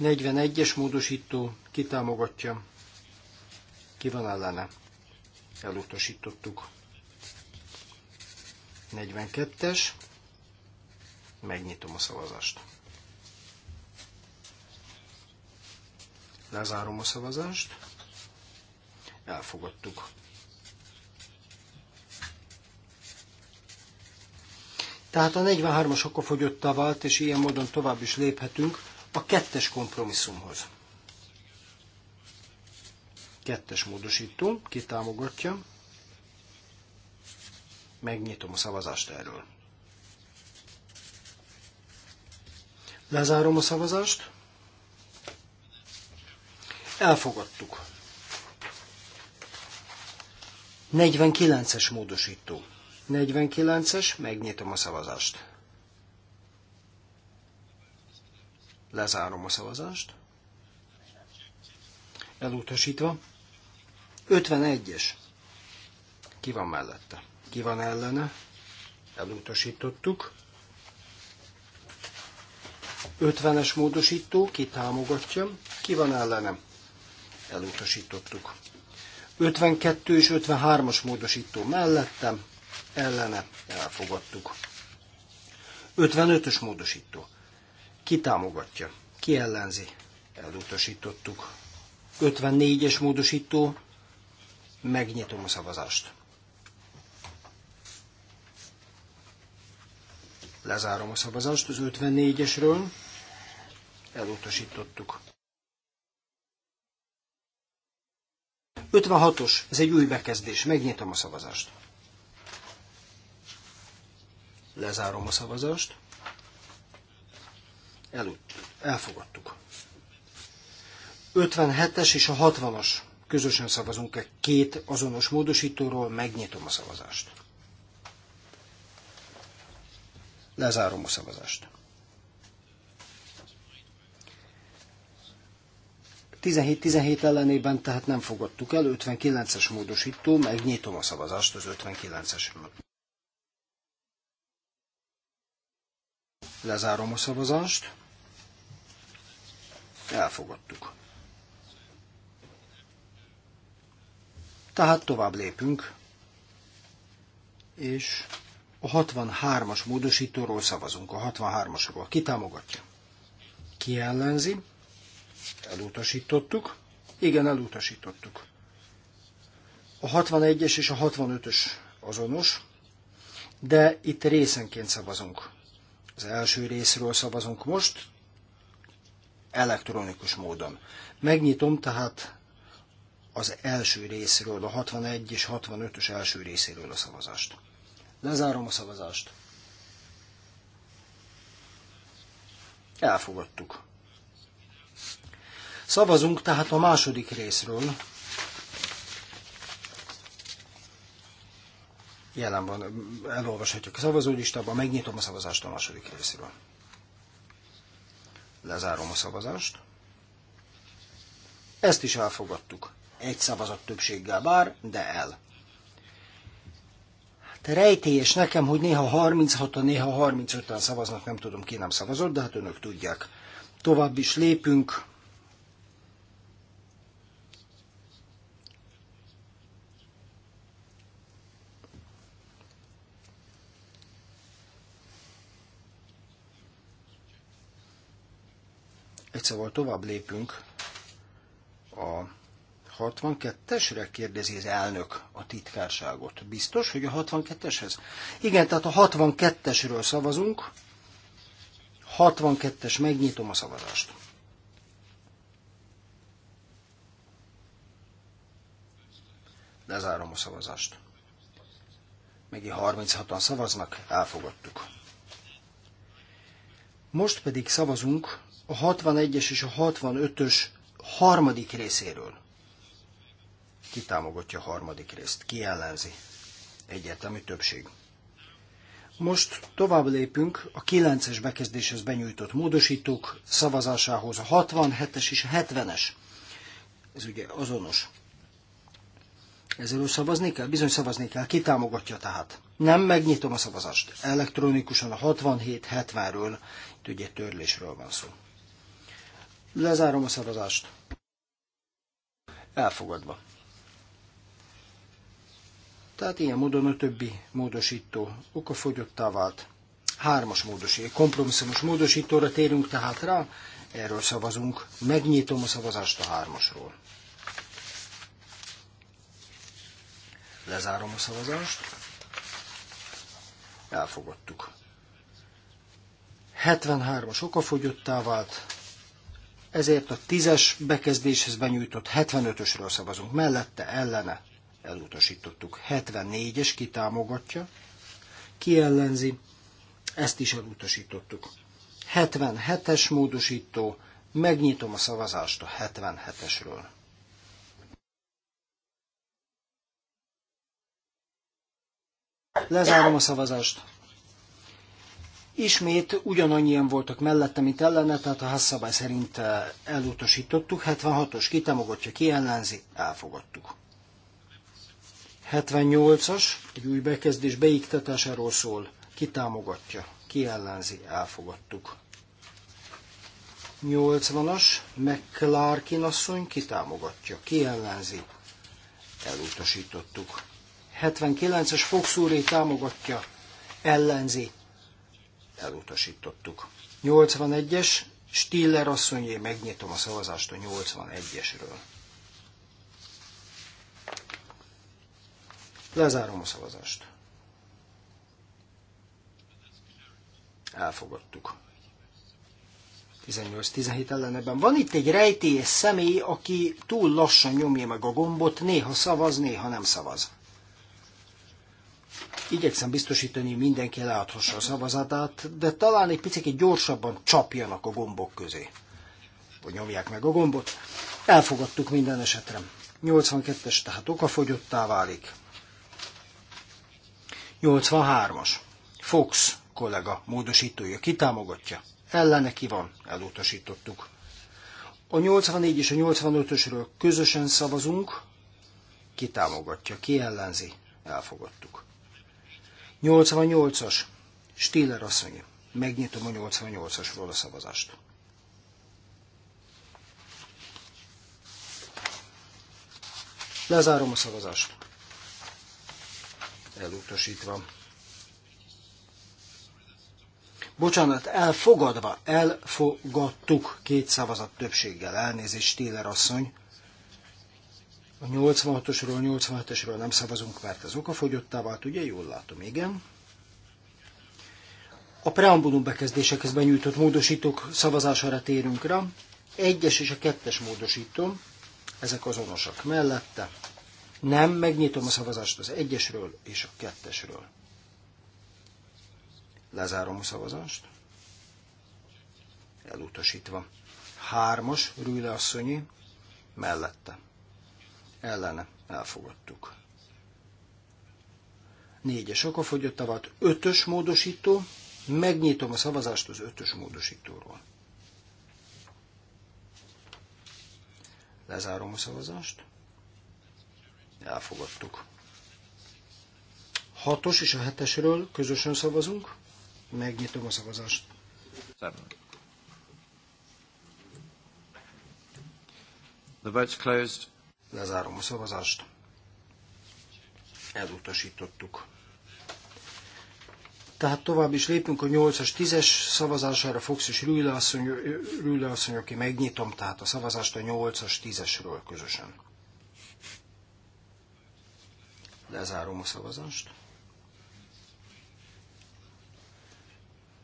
41-es módosító kitámogatja. Ki van ellene? Elutasítottuk. 42-es. Megnyitom a szavazást. Lezárom a szavazást. Elfogadtuk. Tehát a 43-as okofogyottá vált, és ilyen módon tovább is léphetünk a kettes kompromisszumhoz. Kettes módosító, ki támogatja. Megnyitom a szavazást erről. Lezárom a szavazást. Elfogadtuk. 49-es módosító. 49-es, megnyitom a szavazást. Lezárom a szavazást. Elutasítva. 51-es. Ki van mellette? Ki van ellene? Elutasítottuk. 50-es módosító, ki támogatja, ki van ellene? Elutasítottuk. 52 és 53-as módosító mellettem, ellene elfogadtuk. 55-ös módosító. Ki támogatja? Ki ellenzi? Elutasítottuk. 54-es módosító. Megnyitom a szavazást. Lezárom a szavazást az 54-esről. Elutasítottuk. 56-os, ez egy új bekezdés. Megnyitom a szavazást. Lezárom a szavazást. Előtt. Elfogadtuk. 57-es és a 60-as közösen szavazunk egy két azonos módosítóról, megnyitom a szavazást. Lezárom a szavazást. 17-17 ellenében tehát nem fogadtuk el, 59-es módosító, megnyitom a szavazást az 59 es Lezárom a szavazást. Elfogadtuk. Tehát tovább lépünk, és a 63-as módosítóról szavazunk, a 63-asról. Ki támogatja? Ki ellenzi? Elutasítottuk. Igen, elutasítottuk. A 61-es és a 65-ös azonos, de itt részenként szavazunk. Az első részről szavazunk most, elektronikus módon. Megnyitom tehát az első részről, a 61 és 65-ös első részéről a szavazást. Lezárom a szavazást. Elfogadtuk. Szavazunk tehát a második részről, jelen van, elolvashatjuk a szavazólistában, megnyitom a szavazást a második részről. Lezárom a szavazást. Ezt is elfogadtuk. Egy szavazat többséggel bár, de el. Hát rejtélyes nekem, hogy néha 36 a néha 35-en szavaznak, nem tudom ki nem szavazott, de hát önök tudják. Tovább is lépünk. szóval tovább lépünk a 62-esre kérdezi az elnök a titkárságot. Biztos, hogy a 62-eshez? Igen, tehát a 62-esről szavazunk. 62-es, megnyitom a szavazást. Lezárom a szavazást. Megint 36-an szavaznak, elfogadtuk. Most pedig szavazunk a 61-es és a 65-ös harmadik részéről. Ki támogatja a harmadik részt? Ki ellenzi? Egyértelmű többség. Most tovább lépünk a 9-es bekezdéshez benyújtott módosítók szavazásához a 67-es és a 70-es. Ez ugye azonos. Ezzelől szavazni kell? Bizony szavazni kell. Ki támogatja tehát? Nem megnyitom a szavazást. Elektronikusan a 67-70-ről, itt ugye törlésről van szó. Lezárom a szavazást. Elfogadva. Tehát ilyen módon a többi módosító okafogyottá vált. Hármas módosító, kompromisszumos módosítóra térünk tehát rá, erről szavazunk. Megnyitom a szavazást a hármasról. Lezárom a szavazást. Elfogadtuk. 73-as okafogyottá vált, ezért a tízes bekezdéshez benyújtott 75-ösről szavazunk. Mellette, ellene elutasítottuk. 74-es kitámogatja, ki ellenzi, ezt is elutasítottuk. 77-es módosító, megnyitom a szavazást a 77-esről. Lezárom a szavazást. Ismét ugyanannyian voltak mellette, mint ellene, tehát a házszabály szerint eh, elutasítottuk. 76-os kitámogatja, ki ellenzi, elfogadtuk. 78-as, egy új bekezdés beiktatásáról szól, kitámogatja, ki ellenzi, elfogadtuk. 80-as, McClarkin asszony kitámogatja, ki ellenzi, elutasítottuk. 79-es Fox úré támogatja, ellenzi, elutasítottuk. 81-es, Stiller asszonyé, megnyitom a szavazást a 81-esről. Lezárom a szavazást. Elfogadtuk. 18-17 ellenében. Van itt egy rejtélyes személy, aki túl lassan nyomja meg a gombot, néha szavaz, néha nem szavaz igyekszem biztosítani, hogy mindenki leadhassa a szavazatát, de talán egy picit gyorsabban csapjanak a gombok közé. Vagy nyomják meg a gombot. Elfogadtuk minden esetre. 82-es tehát okafogyottá válik. 83-as. Fox kollega módosítója kitámogatja. Ellene ki van, elutasítottuk. A 84 és a 85-ösről közösen szavazunk, kitámogatja, kiellenzi. elfogadtuk. 88-as. Stíler asszony. Megnyitom a 88-asról a szavazást. Lezárom a szavazást. Elutasítva. Bocsánat, elfogadva, elfogadtuk két szavazat többséggel. Elnézést, Stíler asszony. A 86-osról, 87-esről nem szavazunk, mert az okafogyottá vált, ugye? Jól látom, igen. A preambulum bekezdésekhez benyújtott módosítók szavazására térünk rá. Egyes és a kettes módosító, ezek azonosak mellette. Nem, megnyitom a szavazást az egyesről és a kettesről. Lezárom a szavazást. Elutasítva. Hármas, Rüle asszonyi, mellette ellene elfogadtuk. Négyes okafogyott avat, ötös módosító, megnyitom a szavazást az ötös módosítóról. Lezárom a szavazást. Elfogadtuk. Hatos és a hetesről közösen szavazunk. Megnyitom a szavazást. The vote's closed. Lezárom a szavazást. Elutasítottuk. Tehát tovább is lépünk a 8-as, 10-es szavazására, Fox és Rüle asszony, Rüle asszony, aki megnyitom, tehát a szavazást a 8-as, 10-esről közösen. Lezárom a szavazást.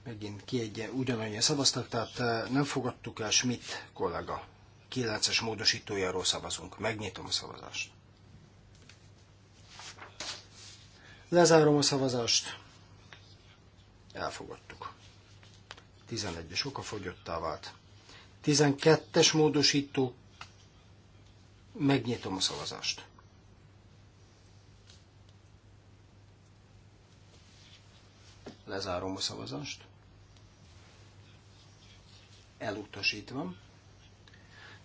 Megint kiegyen, ugyanannyian szavaztak, tehát eh, nem fogadtuk el Schmidt kollega 9-es módosítójáról szavazunk. Megnyitom a szavazást. Lezárom a szavazást. Elfogadtuk. 11-es oka fogyottá vált. 12-es módosító. Megnyitom a szavazást. Lezárom a szavazást. Elutasítva.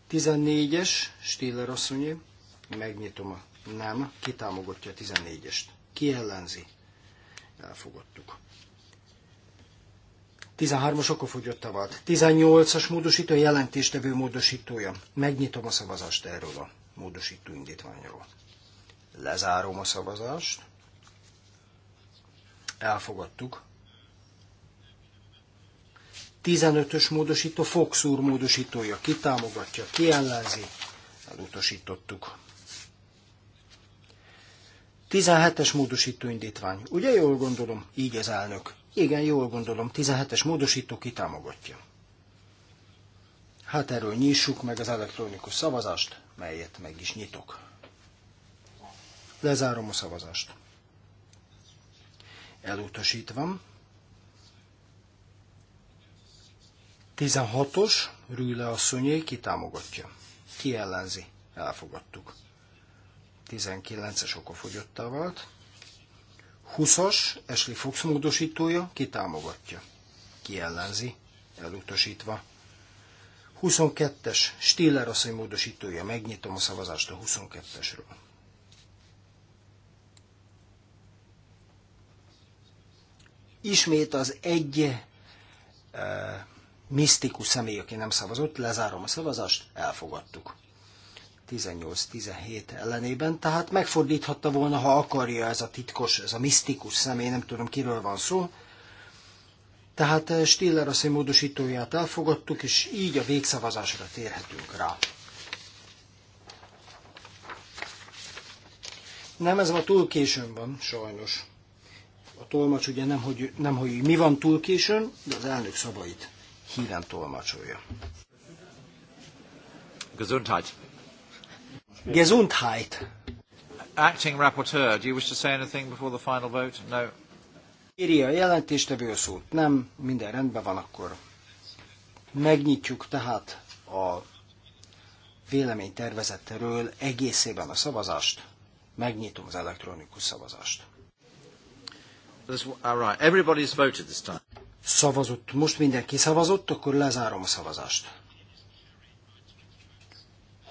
14-es, Stiller asszonyé, megnyitom a nem, ki támogatja a 14-est, ki ellenzi, elfogadtuk. 13-as okofogyottá vált. 18-as módosító jelentéstevő módosítója. Megnyitom a szavazást erről a módosító indítványról. Lezárom a szavazást. Elfogadtuk 15-ös módosító, Fox úr módosítója, kitámogatja, kiellenzi, elutasítottuk. 17-es módosító indítvány. Ugye jól gondolom? Így az elnök. Igen, jól gondolom. 17-es módosító kitámogatja. Hát erről nyissuk meg az elektronikus szavazást, melyet meg is nyitok. Lezárom a szavazást. Elutasítva. 16-os, Rüle asszonyé, ki támogatja? Ki ellenzi? Elfogadtuk. 19-es okafogyottá vált. 20-as, esli Fox módosítója, ki támogatja? Ki ellenzi? Elutasítva. 22-es, Stiller asszony módosítója, megnyitom a szavazást a 22-esről. Ismét az egy eh, misztikus személy, aki nem szavazott, lezárom a szavazást, elfogadtuk. 18-17 ellenében, tehát megfordíthatta volna, ha akarja ez a titkos, ez a misztikus személy, nem tudom kiről van szó. Tehát eh, Stiller asszony módosítóját elfogadtuk, és így a végszavazásra térhetünk rá. Nem, ez ma túl későn van, sajnos. A tolmacs ugye nem, hogy, nem, hogy mi van túl későn, de az elnök szabait híven tolmácsolja. Gesundheit. Gesundheit. Acting Rapporteur, do you wish to say anything before the final vote? No. Írja a jelentéstevő a szót. Nem, minden rendben van akkor. Megnyitjuk tehát a tervezetteről egészében a szavazást. Megnyitom az elektronikus szavazást. This, all right. Everybody's voted this time. Szavazott. Most mindenki szavazott, akkor lezárom a szavazást.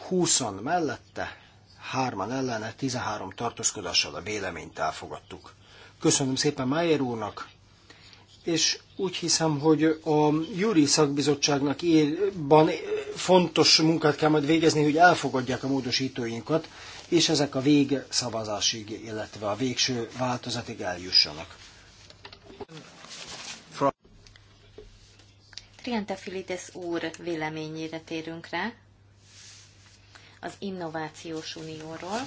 20 mellette, 3 ellene, 13 tartózkodással a véleményt elfogadtuk. Köszönöm szépen Májer úrnak, és úgy hiszem, hogy a júri szakbizottságnak írban fontos munkát kell majd végezni, hogy elfogadják a módosítóinkat, és ezek a végszavazásig, illetve a végső változatig eljussanak. Triantafilides úr véleményére térünk rá az Innovációs Unióról.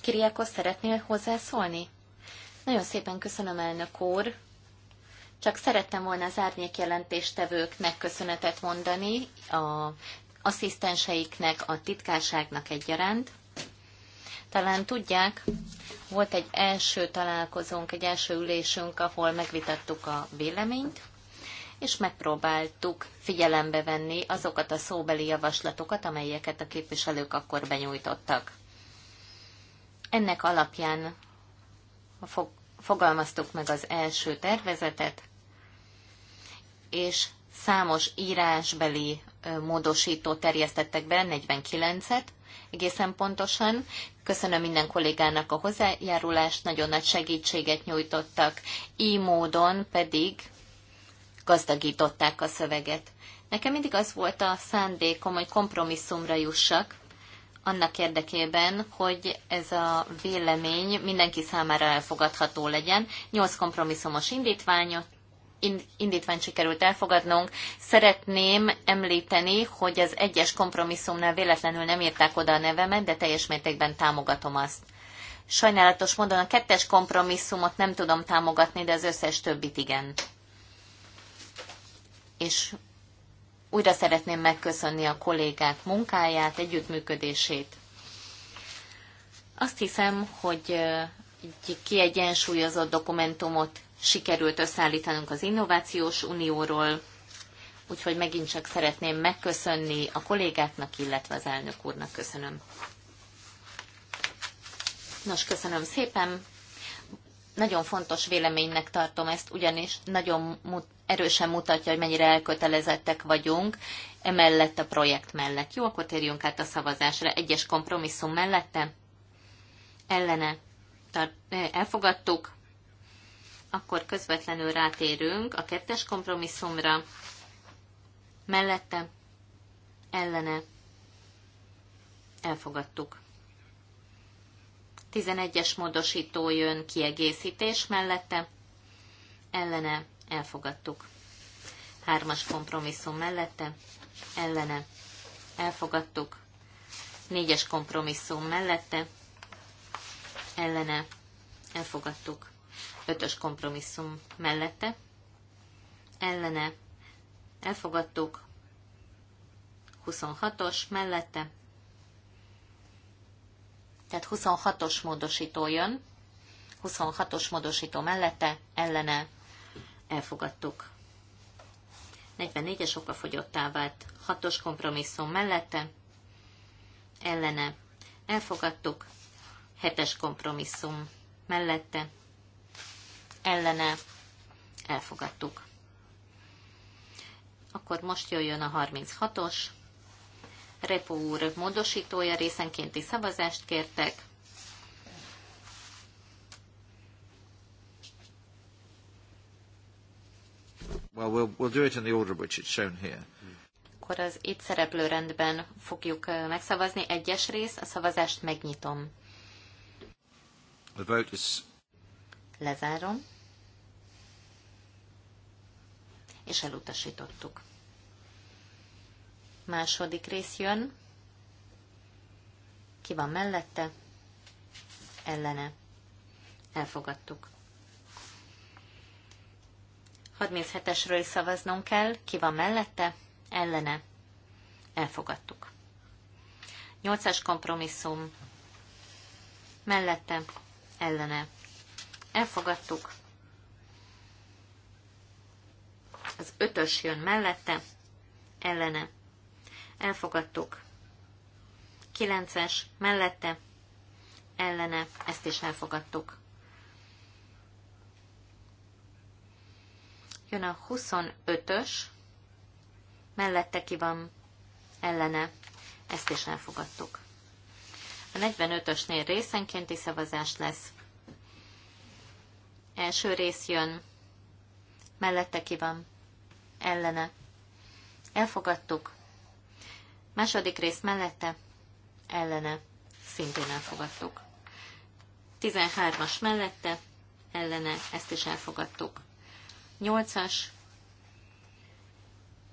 Kiriakos, szeretnél hozzászólni? Nagyon szépen köszönöm, elnök úr. Csak szerettem volna az árnyék jelentéstevőknek köszönetet mondani, a asszisztenseiknek, a titkárságnak egyaránt. Talán tudják, volt egy első találkozónk, egy első ülésünk, ahol megvitattuk a véleményt, és megpróbáltuk figyelembe venni azokat a szóbeli javaslatokat, amelyeket a képviselők akkor benyújtottak. Ennek alapján fog, fogalmaztuk meg az első tervezetet, és számos írásbeli módosító terjesztettek be, 49-et egészen pontosan. Köszönöm minden kollégának a hozzájárulást, nagyon nagy segítséget nyújtottak, így módon pedig gazdagították a szöveget. Nekem mindig az volt a szándékom, hogy kompromisszumra jussak, annak érdekében, hogy ez a vélemény mindenki számára elfogadható legyen. Nyolc kompromisszumos indítványot indítványt sikerült elfogadnunk. Szeretném említeni, hogy az egyes kompromisszumnál véletlenül nem írták oda a nevemet, de teljes mértékben támogatom azt. Sajnálatos módon a kettes kompromisszumot nem tudom támogatni, de az összes többit igen és újra szeretném megköszönni a kollégák munkáját, együttműködését. Azt hiszem, hogy egy kiegyensúlyozott dokumentumot sikerült összeállítanunk az Innovációs Unióról, úgyhogy megint csak szeretném megköszönni a kollégáknak, illetve az elnök úrnak köszönöm. Nos, köszönöm szépen, nagyon fontos véleménynek tartom ezt, ugyanis nagyon mut, erősen mutatja, hogy mennyire elkötelezettek vagyunk emellett a projekt mellett. Jó, akkor térjünk át a szavazásra. Egyes kompromisszum mellette? Ellene. Tart, eh, elfogadtuk. Akkor közvetlenül rátérünk a kettes kompromisszumra. Mellette? Ellene. Elfogadtuk. 11-es módosító jön kiegészítés mellette, ellene elfogadtuk. 3-as kompromisszum mellette, ellene elfogadtuk. 4-es kompromisszum mellette, ellene elfogadtuk. 5-ös kompromisszum mellette, ellene elfogadtuk. 26-os mellette, tehát 26-os módosító jön. 26-os módosító mellette, ellene elfogadtuk. 44-es okafogyottá vált. 6-os kompromisszum mellette, ellene elfogadtuk. 7-es kompromisszum mellette, ellene elfogadtuk. Akkor most jöjjön a 36-os, Repo úr módosítója részenkénti szavazást kértek. Well, we'll, we'll do it in the order which it's shown here. Akkor az itt szereplő rendben fogjuk megszavazni. Egyes rész, a szavazást megnyitom. The vote is... Lezárom. És elutasítottuk. Második rész jön. Ki van mellette? Ellene. Elfogadtuk. 37-esről szavaznunk kell. Ki van mellette? Ellene. Elfogadtuk. 8-as kompromisszum. Mellette. Ellene. Elfogadtuk. Az ötös jön mellette. Ellene elfogadtuk. 9-es mellette, ellene, ezt is elfogadtuk. Jön a 25-ös, mellette ki van, ellene, ezt is elfogadtuk. A 45-ösnél részenkénti szavazás lesz. Első rész jön, mellette ki van, ellene. Elfogadtuk. Második rész mellette ellene szintén elfogadtuk. 13-as mellette ellene ezt is elfogadtuk. 8-as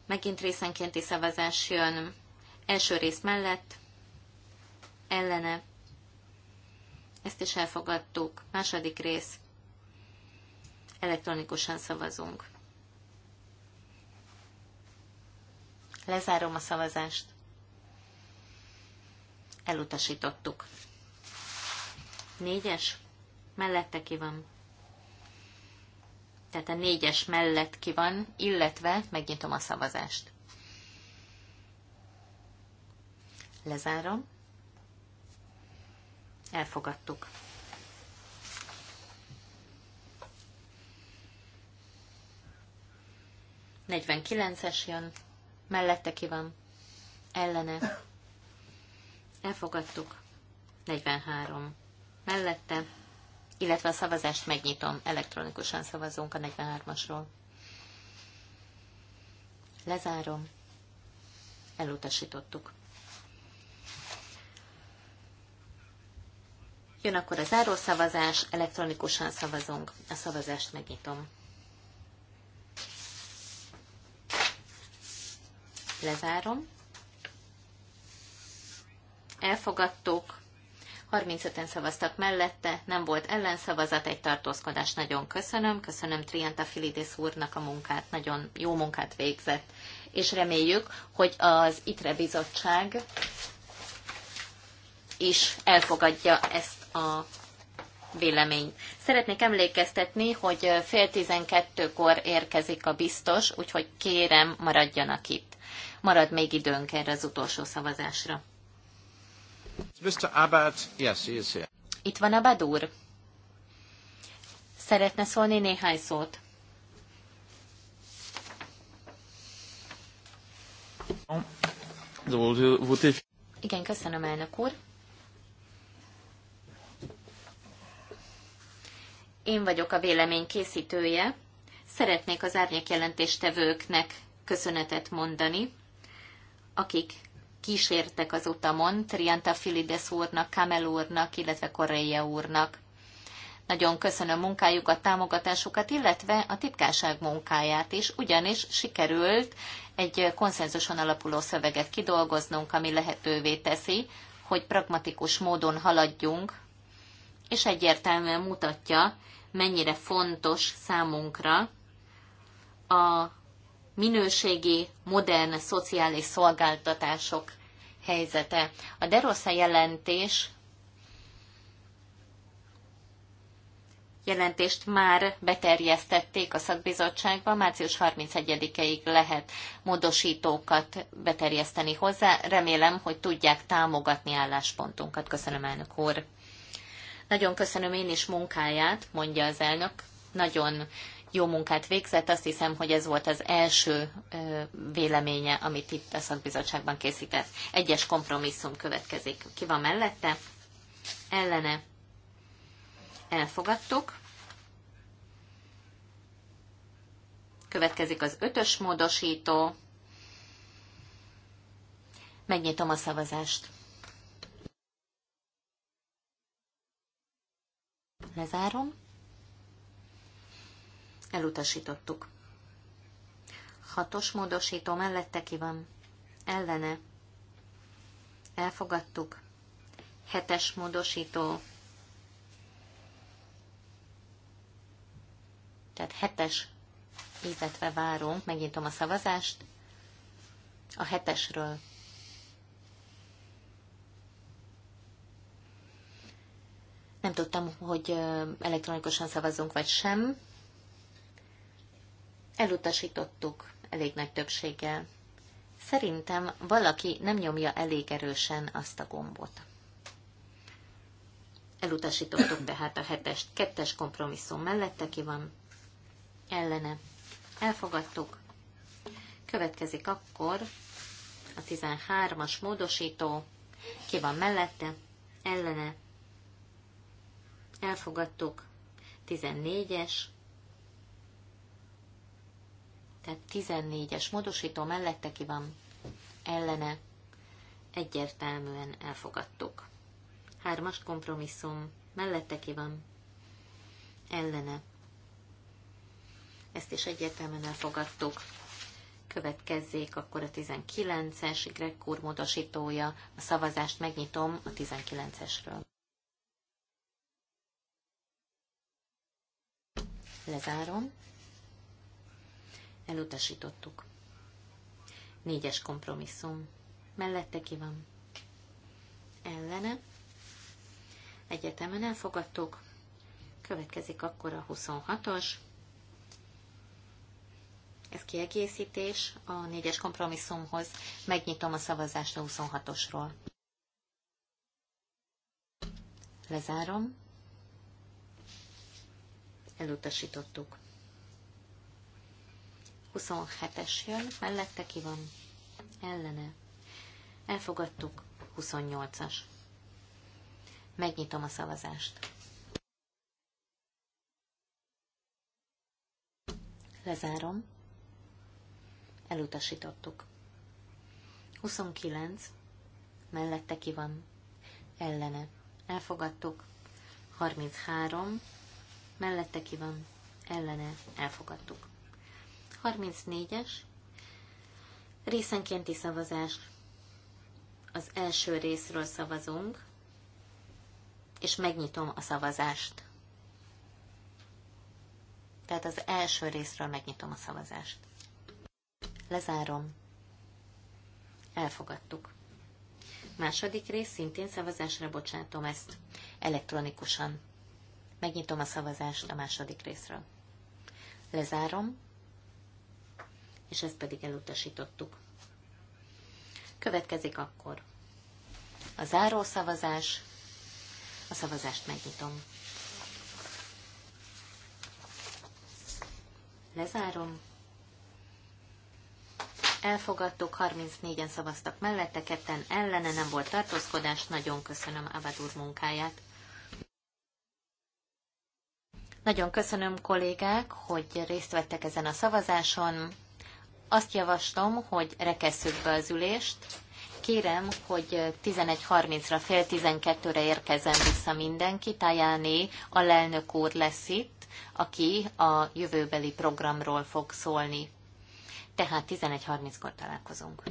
megint részenkénti szavazás jön. Első rész mellett ellene ezt is elfogadtuk. Második rész elektronikusan szavazunk. Lezárom a szavazást elutasítottuk. Négyes, mellette ki van. Tehát a négyes mellett ki van, illetve megnyitom a szavazást. Lezárom. Elfogadtuk. Negyvenkilences jön, mellette ki van, ellene Elfogadtuk. 43. Mellette. Illetve a szavazást megnyitom. Elektronikusan szavazunk a 43-asról. Lezárom. Elutasítottuk. Jön akkor a zárószavazás, elektronikusan szavazunk. A szavazást megnyitom. Lezárom elfogadtuk, 35-en szavaztak mellette, nem volt ellenszavazat, egy tartózkodás. Nagyon köszönöm, köszönöm Trianta Filidis úrnak a munkát, nagyon jó munkát végzett, és reméljük, hogy az ITRE bizottság is elfogadja ezt a vélemény. Szeretnék emlékeztetni, hogy fél tizenkettőkor érkezik a biztos, úgyhogy kérem, maradjanak itt. Marad még időnk erre az utolsó szavazásra. Mr. Abad, yes, he is here. Itt van Abad úr. Szeretne szólni néhány szót. Igen, köszönöm, elnök úr. Én vagyok a vélemény készítője. Szeretnék az árnyék jelentéstevőknek köszönetet mondani, akik kísértek az utamon, Trianta Filides úrnak, Kamel úrnak, illetve Koreia úrnak. Nagyon köszönöm munkájukat, támogatásukat, illetve a titkáság munkáját is, ugyanis sikerült egy konszenzuson alapuló szöveget kidolgoznunk, ami lehetővé teszi, hogy pragmatikus módon haladjunk, és egyértelműen mutatja, mennyire fontos számunkra a minőségi, modern, szociális szolgáltatások helyzete. A DEROSZA jelentés jelentést már beterjesztették a szakbizottságba, március 31-ig lehet módosítókat beterjeszteni hozzá. Remélem, hogy tudják támogatni álláspontunkat. Köszönöm, elnök úr. Nagyon köszönöm én is munkáját, mondja az elnök. Nagyon jó munkát végzett. Azt hiszem, hogy ez volt az első véleménye, amit itt a szakbizottságban készített. Egyes kompromisszum következik. Ki van mellette? Ellene. Elfogadtuk. Következik az ötös módosító. Megnyitom a szavazást. Lezárom. Elutasítottuk. Hatos módosító mellette ki van. Ellene. Elfogadtuk. Hetes módosító. Tehát hetes, illetve várunk. Megnyitom a szavazást. A hetesről. Nem tudtam, hogy elektronikusan szavazunk vagy sem elutasítottuk elég nagy többséggel. Szerintem valaki nem nyomja elég erősen azt a gombot. Elutasítottuk tehát a hetest, kettes kompromisszum mellette ki van, ellene. Elfogadtuk. Következik akkor a 13-as módosító, ki van mellette, ellene. Elfogadtuk. 14-es, tehát 14-es módosító mellette ki van ellene. Egyértelműen elfogadtuk. Hármas kompromisszum mellette ki van ellene. Ezt is egyértelműen elfogadtuk. Következzék akkor a 19-es Grekkur módosítója. A szavazást megnyitom a 19-esről. Lezárom. Elutasítottuk. Négyes kompromisszum. Mellette ki van? Ellene. Egyetemen elfogadtuk. Következik akkor a 26-os. Ez kiegészítés a négyes kompromisszumhoz. Megnyitom a szavazást a 26-osról. Lezárom. Elutasítottuk. 27-es jön, mellette ki van. Ellene. Elfogadtuk. 28-as. Megnyitom a szavazást. Lezárom. Elutasítottuk. 29. Mellette ki van. Ellene. Elfogadtuk. 33. Mellette ki van. Ellene. Elfogadtuk. 34-es, részenkénti szavazás. Az első részről szavazunk, és megnyitom a szavazást. Tehát az első részről megnyitom a szavazást. Lezárom. Elfogadtuk. Második rész szintén szavazásra bocsátom ezt elektronikusan. Megnyitom a szavazást a második részről. Lezárom és ezt pedig elutasítottuk. Következik akkor a záró szavazás. A szavazást megnyitom. Lezárom. Elfogadtuk, 34-en szavaztak mellette, ketten ellene nem volt tartózkodás. Nagyon köszönöm Abad úr munkáját. Nagyon köszönöm kollégák, hogy részt vettek ezen a szavazáson. Azt javaslom, hogy rekesszük be az ülést. Kérem, hogy 11.30-ra, fél 12-re érkezzen vissza mindenki. Tajáné alelnök úr lesz itt, aki a jövőbeli programról fog szólni. Tehát 11.30-kor találkozunk.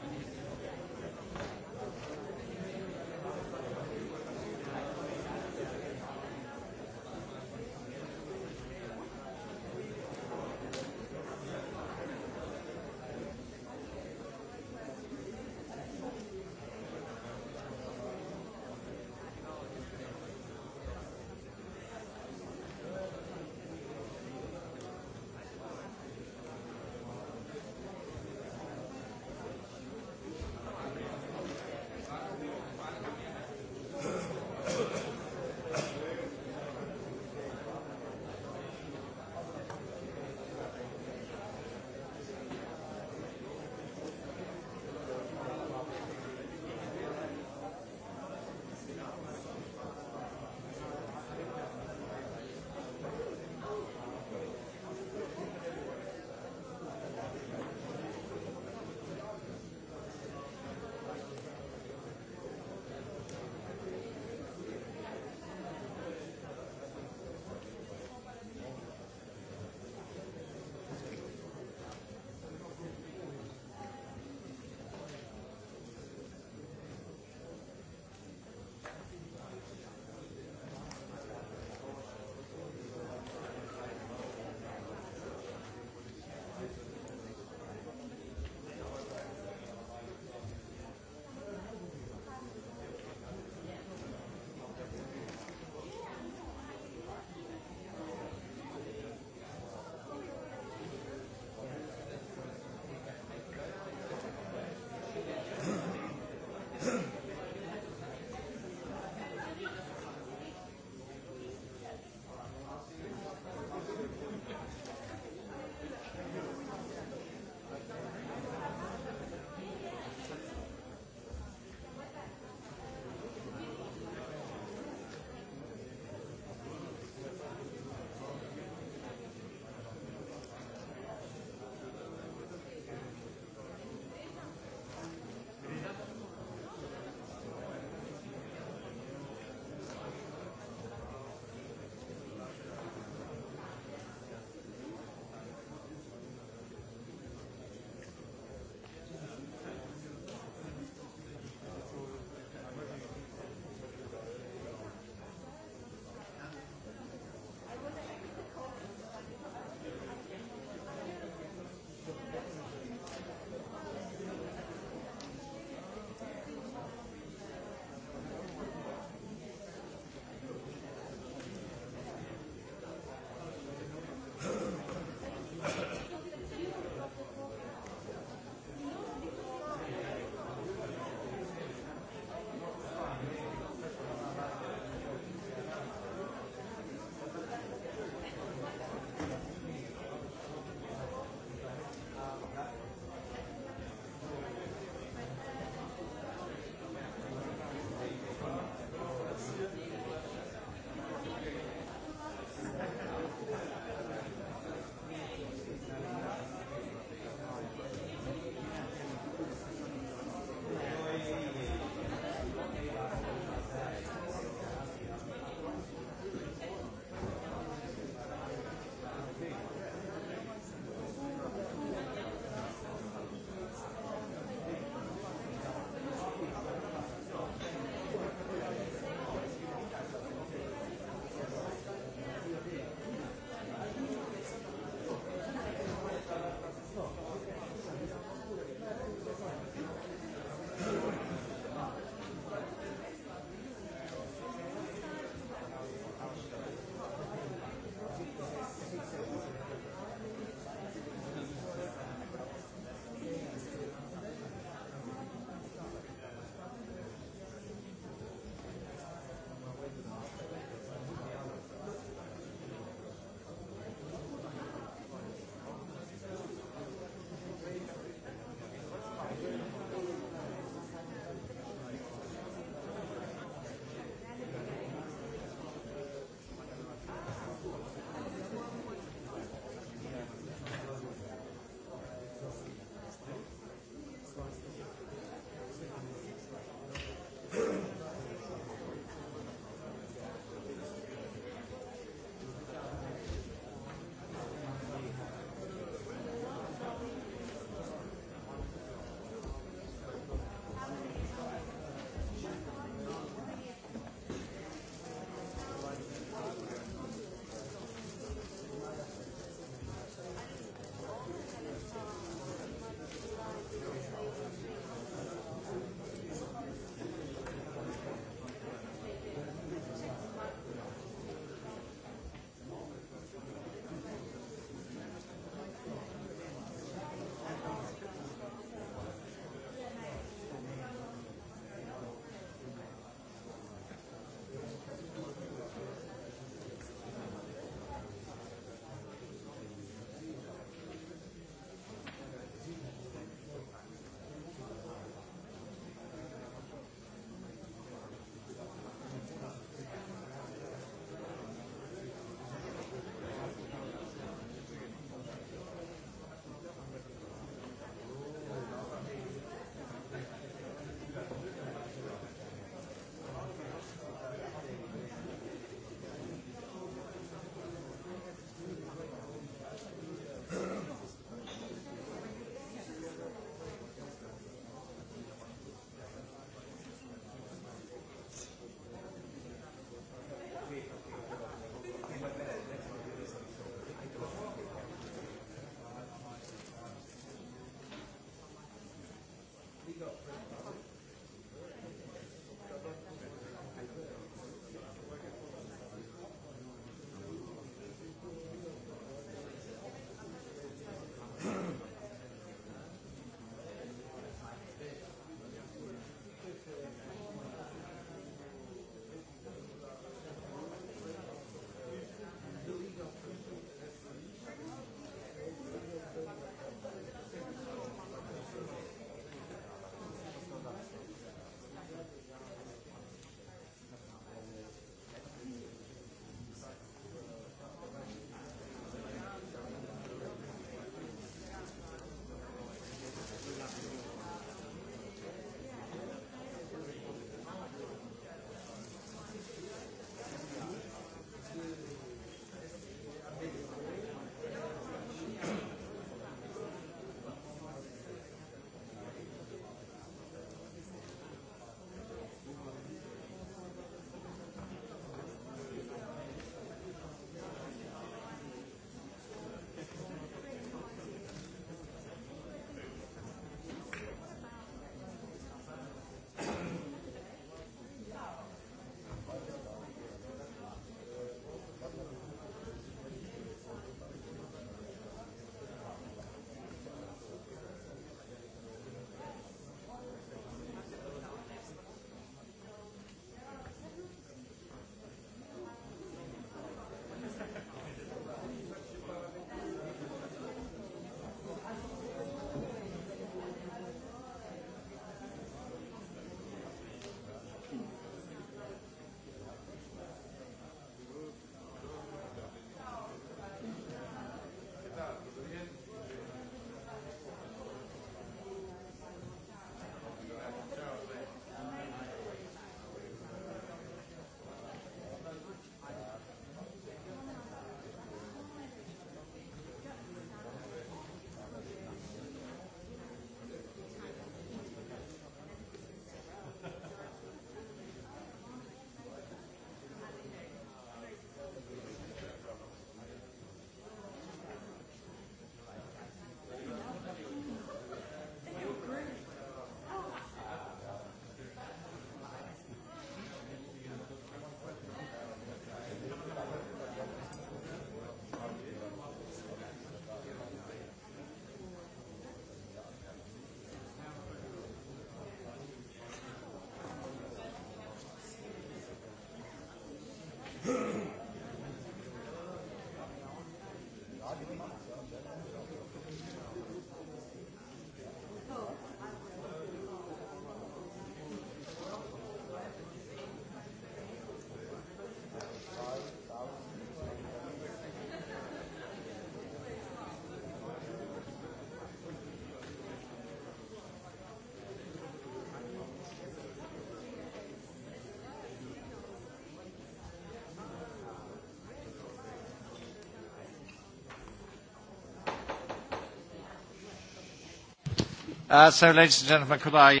Uh, so, ladies and gentlemen, could I...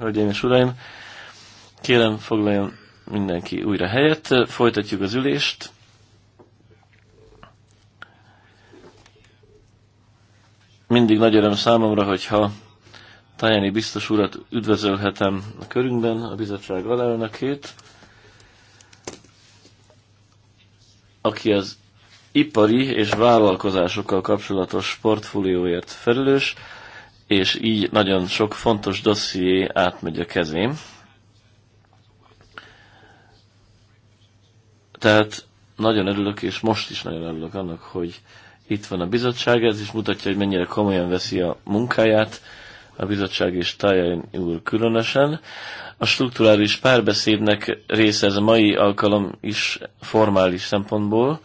Hölgyeim és uraim, kérem foglaljon mindenki újra helyet. Folytatjuk az ülést. Mindig nagy öröm számomra, hogyha Tajani biztos urat üdvözölhetem a körünkben, a bizottság alelnökét, aki az ipari és vállalkozásokkal kapcsolatos portfólióért felelős, és így nagyon sok fontos dosszié átmegy a kezém. Tehát nagyon örülök, és most is nagyon örülök annak, hogy itt van a bizottság, ez is mutatja, hogy mennyire komolyan veszi a munkáját, a bizottság és Táján úr különösen. A strukturális párbeszédnek része ez a mai alkalom is formális szempontból,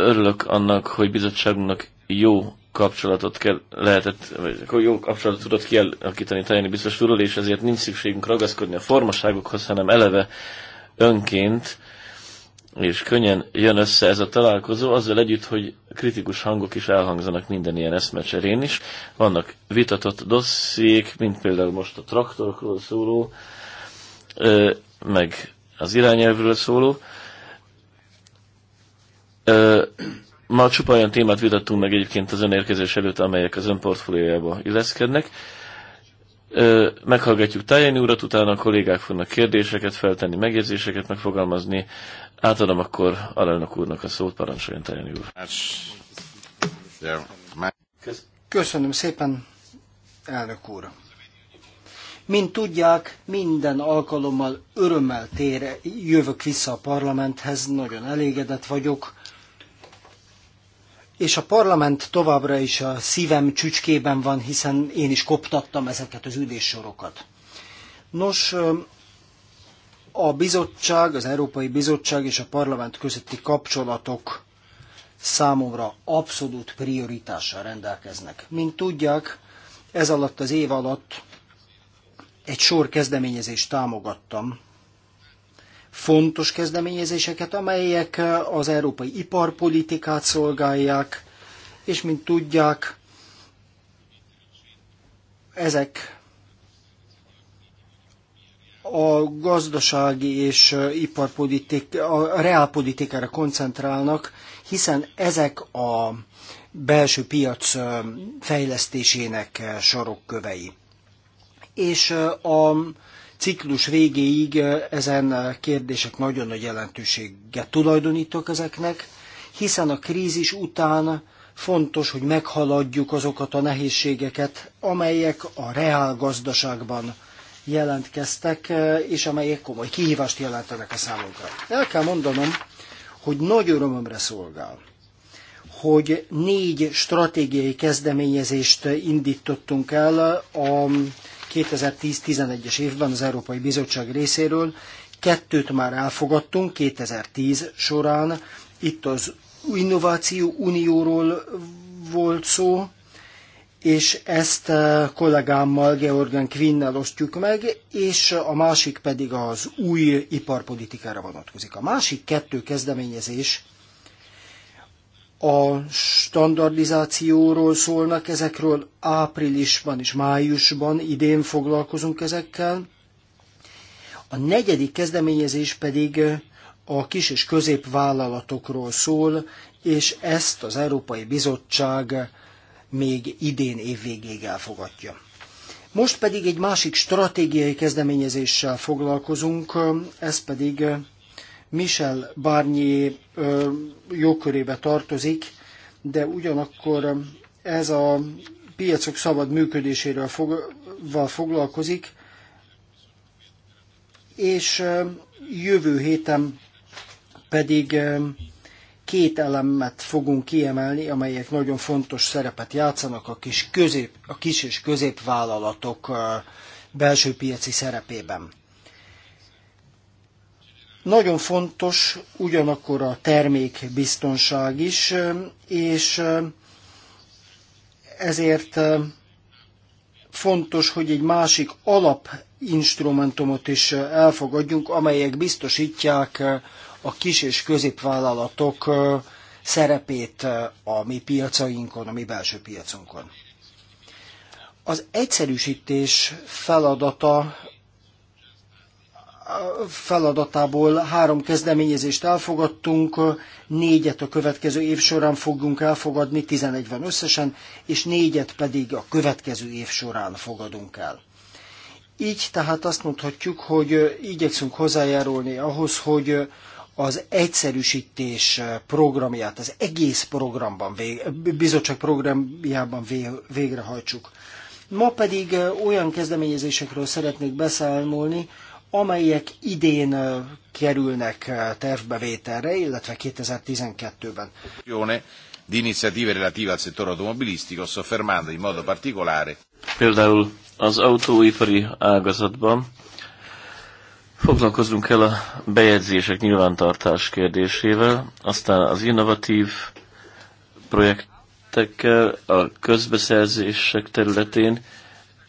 örülök annak, hogy bizottságunknak jó kapcsolatot kell, lehetett, vagy jó kapcsolatot tudott kialakítani Tajani biztos úrról, és ezért nincs szükségünk ragaszkodni a formaságokhoz, hanem eleve önként és könnyen jön össze ez a találkozó, azzal együtt, hogy kritikus hangok is elhangzanak minden ilyen eszmecserén is. Vannak vitatott dossziék, mint például most a traktorokról szóló, meg az irányelvről szóló, Ma csupa olyan témát vitattunk meg egyébként az önérkezés előtt, amelyek az önportfóliójába illeszkednek. Meghallgatjuk Tájani urat, utána a kollégák fognak kérdéseket feltenni, megjegyzéseket megfogalmazni. Átadom akkor alelnök úrnak a szót, parancsoljon Tájani úr. Köszönöm szépen, elnök úr. Mint tudják, minden alkalommal örömmel tér, jövök vissza a parlamenthez, nagyon elégedett vagyok és a parlament továbbra is a szívem csücskében van, hiszen én is koptattam ezeket az üléssorokat. Nos, a bizottság, az Európai Bizottság és a parlament közötti kapcsolatok számomra abszolút prioritással rendelkeznek. Mint tudják, ez alatt az év alatt egy sor kezdeményezést támogattam, fontos kezdeményezéseket, amelyek az európai iparpolitikát szolgálják, és mint tudják, ezek a gazdasági és iparpolitik, a reálpolitikára koncentrálnak, hiszen ezek a belső piac fejlesztésének sarokkövei. És a ciklus végéig ezen kérdések nagyon nagy jelentőséget tulajdonítok ezeknek, hiszen a krízis után fontos, hogy meghaladjuk azokat a nehézségeket, amelyek a reál gazdaságban jelentkeztek, és amelyek komoly kihívást jelentenek a számunkra. El kell mondanom, hogy nagy örömömre szolgál, hogy négy stratégiai kezdeményezést indítottunk el a 2010-11-es évben az Európai Bizottság részéről, kettőt már elfogadtunk 2010 során, itt az Innováció Unióról volt szó, és ezt eh, kollégámmal, Georgen Quinnel osztjuk meg, és a másik pedig az új iparpolitikára vonatkozik. A másik kettő kezdeményezés a standardizációról szólnak, ezekről áprilisban és májusban idén foglalkozunk ezekkel. A negyedik kezdeményezés pedig a kis és középvállalatokról szól, és ezt az Európai Bizottság még idén évvégéig elfogadja. Most pedig egy másik stratégiai kezdeményezéssel foglalkozunk, ez pedig Michel Barnier jogkörébe tartozik, de ugyanakkor ez a piacok szabad működéséről fog, foglalkozik, és jövő héten pedig két elemet fogunk kiemelni, amelyek nagyon fontos szerepet játszanak a kis, közép, a kis és középvállalatok belső piaci szerepében. Nagyon fontos ugyanakkor a termékbiztonság is, és eh, ezért eh, fontos, hogy egy másik alapinstrumentumot is eh, elfogadjunk, amelyek biztosítják a kis és középvállalatok szerepét a mi piacainkon, a mi belső piacunkon. Az egyszerűsítés feladata feladatából három kezdeményezést elfogadtunk, négyet a következő év során fogunk elfogadni, 11 van összesen, és négyet pedig a következő év során fogadunk el. Így tehát azt mondhatjuk, hogy igyekszünk hozzájárulni ahhoz, hogy az egyszerűsítés programját, az egész programban, bizottság programjában végrehajtsuk. Ma pedig olyan kezdeményezésekről szeretnék beszámolni, amelyek idén kerülnek tervbevételre, illetve 2012-ben. di iniziative relative al settore automobilistico, soffermando in modo particolare. Például az autóipari ágazatban foglalkozunk el a bejegyzések nyilvántartás kérdésével, aztán az innovatív projektekkel, a közbeszerzések területén,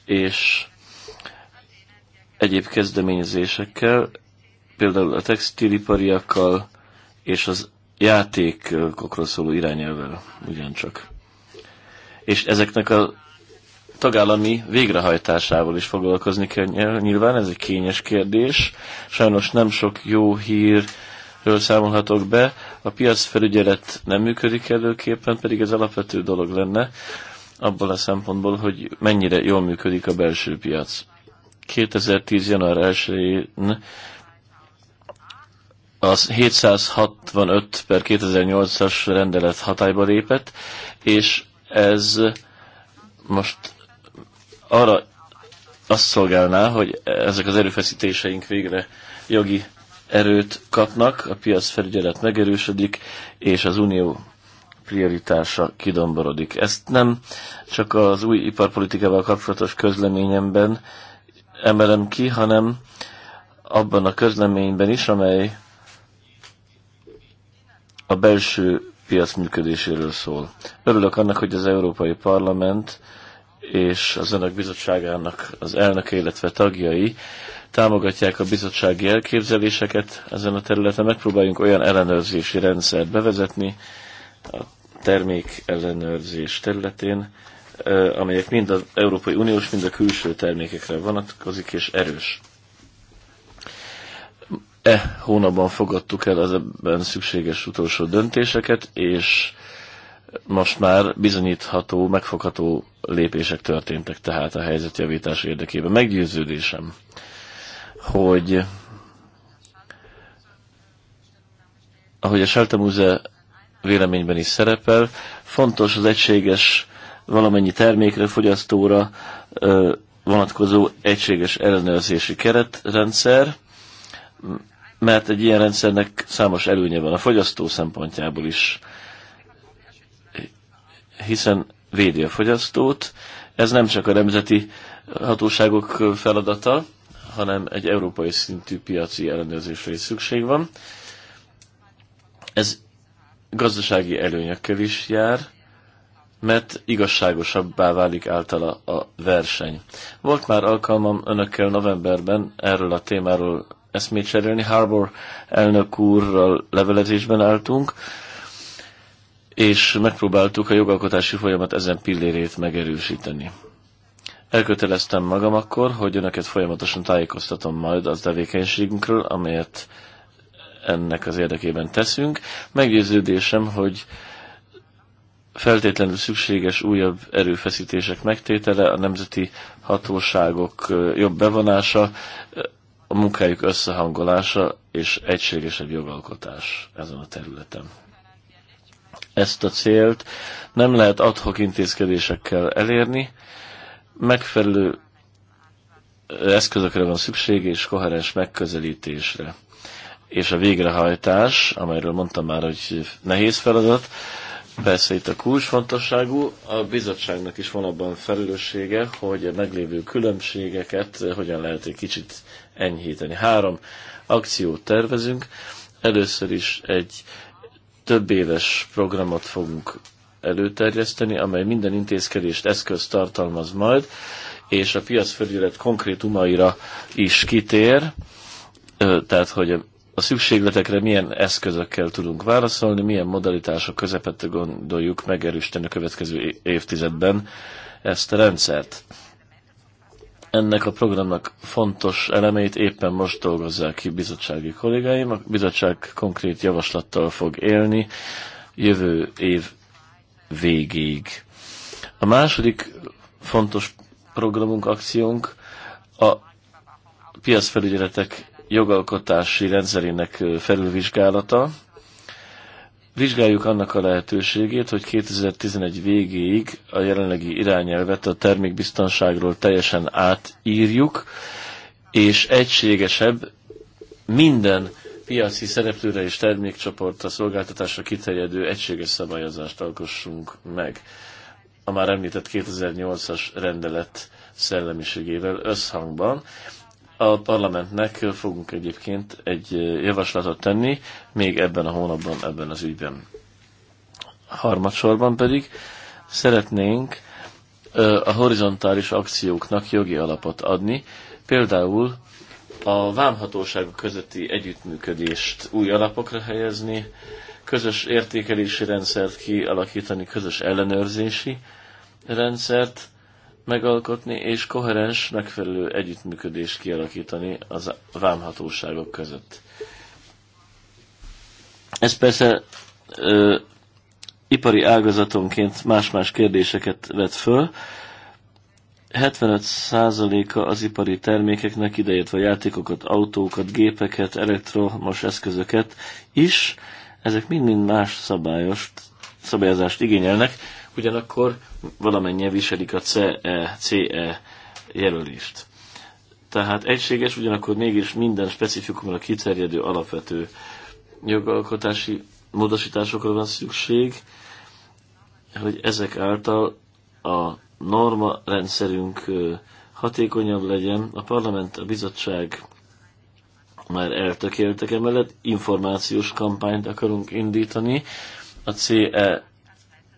és egyéb kezdeményezésekkel, például a textilipariakkal és az játékokról szóló irányelvvel ugyancsak. És ezeknek a tagállami végrehajtásával is foglalkozni kell nyilván, ez egy kényes kérdés. Sajnos nem sok jó hírről számolhatok be, a piacfelügyelet nem működik előképpen, pedig ez alapvető dolog lenne, abból a szempontból, hogy mennyire jól működik a belső piac. 2010. január 1-én az 765 per 2008-as rendelet hatályba lépett, és ez most arra azt szolgálná, hogy ezek az erőfeszítéseink végre jogi erőt kapnak, a felügyelet megerősödik, és az unió prioritása kidomborodik. Ezt nem csak az új iparpolitikával kapcsolatos közleményemben emelem ki, hanem abban a közleményben is, amely a belső piac működéséről szól. Örülök annak, hogy az Európai Parlament és az Önök Bizottságának az elnöke, illetve tagjai támogatják a bizottsági elképzeléseket ezen a területen. Megpróbáljunk olyan ellenőrzési rendszert bevezetni a termék ellenőrzés területén, amelyek mind az Európai Uniós, mind a külső termékekre vonatkozik, és erős. E hónapban fogadtuk el az ebben szükséges utolsó döntéseket, és most már bizonyítható, megfogható lépések történtek tehát a helyzet javítás érdekében. Meggyőződésem, hogy ahogy a Seltemúze véleményben is szerepel, fontos az egységes valamennyi termékre, fogyasztóra vonatkozó egységes ellenőrzési keretrendszer, mert egy ilyen rendszernek számos előnye van a fogyasztó szempontjából is, hiszen védi a fogyasztót. Ez nem csak a nemzeti hatóságok feladata, hanem egy európai szintű piaci ellenőrzésre is szükség van. Ez gazdasági előnyökkel is jár, mert igazságosabbá válik általa a verseny. Volt már alkalmam önökkel novemberben erről a témáról eszmét cserélni. Harbour elnök úrral levelezésben álltunk, és megpróbáltuk a jogalkotási folyamat ezen pillérét megerősíteni. Elköteleztem magam akkor, hogy önöket folyamatosan tájékoztatom majd az tevékenységünkről, amelyet ennek az érdekében teszünk. Meggyőződésem, hogy feltétlenül szükséges újabb erőfeszítések megtétele, a nemzeti hatóságok jobb bevonása, a munkájuk összehangolása és egységesebb jogalkotás ezen a területen. Ezt a célt nem lehet adhok intézkedésekkel elérni, megfelelő eszközökre van szükség és koherens megközelítésre. És a végrehajtás, amelyről mondtam már, hogy nehéz feladat, Persze itt a fontosságú. a bizottságnak is van abban felelőssége, hogy a meglévő különbségeket hogyan lehet egy kicsit enyhíteni. Három akciót tervezünk. Először is egy több éves programot fogunk előterjeszteni, amely minden intézkedést, eszköz tartalmaz majd, és a piacfelület konkrétumaira is kitér, tehát hogy a a szükségletekre milyen eszközökkel tudunk válaszolni, milyen modalitások közepette gondoljuk megerősíteni a következő évtizedben ezt a rendszert. Ennek a programnak fontos elemeit éppen most dolgozzák ki bizottsági kollégáim. A bizottság konkrét javaslattal fog élni jövő év végéig. A második fontos programunk, akciónk a piacfelügyeletek jogalkotási rendszerének felülvizsgálata. Vizsgáljuk annak a lehetőségét, hogy 2011 végéig a jelenlegi irányelvet a termékbiztonságról teljesen átírjuk, és egységesebb minden piaci szereplőre és termékcsoportra, szolgáltatásra kiterjedő egységes szabályozást alkossunk meg. A már említett 2008-as rendelet szellemiségével összhangban. A parlamentnek fogunk egyébként egy javaslatot tenni, még ebben a hónapban, ebben az ügyben. Harmadsorban pedig szeretnénk a horizontális akcióknak jogi alapot adni, például a vámhatóságok közötti együttműködést új alapokra helyezni, közös értékelési rendszert kialakítani, közös ellenőrzési rendszert, megalkotni és koherens, megfelelő együttműködést kialakítani az vámhatóságok között. Ez persze ö, ipari ágazatonként más-más kérdéseket vet föl. 75%-a az ipari termékeknek ideértve játékokat, autókat, gépeket, elektromos eszközöket is, ezek mind-mind más szabályos, szabályozást igényelnek, ugyanakkor valamennyien viselik a CE, CE jelölést. Tehát egységes, ugyanakkor mégis minden specifikumra kiterjedő alapvető jogalkotási módosításokra van szükség, hogy ezek által a norma rendszerünk hatékonyabb legyen. A parlament, a bizottság már eltökéltek emellett, információs kampányt akarunk indítani a CE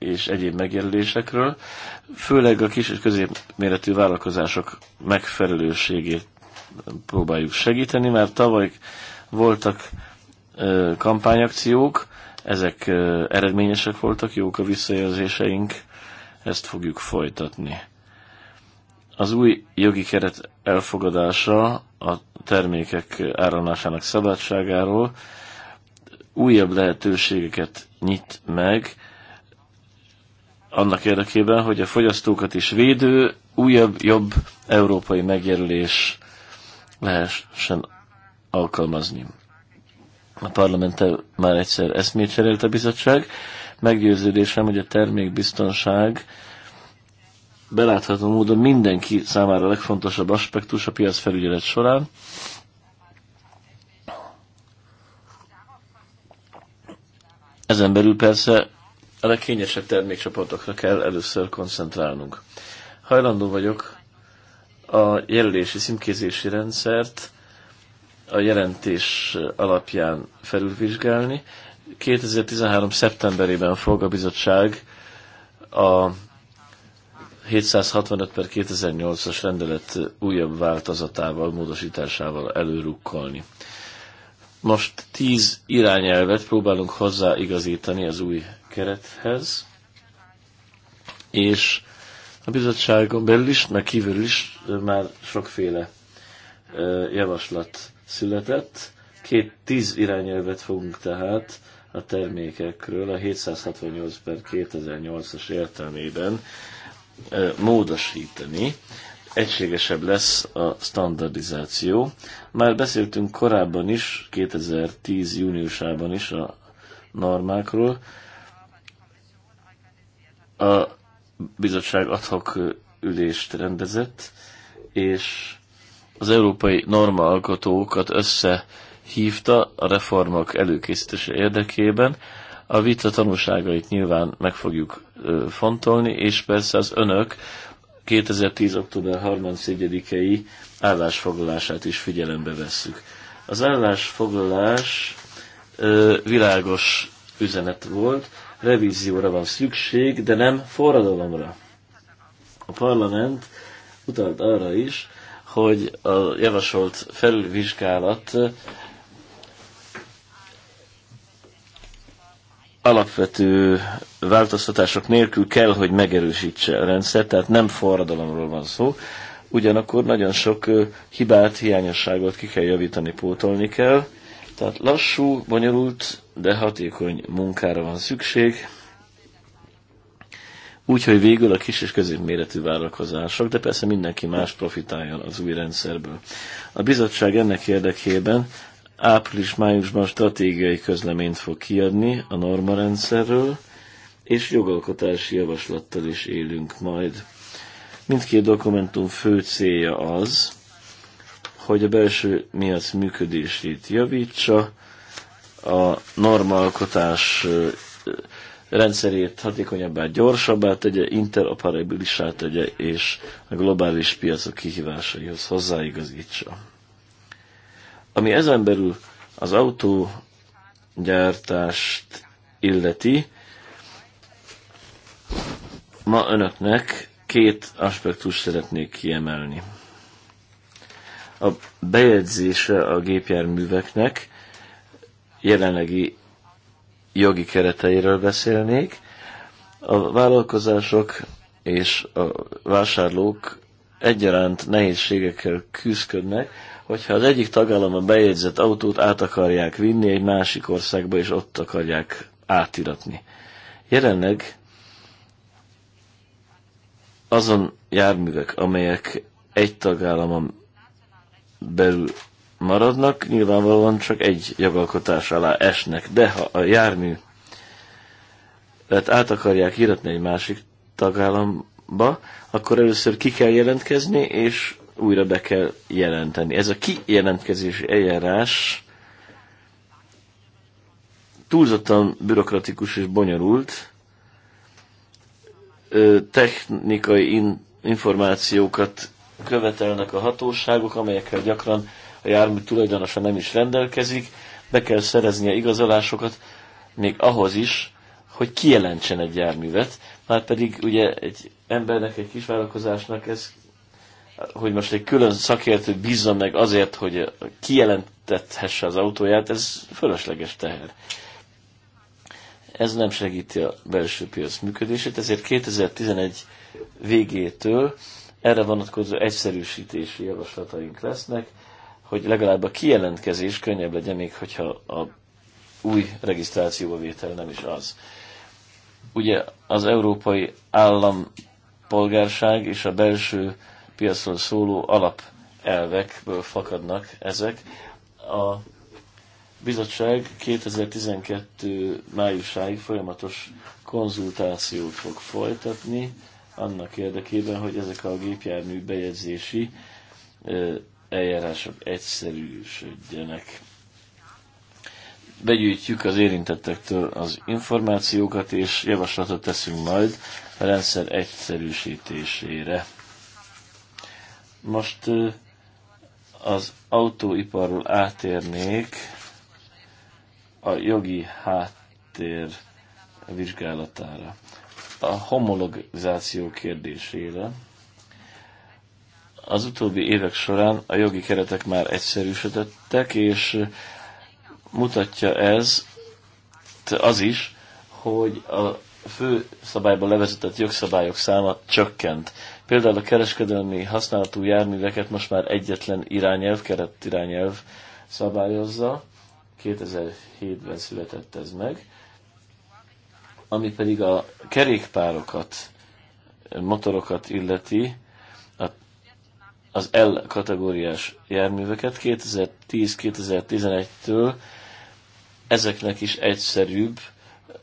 és egyéb megjelölésekről, főleg a kis és középméretű vállalkozások megfelelőségét próbáljuk segíteni, mert tavaly voltak kampányakciók, ezek eredményesek voltak, jók a visszajelzéseink, ezt fogjuk folytatni. Az új jogi keret elfogadása a termékek áramlásának szabadságáról újabb lehetőségeket nyit meg annak érdekében, hogy a fogyasztókat is védő, újabb, jobb európai megjelölés lehessen alkalmazni. A parlamenttel már egyszer eszmét cserélt a bizottság. Meggyőződésem, hogy a termékbiztonság belátható módon mindenki számára a legfontosabb aspektus a piacfelügyelet során. Ezen belül persze a legkényesebb termékcsoportokra kell először koncentrálnunk. Hajlandó vagyok a jelölési szimkézési rendszert a jelentés alapján felülvizsgálni. 2013. szeptemberében fog a bizottság a 765 per 2008-as rendelet újabb változatával, módosításával előrukkolni. Most tíz irányelvet próbálunk hozzáigazítani az új kerethez, és a bizottságon belül is, meg kívül is már sokféle javaslat született. Két tíz irányelvet fogunk tehát a termékekről a 768 per 2008-as értelmében módosítani. Egységesebb lesz a standardizáció. Már beszéltünk korábban is, 2010 júniusában is a normákról, a bizottság adhok ülést rendezett, és az európai normaalkotókat összehívta a reformok előkészítése érdekében. A vita tanulságait nyilván meg fogjuk fontolni, és persze az önök 2010. október 31-i állásfoglalását is figyelembe vesszük. Az állásfoglalás világos üzenet volt, revízióra van szükség, de nem forradalomra. A parlament utalt arra is, hogy a javasolt felvizsgálat alapvető változtatások nélkül kell, hogy megerősítse a rendszer, tehát nem forradalomról van szó. Ugyanakkor nagyon sok hibát, hiányosságot ki kell javítani, pótolni kell tehát lassú, bonyolult, de hatékony munkára van szükség, úgyhogy végül a kis és középméretű vállalkozások, de persze mindenki más profitáljon az új rendszerből. A bizottság ennek érdekében április-májusban stratégiai közleményt fog kiadni a norma rendszerről, és jogalkotási javaslattal is élünk majd. Mindkét dokumentum fő célja az, hogy a belső miatt működését javítsa, a normalkotás rendszerét hatékonyabbá, gyorsabbá tegye, interoperabilisá tegye, és a globális piacok kihívásaihoz hozzáigazítsa. Ami ezen belül az autógyártást illeti, ma önöknek két aspektust szeretnék kiemelni a bejegyzése a gépjárműveknek jelenlegi jogi kereteiről beszélnék. A vállalkozások és a vásárlók egyaránt nehézségekkel küzdködnek, hogyha az egyik tagállam a bejegyzett autót át akarják vinni egy másik országba, és ott akarják átiratni. Jelenleg azon járművek, amelyek egy tagállamon belül maradnak, nyilvánvalóan csak egy jogalkotás alá esnek, de ha a jármű hát át akarják íratni egy másik tagállamba, akkor először ki kell jelentkezni, és újra be kell jelenteni. Ez a kijelentkezési eljárás túlzottan bürokratikus és bonyolult, technikai in információkat követelnek a hatóságok, amelyekkel gyakran a jármű tulajdonosa nem is rendelkezik, be kell szereznie igazolásokat még ahhoz is, hogy kijelentsen egy járművet, már pedig ugye egy embernek, egy kisvállalkozásnak ez, hogy most egy külön szakértő bízza meg azért, hogy kijelentethesse az autóját, ez fölösleges teher. Ez nem segíti a belső piac működését, ezért 2011 végétől erre vonatkozó egyszerűsítési javaslataink lesznek, hogy legalább a kijelentkezés könnyebb legyen, még hogyha a új regisztrációba vétel nem is az. Ugye az európai állampolgárság és a belső piacról szóló alapelvekből fakadnak ezek. A bizottság 2012 májusáig folyamatos konzultációt fog folytatni annak érdekében, hogy ezek a gépjármű bejegyzési eljárások egyszerűsödjenek. Begyűjtjük az érintettektől az információkat, és javaslatot teszünk majd a rendszer egyszerűsítésére. Most az autóiparról átérnék a jogi háttér vizsgálatára a homologizáció kérdésére. Az utóbbi évek során a jogi keretek már egyszerűsödöttek, és mutatja ez az is, hogy a fő szabályban levezetett jogszabályok száma csökkent. Például a kereskedelmi használatú járműveket most már egyetlen irányelv, keretirányelv szabályozza. 2007-ben született ez meg ami pedig a kerékpárokat, motorokat illeti, az L kategóriás járműveket 2010-2011-től ezeknek is egyszerűbb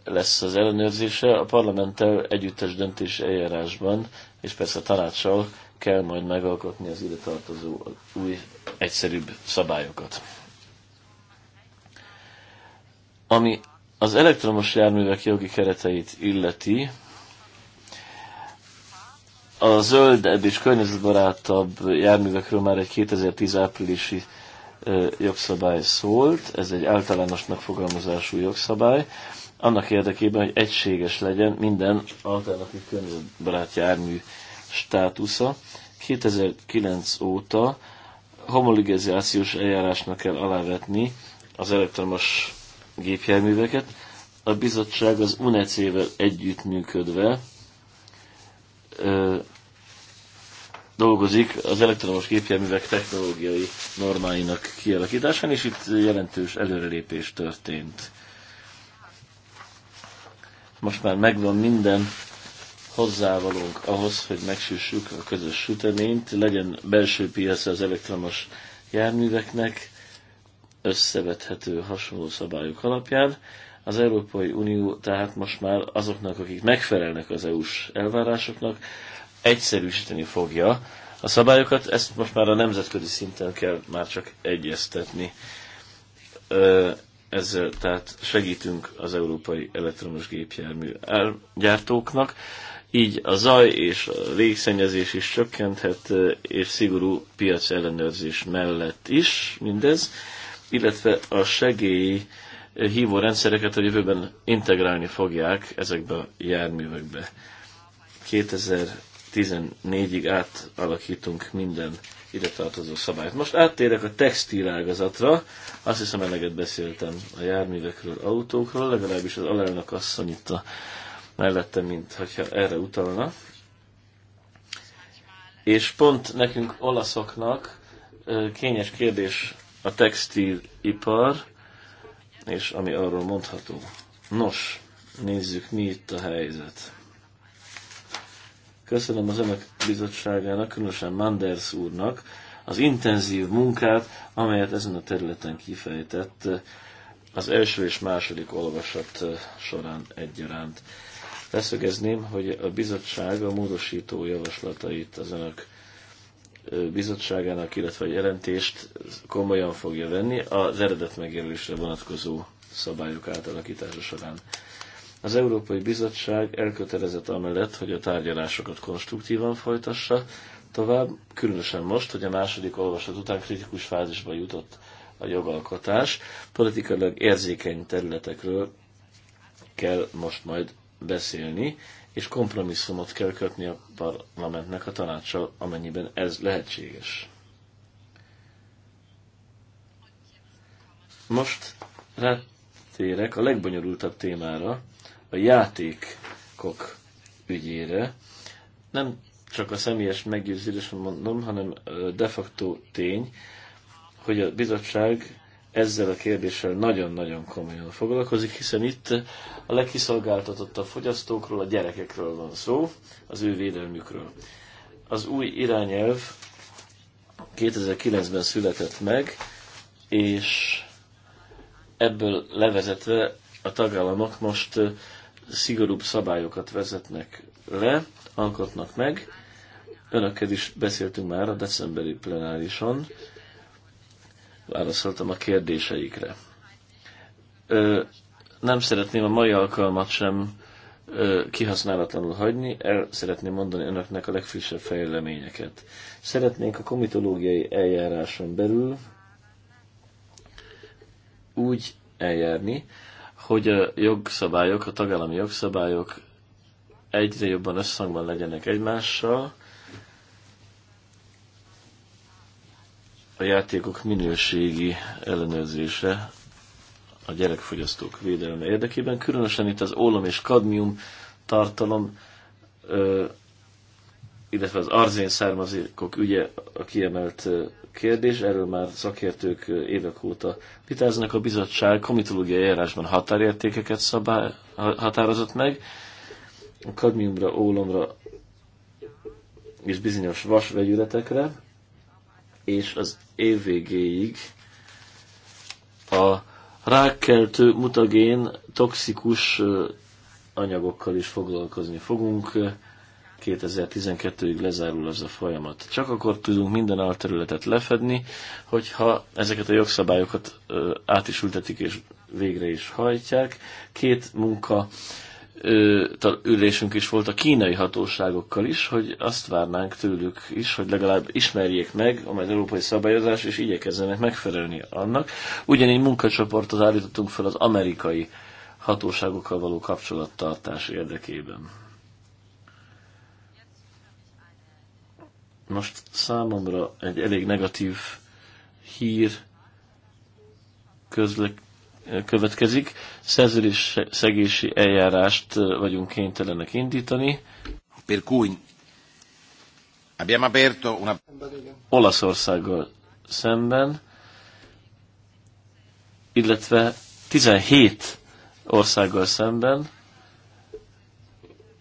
lesz az ellenőrzése. A parlamenttel együttes döntés eljárásban, és persze a tanácssal kell majd megalkotni az ide tartozó új, egyszerűbb szabályokat. Ami az elektromos járművek jogi kereteit illeti, a zöldebb és környezetbarátabb járművekről már egy 2010 áprilisi jogszabály szólt, ez egy általános megfogalmazású jogszabály, annak érdekében, hogy egységes legyen minden alternatív környezetbarát jármű státusza. 2009 óta homologizációs eljárásnak kell alávetni az elektromos gépjárműveket. A bizottság az UNECE-vel együttműködve ö, dolgozik az elektromos gépjárművek technológiai normáinak kialakításán, és itt jelentős előrelépés történt. Most már megvan minden hozzávalunk ahhoz, hogy megsüssük a közös süteményt, legyen belső piac az elektromos járműveknek, összevethető hasonló szabályok alapján. Az Európai Unió tehát most már azoknak, akik megfelelnek az EU-s elvárásoknak, egyszerűsíteni fogja a szabályokat, ezt most már a nemzetközi szinten kell már csak egyeztetni. Ezzel tehát segítünk az európai elektromos gépjármű gyártóknak, így a zaj és a légszennyezés is csökkenthet, és szigorú piac ellenőrzés mellett is mindez illetve a segély hívó rendszereket a jövőben integrálni fogják ezekbe a járművekbe. 2014-ig átalakítunk minden ide tartozó szabályt. Most áttérek a textilágazatra. Azt hiszem eleget beszéltem a járművekről, autókról, legalábbis az alelnök asszony itt a mellette, mint hogyha erre utalna. És pont nekünk olaszoknak kényes kérdés a textilipar, és ami arról mondható. Nos, nézzük, mi itt a helyzet. Köszönöm az Önök Bizottságának, különösen Manders úrnak az intenzív munkát, amelyet ezen a területen kifejtett az első és második olvasat során egyaránt. Leszögezném, hogy a bizottság a módosító javaslatait az Önök bizottságának, illetve a jelentést komolyan fogja venni az eredet megjelölésre vonatkozó szabályok átalakítása során. Az Európai Bizottság elkötelezett amellett, hogy a tárgyalásokat konstruktívan folytassa tovább, különösen most, hogy a második olvasat után kritikus fázisba jutott a jogalkotás, politikailag érzékeny területekről kell most majd beszélni, és kompromisszumot kell kötni a parlamentnek a tanácssal, amennyiben ez lehetséges. Most rátérek a legbonyolultabb témára, a játékok ügyére. Nem csak a személyes meggyőződés, mondom, hanem de facto tény, hogy a bizottság ezzel a kérdéssel nagyon-nagyon komolyan foglalkozik, hiszen itt a legkiszolgáltatottabb fogyasztókról, a gyerekekről van szó, az ő védelmükről. Az új irányelv 2009-ben született meg, és ebből levezetve a tagállamok most szigorúbb szabályokat vezetnek le, alkotnak meg. Önökkel is beszéltünk már a decemberi plenárison, válaszoltam a kérdéseikre. Ö, nem szeretném a mai alkalmat sem ö, kihasználatlanul hagyni, el szeretném mondani önöknek a legfrissebb fejleményeket. Szeretnénk a komitológiai eljáráson belül úgy eljárni, hogy a jogszabályok, a tagállami jogszabályok egyre jobban összhangban legyenek egymással, a játékok minőségi ellenőrzése a gyerekfogyasztók védelme érdekében, különösen itt az ólom és kadmium tartalom, illetve az arzén származékok ügye a kiemelt kérdés, erről már szakértők évek óta vitáznak. A bizottság komitológiai járásban határértékeket szabály, határozott meg, a kadmiumra, ólomra és bizonyos vasvegyületekre, és az év végéig a rákkeltő mutagén toxikus anyagokkal is foglalkozni fogunk. 2012-ig lezárul ez a folyamat. Csak akkor tudunk minden alterületet lefedni, hogyha ezeket a jogszabályokat át is ültetik és végre is hajtják. Két munka ülésünk is volt a kínai hatóságokkal is, hogy azt várnánk tőlük is, hogy legalább ismerjék meg a majd európai szabályozás, és igyekezzenek megfelelni annak. Ugyanígy munkacsoportot állítottunk fel az amerikai hatóságokkal való kapcsolattartás érdekében. Most számomra egy elég negatív hír közlek, következik. Szerződés szegési eljárást vagyunk kénytelenek indítani. Per cui abbiamo aperto una... Olaszországgal szemben, illetve 17 országgal szemben,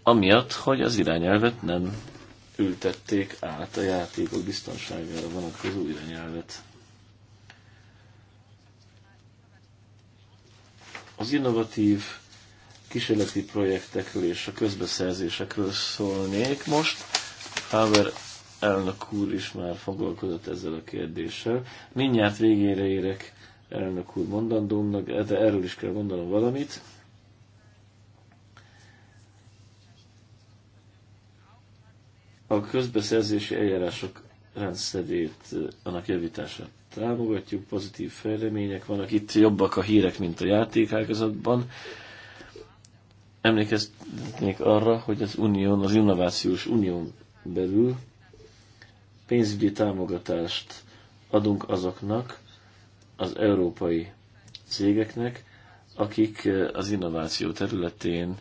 amiatt, hogy az irányelvet nem ültették át a játékok biztonságára vonatkozó irányelvet. Az innovatív kísérleti projektekről és a közbeszerzésekről szólnék most. Haver elnök úr is már foglalkozott ezzel a kérdéssel. Mindjárt végére érek elnök úr mondandómnak, de erről is kell mondanom valamit. A közbeszerzési eljárások rendszerét, annak javítása támogatjuk, pozitív fejlemények vannak. Itt jobbak a hírek, mint a játékágazatban. Emlékeznék arra, hogy az unión, az innovációs unión belül pénzügyi támogatást adunk azoknak az európai cégeknek, akik eh, az innováció területén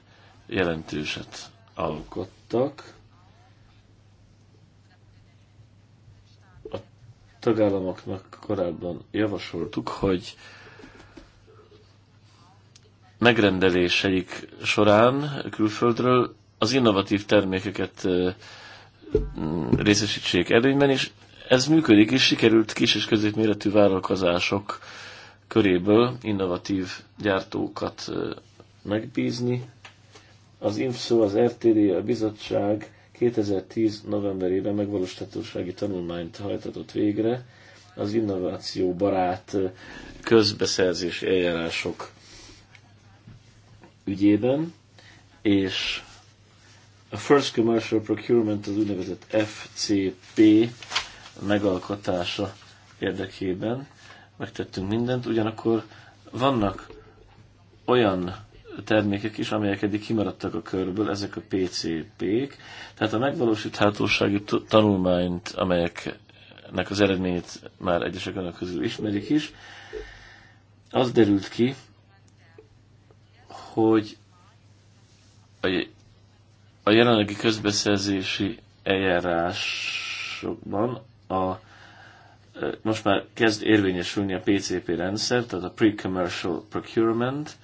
jelentőset alkottak tagállamoknak korábban javasoltuk, hogy megrendeléseik során külföldről az innovatív termékeket mm, részesítsék előnyben, és ez működik is, sikerült kis és középméretű vállalkozások köréből innovatív gyártókat megbízni. Az IMSZO, az RTD, a bizottság 2010. novemberében megvalósítatósági tanulmányt hajtatott végre az innováció barát közbeszerzési eljárások ügyében, és a First Commercial Procurement az úgynevezett FCP megalkotása érdekében megtettünk mindent, ugyanakkor vannak olyan termékek is, amelyek eddig kimaradtak a körből, ezek a PCP-k. Tehát a megvalósíthatósági tanulmányt, amelyeknek az eredményét már egyesek önök közül ismerik is, az derült ki, hogy a jelenlegi közbeszerzési eljárásokban a most már kezd érvényesülni a PCP rendszer, tehát a Pre-Commercial Procurement,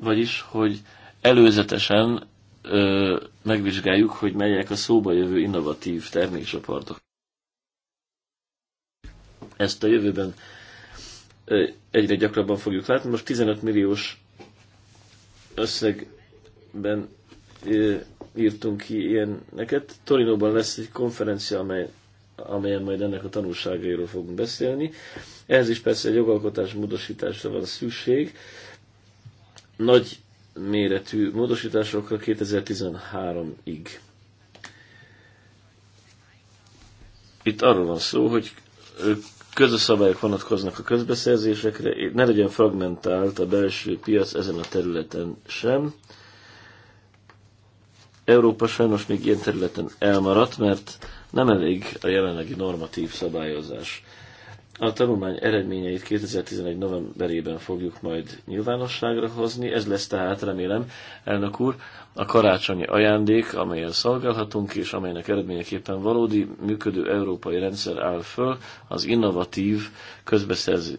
vagyis, hogy előzetesen ö, megvizsgáljuk, hogy melyek a szóba jövő innovatív termékcsoportok. Ezt a jövőben ö, egyre gyakrabban fogjuk látni. Most 15 milliós összegben ö, írtunk ki ilyeneket. Torinóban lesz egy konferencia, amely, amelyen majd ennek a tanulságairól fogunk beszélni. Ehhez is persze egy jogalkotás módosításra van szükség. Ö, nagy méretű módosításokkal 2013-ig. Itt arról van szó, hogy közös szabályok vonatkoznak a közbeszerzésekre, ne legyen fragmentált a belső piac ezen a területen sem. Európa sajnos még ilyen területen elmaradt, mert nem elég a jelenlegi normatív szabályozás. A tanulmány eredményeit 2011. novemberében fogjuk majd nyilvánosságra hozni. Ez lesz tehát, remélem, elnök úr, a karácsonyi ajándék, amelyen szolgálhatunk, és amelynek eredményeképpen valódi, működő európai rendszer áll föl, az innovatív közbeszerző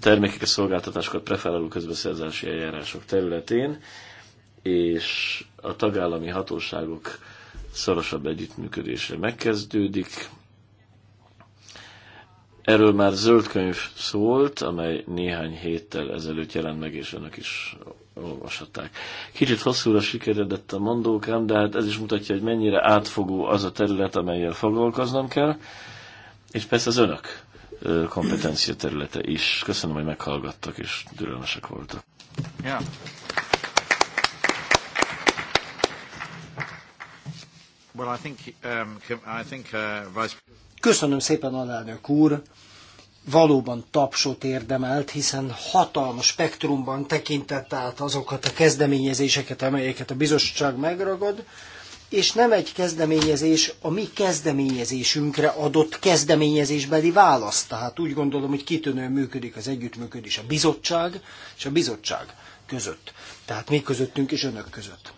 termékek és szolgáltatásokat preferáló közbeszerzési eljárások területén, és a tagállami hatóságok szorosabb együttműködése megkezdődik, Erről már zöld könyv szólt, amely néhány héttel ezelőtt jelent meg, és önök is olvashatták. Kicsit hosszúra sikeredett a mondókám, de hát ez is mutatja, hogy mennyire átfogó az a terület, amelyel foglalkoznom kell, és persze az önök kompetencia területe is. Köszönöm, hogy meghallgattak, és türelmesek voltak. Yeah. Well, I think, um, I think, uh, Vice Köszönöm szépen, alelnök úr! Valóban tapsot érdemelt, hiszen hatalmas spektrumban tekintett át azokat a kezdeményezéseket, amelyeket a bizottság megragad, és nem egy kezdeményezés a mi kezdeményezésünkre adott kezdeményezésbeli válasz. Tehát úgy gondolom, hogy kitűnően működik az együttműködés a bizottság és a bizottság között. Tehát mi közöttünk és önök között.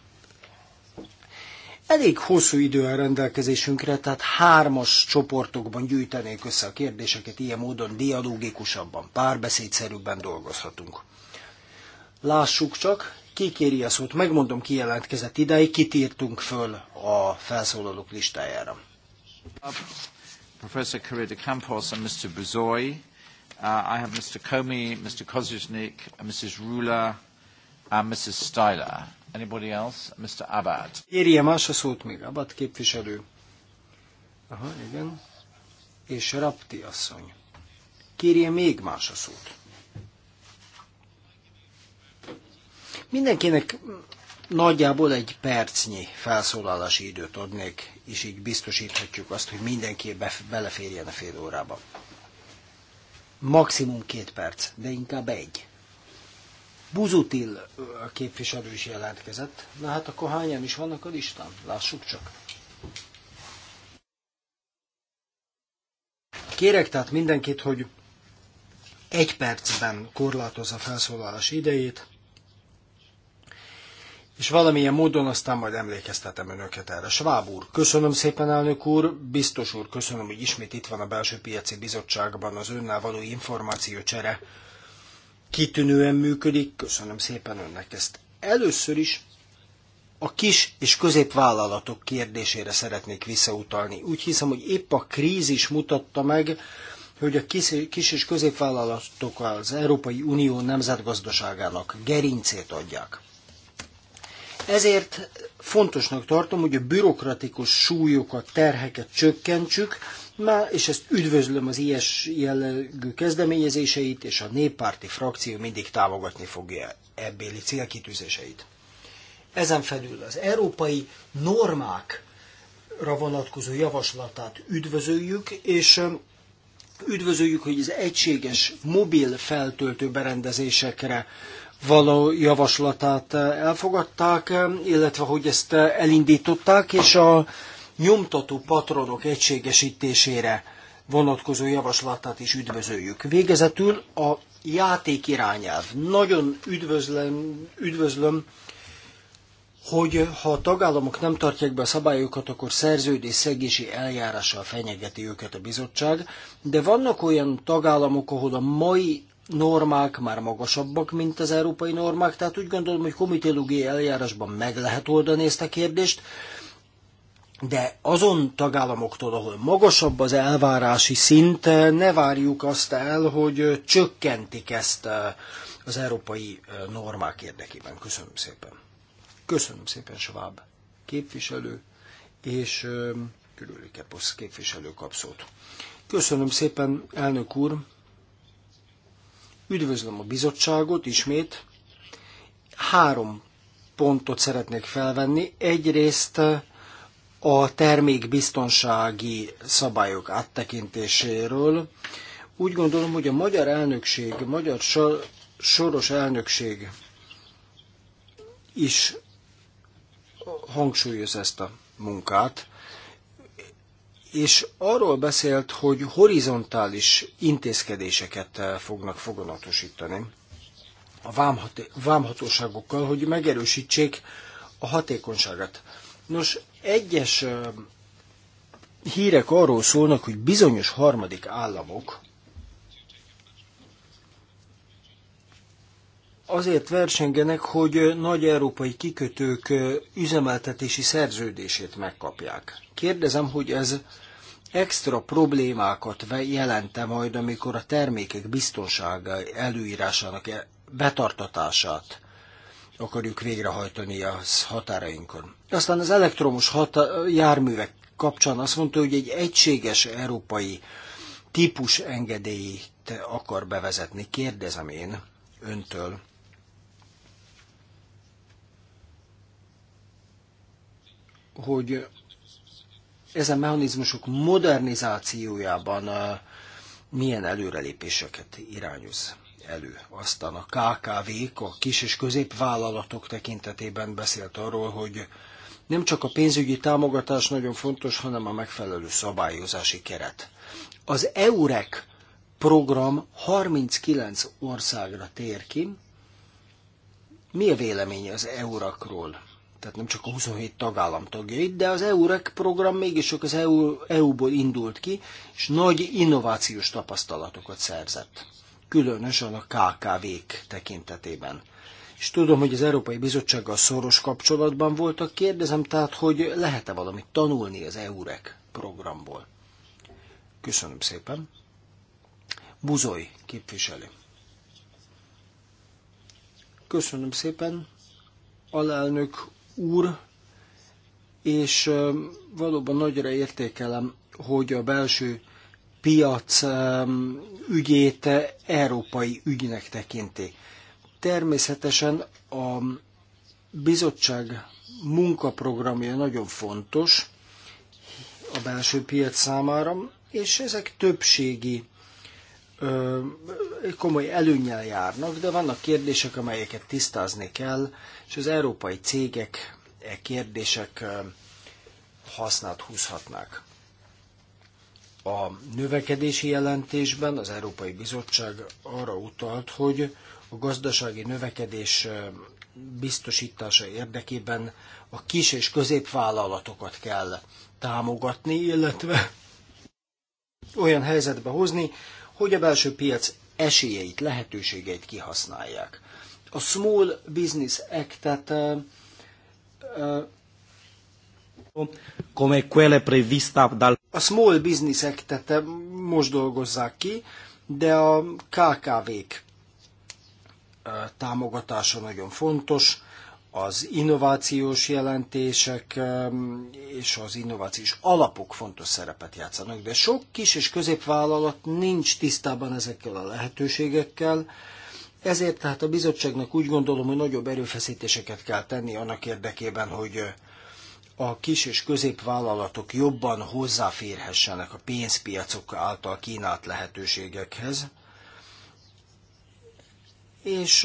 Elég hosszú idő a rendelkezésünkre, tehát hármas csoportokban gyűjtenék össze a kérdéseket, ilyen módon dialógikusabban, párbeszédszerűbben dolgozhatunk. Lássuk csak, ki kéri a szót, megmondom, ki jelentkezett idáig, kit írtunk föl a felszólalók listájára. Professor Carida Campos and Mr. Buzoy. Uh, I have Mr. Comey, Mr. Kozuznik, Mrs. Rula, and Mrs. Styler. Anybody else? Mr. Abad. Érje más a szót még, Abad képviselő. Aha, igen. És Rapti asszony. Kérje még más a szót. Mindenkinek nagyjából egy percnyi felszólalási időt adnék, és így biztosíthatjuk azt, hogy mindenki beleférjen a fél órába. Maximum két perc, de inkább egy. Buzutil képviselő is jelentkezett. Na hát akkor hányan is vannak a listán? Lássuk csak. Kérek tehát mindenkit, hogy egy percben korlátozza felszólalás idejét, és valamilyen módon aztán majd emlékeztetem önöket erre. Schwab úr, köszönöm szépen, elnök úr, biztos úr, köszönöm, hogy ismét itt van a Belső Piaci Bizottságban az önnel való csere kitűnően működik, köszönöm szépen önnek ezt. Először is a kis és középvállalatok kérdésére szeretnék visszautalni. Úgy hiszem, hogy épp a krízis mutatta meg, hogy a kis és középvállalatok az Európai Unió nemzetgazdaságának gerincét adják. Ezért fontosnak tartom, hogy a bürokratikus súlyokat, terheket csökkentsük, már, és ezt üdvözlöm az ilyes jellegű kezdeményezéseit, és a néppárti frakció mindig támogatni fogja ebbéli célkitűzéseit. Ezen felül az európai normákra vonatkozó javaslatát üdvözöljük, és um, üdvözöljük, hogy az egységes mobil feltöltő berendezésekre való javaslatát uh, elfogadták, um, illetve hogy ezt uh, elindították, és a nyomtató patronok egységesítésére vonatkozó javaslatát is üdvözöljük. Végezetül a játék irányelv. Nagyon üdvözlöm, üdvözlöm hogy ha a tagállamok nem tartják be a szabályokat, akkor szerződés szegési eljárással fenyegeti őket a bizottság, de vannak olyan tagállamok, ahol a mai normák már magasabbak, mint az európai normák, tehát úgy gondolom, hogy komitológiai eljárásban meg lehet oldani ezt a kérdést, de azon tagállamoktól, ahol magasabb az elvárási szint, eh, ne várjuk azt el, hogy eh, csökkentik ezt eh, az európai normák érdekében. Köszönöm szépen. Köszönöm szépen, Sváb képviselő, és Keposz képviselő kapszót. Köszönöm szépen, elnök úr. Üdvözlöm a bizottságot ismét. Három pontot szeretnék felvenni. Egyrészt a termékbiztonsági szabályok áttekintéséről. Úgy gondolom, hogy a magyar elnökség, a magyar soros elnökség is hangsúlyoz ezt a munkát, és arról beszélt, hogy horizontális intézkedéseket eh, fognak foganatosítani a vámhatóságokkal, hogy megerősítsék a hatékonyságát. Nos, egyes hírek arról szólnak, hogy bizonyos harmadik államok azért versengenek, hogy nagy európai kikötők üzemeltetési szerződését megkapják. Kérdezem, hogy ez extra problémákat jelente majd, amikor a termékek biztonsága előírásának e-, betartatását akarjuk végrehajtani a határainkon. Aztán az elektromos járművek kapcsán azt mondta, hogy egy egységes európai típus engedélyt akar bevezetni. Kérdezem én öntől, hogy ezen mechanizmusok modernizációjában uh, milyen előrelépéseket irányoz elő. Aztán a KKV-k, a kis és középvállalatok tekintetében beszélt arról, hogy nem csak a pénzügyi támogatás nagyon fontos, hanem a megfelelő szabályozási keret. Az EUREK program 39 országra tér ki. Mi a véleménye az EURAKról? Tehát nem csak a 27 tagállam tagjait, de az EUREK program mégiscsak az EU, EU-ból indult ki, és nagy innovációs tapasztalatokat szerzett különösen a KKV-k tekintetében. És tudom, hogy az Európai Bizottsággal szoros kapcsolatban voltak, kérdezem tehát, hogy lehet-e valamit tanulni az EUREK programból. Köszönöm szépen. Buzoly képviselő. Köszönöm szépen, alelnök úr, és valóban nagyra értékelem, hogy a belső piac ehm, ügyét európai ügynek tekinti. Természetesen a bizottság munkaprogramja nagyon fontos a belső piac számára, és ezek többségi ehm, komoly előnyel járnak, de vannak kérdések, amelyeket tisztázni kell, és az európai cégek e kérdések ehm, hasznát húzhatnák. A növekedési jelentésben az Európai Bizottság arra utalt, hogy a gazdasági növekedés biztosítása érdekében a kis és középvállalatokat kell támogatni, illetve olyan helyzetbe hozni, hogy a belső piac esélyeit, lehetőségeit kihasználják. A Small Business Act-et a small business tehát most dolgozzák ki, de a KKV-k támogatása nagyon fontos, az innovációs jelentések és az innovációs alapok fontos szerepet játszanak, de sok kis és középvállalat nincs tisztában ezekkel a lehetőségekkel, ezért tehát a bizottságnak úgy gondolom, hogy nagyobb erőfeszítéseket kell tenni annak érdekében, hogy a kis és középvállalatok jobban hozzáférhessenek a pénzpiacok által kínált lehetőségekhez, és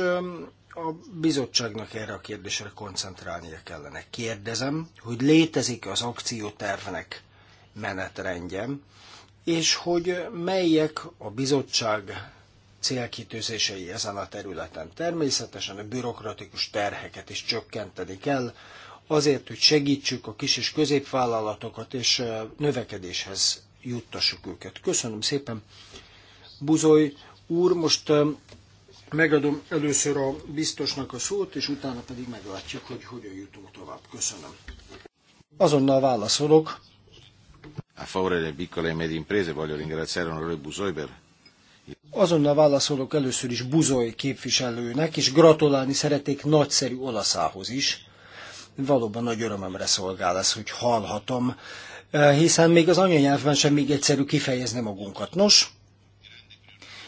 a bizottságnak erre a kérdésre koncentrálnia kellene. Kérdezem, hogy létezik az akciótervnek menetrendje, és hogy melyek a bizottság célkitűzései ezen a területen. Természetesen a bürokratikus terheket is csökkenteni kell, azért, hogy segítsük a kis és középvállalatokat, és növekedéshez juttassuk őket. Köszönöm szépen. Buzoly úr, most megadom először a biztosnak a szót, és utána pedig meglátjuk, hogy hogyan jutunk tovább. Köszönöm. Azonnal válaszolok. A favore delle piccole e medie imprese voglio ringraziare onorevole Buzoy per Azonnal válaszolok először is Buzoy képviselőnek, és gratulálni szeretnék nagyszerű olaszához is valóban nagy örömömre szolgál ez, hogy hallhatom, eh, hiszen még az anyanyelvben sem még egyszerű kifejezni magunkat. Nos,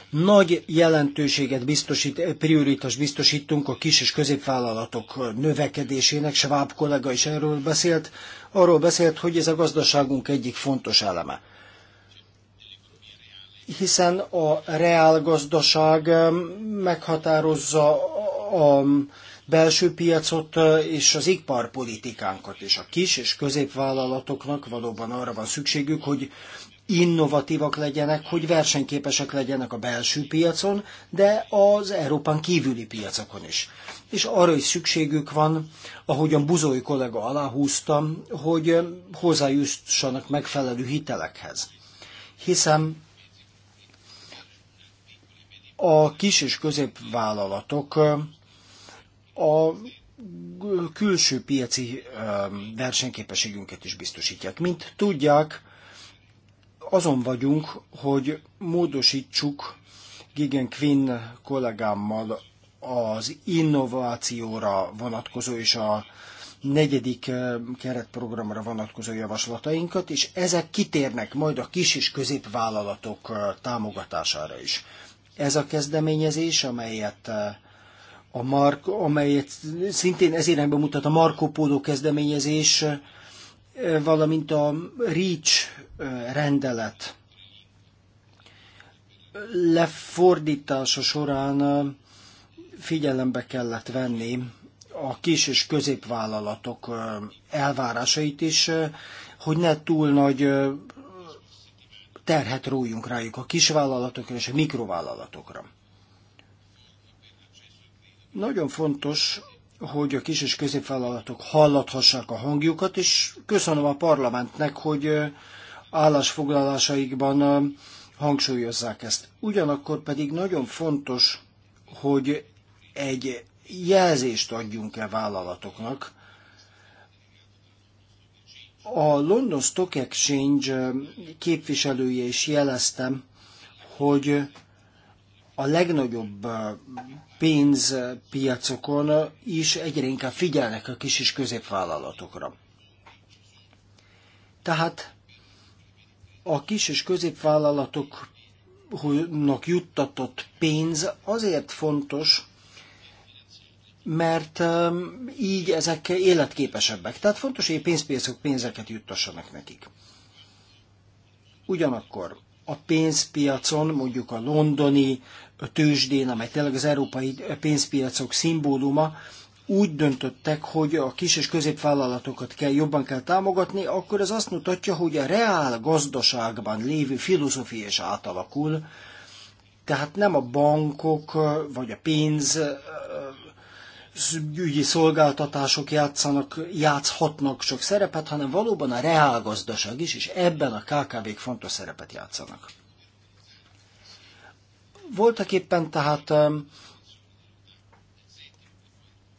nagy jelentőséget biztosít, eh, prioritás biztosítunk a kis és középvállalatok növekedésének. Schwab kollega is erről beszélt. Arról beszélt, hogy ez a gazdaságunk egyik fontos eleme. Hiszen a reálgazdaság eh, meghatározza a belső piacot és az iparpolitikánkat, és a kis és középvállalatoknak valóban arra van szükségük, hogy innovatívak legyenek, hogy versenyképesek legyenek a belső piacon, de az Európán kívüli piacokon is. És arra is szükségük van, ahogyan Buzói kollega aláhúztam, hogy hozzájussanak megfelelő hitelekhez. Hiszen a kis és középvállalatok a külső piaci um, versenyképességünket is biztosítják. Mint tudják, azon vagyunk, hogy módosítsuk Gigen Quinn kollégámmal az innovációra vonatkozó és a negyedik um, keretprogramra vonatkozó javaslatainkat, és ezek kitérnek majd a kis és középvállalatok uh, támogatására is. Ez a kezdeményezés, amelyet uh, a Mark, amelyet szintén ez irányba mutat a Marco Polo kezdeményezés, valamint a REACH rendelet lefordítása során figyelembe kellett venni a kis és középvállalatok elvárásait is, hogy ne túl nagy terhet rójunk rájuk a kisvállalatokra és a mikrovállalatokra. Nagyon fontos, hogy a kis és középvállalatok hallathassák a hangjukat, és köszönöm a parlamentnek, hogy állásfoglalásaikban hangsúlyozzák ezt. Ugyanakkor pedig nagyon fontos, hogy egy jelzést adjunk e vállalatoknak. A London Stock Exchange képviselője is jeleztem, hogy a legnagyobb pénzpiacokon is egyre inkább figyelnek a kis és középvállalatokra. Tehát a kis és középvállalatoknak juttatott pénz azért fontos, mert így ezek életképesebbek. Tehát fontos, hogy pénzpiacok pénzeket juttassanak nekik. Ugyanakkor a pénzpiacon, mondjuk a londoni tőzsdén, amely tényleg az európai pénzpiacok szimbóluma, úgy döntöttek, hogy a kis és középvállalatokat kell jobban kell támogatni, akkor ez azt mutatja, hogy a reál gazdaságban lévő filozófia is átalakul, tehát nem a bankok vagy a pénz ügyi szolgáltatások játszanak, játszhatnak csak szerepet, hanem valóban a gazdaság is, és ebben a KKV-k fontos szerepet játszanak. Voltak éppen tehát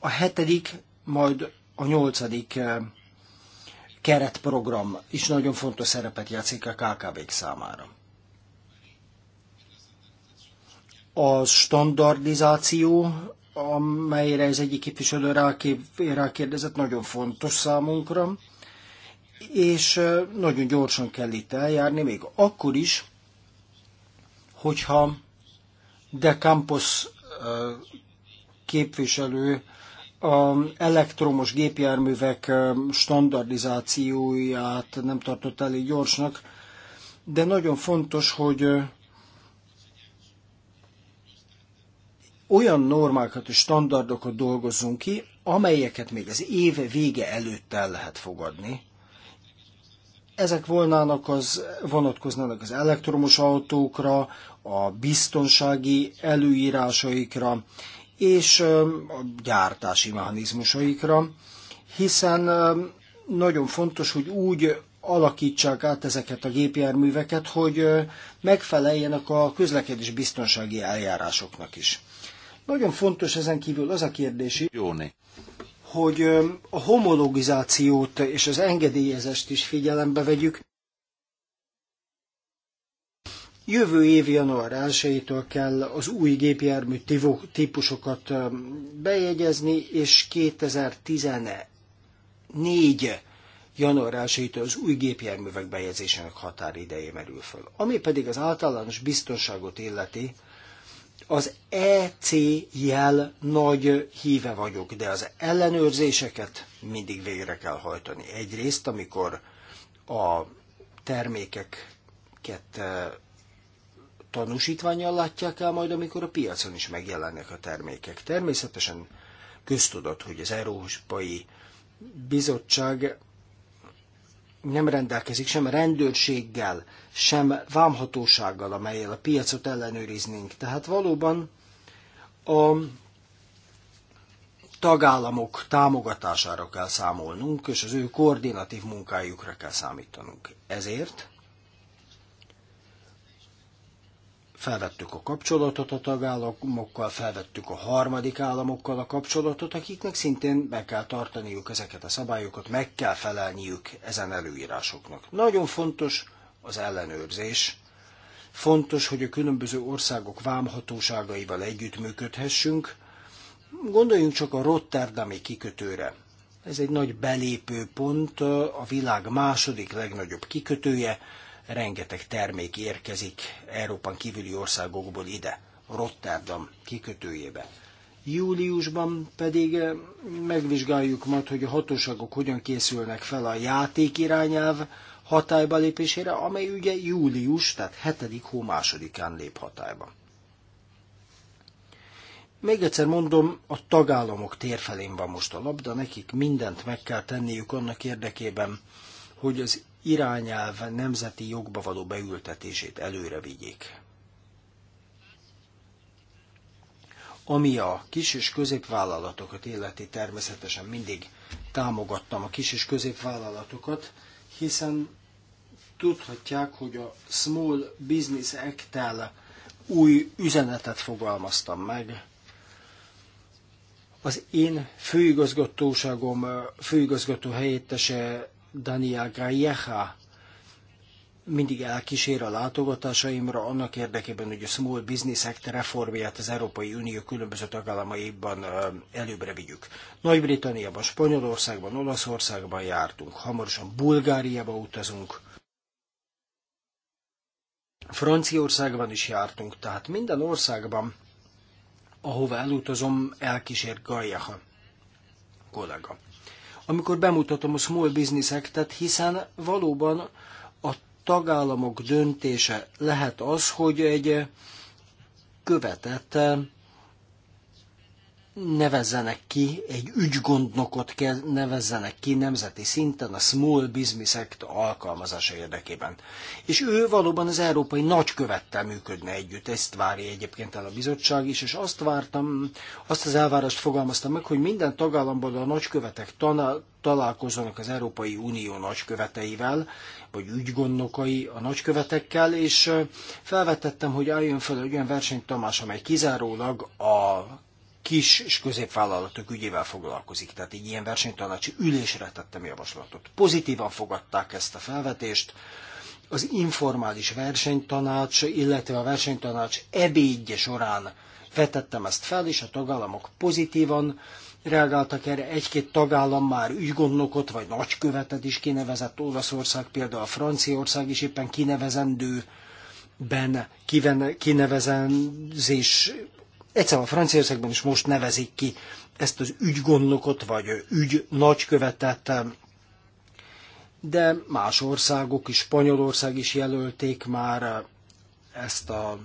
a hetedik, majd a nyolcadik keretprogram is nagyon fontos szerepet játszik a kkv számára. A standardizáció, amelyre az egyik képviselő rákérdezett, nagyon fontos számunkra, és nagyon gyorsan kell itt eljárni, még akkor is, hogyha de Campos képviselő a elektromos gépjárművek standardizációját nem tartott elég gyorsnak, de nagyon fontos, hogy olyan normákat és standardokat dolgozzunk ki, amelyeket még az év vége előtt el lehet fogadni. Ezek volnának az, vonatkoznának az elektromos autókra, a biztonsági előírásaikra és a gyártási mechanizmusaikra, hiszen nagyon fontos, hogy úgy alakítsák át ezeket a gépjárműveket, hogy megfeleljenek a közlekedés biztonsági eljárásoknak is. Nagyon fontos ezen kívül az a kérdés, Jóni. hogy a homologizációt és az engedélyezést is figyelembe vegyük, Jövő év január 1-től kell az új gépjármű típusokat bejegyezni, és 2014 január 1-től az új gépjárművek bejegyzésének határideje merül föl. Ami pedig az általános biztonságot illeti, az EC jel nagy híve vagyok, de az ellenőrzéseket mindig végre kell hajtani. Egyrészt, amikor a termékeket tanúsítványjal látják el majd, amikor a piacon is megjelennek a termékek. Természetesen köztudott, hogy az Európai Bizottság nem rendelkezik sem rendőrséggel, sem vámhatósággal, amelyel a piacot ellenőriznénk. Tehát valóban a tagállamok támogatására kell számolnunk, és az ő koordinatív munkájukra kell számítanunk. Ezért felvettük a kapcsolatot a tagállamokkal, felvettük a harmadik államokkal a kapcsolatot, akiknek szintén be kell tartaniuk ezeket a szabályokat, meg kell felelniük ezen előírásoknak. Nagyon fontos az ellenőrzés. Fontos, hogy a különböző országok vámhatóságaival együttműködhessünk. Gondoljunk csak a Rotterdami kikötőre. Ez egy nagy belépőpont, a világ második legnagyobb kikötője, rengeteg termék érkezik Európán kívüli országokból ide, Rotterdam kikötőjébe. Júliusban pedig eh, megvizsgáljuk majd, hogy a hatóságok hogyan készülnek fel a játék irányelv hatályba lépésére, amely ugye július, tehát 7. hó másodikán lép hatályba. Még egyszer mondom, a tagállamok térfelén van most a labda, nekik mindent meg kell tenniük annak érdekében, hogy az irányelv nemzeti jogba való beültetését előre vigyék. Ami a kis és középvállalatokat illeti, természetesen mindig támogattam a kis és középvállalatokat, hiszen tudhatják, hogy a Small Business Act-tel új üzenetet fogalmaztam meg. Az én főigazgatóságom főigazgató helyettese Daniel Gajeha mindig elkísér a látogatásaimra annak érdekében, hogy a Small Business Act reformját az Európai Unió különböző tagállamaiban előbbre vigyük. Nagy-Britanniában, Spanyolországban, Olaszországban jártunk, hamarosan Bulgáriába utazunk, Franciaországban is jártunk, tehát minden országban, ahova elutazom, elkísér Gajeha kollega amikor bemutatom a small business act hiszen valóban a tagállamok döntése lehet az, hogy egy követett nevezzenek ki, egy ügygondnokot kell nevezzenek ki nemzeti szinten a Small Business Act alkalmazása érdekében. És ő valóban az európai nagykövettel működne együtt, ezt várja egyébként el a bizottság is, és azt vártam, azt az elvárást fogalmaztam meg, hogy minden tagállamban a nagykövetek tanál, találkozzanak az Európai Unió nagyköveteivel, vagy ügygondnokai a nagykövetekkel, és felvetettem, hogy álljon fel egy olyan Tamás, amely kizárólag a kis és középvállalatok ügyével foglalkozik. Tehát egy ilyen versenytanácsi ülésre tettem javaslatot. Pozitívan fogadták ezt a felvetést. Az informális versenytanács, illetve a versenytanács ebédje során vetettem ezt fel, és a tagállamok pozitívan reagáltak erre. Egy-két tagállam már ügygondnokot vagy nagykövetet is kinevezett, Olaszország például, a Franciaország is éppen kinevezendő ben kinevezenzés Egyszerűen Franciaországban is most nevezik ki ezt az ügygondnokot, vagy ügy nagykövetet, de más országok is, Spanyolország is jelölték már ezt a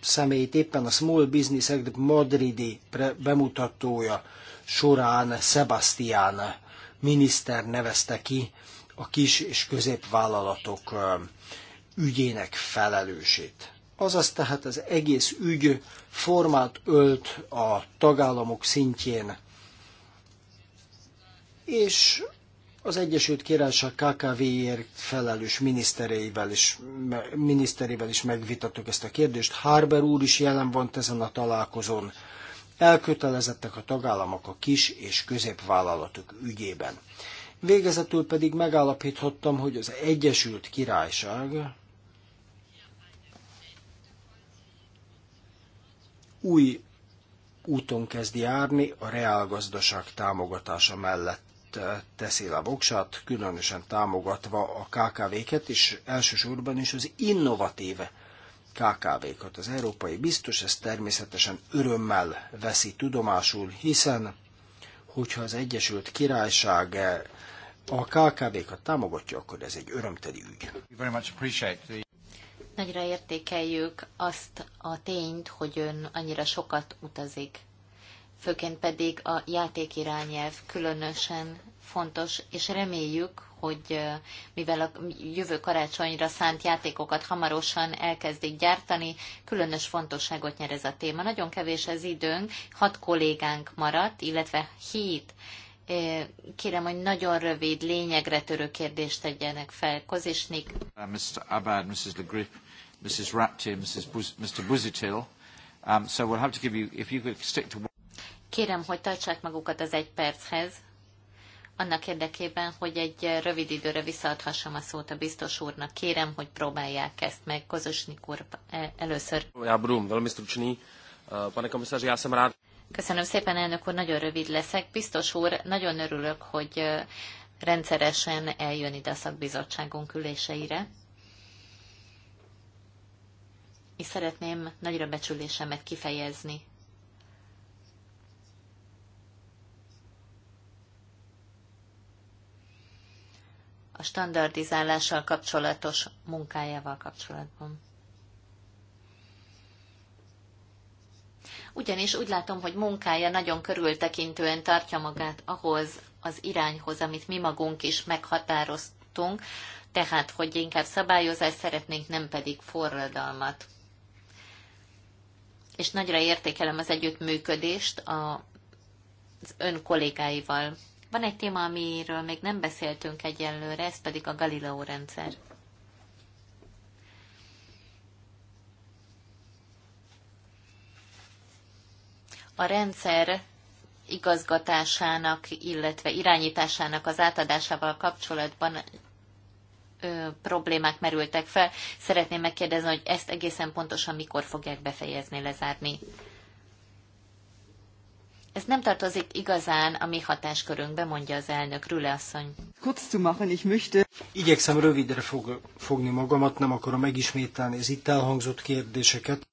személyt. Éppen a Small Business Act madridi bemutatója során Sebastian miniszter nevezte ki a kis és középvállalatok ügyének felelősét. Azaz tehát az egész ügy formát ölt a tagállamok szintjén. És az Egyesült Királyság KKV-ért felelős miniszterével is, miniszterével is megvitattuk ezt a kérdést. Harber úr is jelen van ezen a találkozón. Elkötelezettek a tagállamok a kis és középvállalatok ügyében. Végezetül pedig megállapíthattam, hogy az Egyesült Királyság új úton kezd járni, a reálgazdaság támogatása mellett eh, teszi a voksát, különösen támogatva a KKV-ket, és elsősorban is az innovatív KKV-kat. Az európai biztos ezt természetesen örömmel veszi tudomásul, hiszen hogyha az Egyesült Királyság eh, a KKV-kat támogatja, akkor ez egy örömteli ügy. Nagyra értékeljük azt a tényt, hogy ön annyira sokat utazik. Főként pedig a játékirányelv különösen fontos, és reméljük, hogy mivel a jövő karácsonyra szánt játékokat hamarosan elkezdik gyártani, különös fontosságot nyer ez a téma. Nagyon kevés az időnk, hat kollégánk maradt, illetve hét Kérem, hogy nagyon rövid, lényegre törő kérdést tegyenek fel. Kozisnik. Uh, Mr. Abad, Mrs. Le Grip, Mrs. Rapti, Mrs. Buz, Mr. Buzitil. Um, so we'll have to give you, if you could stick to... Kérem, hogy tartsák magukat az egy perchez, annak érdekében, hogy egy rövid időre visszaadhassam a szót a biztos úrnak. Kérem, hogy próbálják ezt meg. Kozosnik úr e, először. Já budu velmi stručný. E, pane komisaři, já jsem rád. Köszönöm szépen, elnök úr, nagyon rövid leszek. Biztos úr, nagyon örülök, hogy e, rendszeresen eljön ide a szakbizottságunk üléseire és szeretném nagyra becsülésemet kifejezni. A standardizálással kapcsolatos munkájával kapcsolatban. Ugyanis úgy látom, hogy munkája nagyon körültekintően tartja magát ahhoz az irányhoz, amit mi magunk is meghatároztunk, tehát, hogy inkább szabályozást szeretnénk, nem pedig forradalmat és nagyra értékelem az együttműködést az ön kollégáival. Van egy téma, amiről még nem beszéltünk egyenlőre, ez pedig a Galileo rendszer. A rendszer igazgatásának, illetve irányításának az átadásával kapcsolatban ö, problémák merültek fel. Szeretném megkérdezni, hogy ezt egészen pontosan mikor fogják befejezni, lezárni. Ez nem tartozik igazán a mi hatáskörünkbe, mondja az elnök Rüle asszony. Kurz zu machen, ich möchte. Igyekszem rövidre fog, fogni magamat, nem akarom megismételni az itt elhangzott kérdéseket.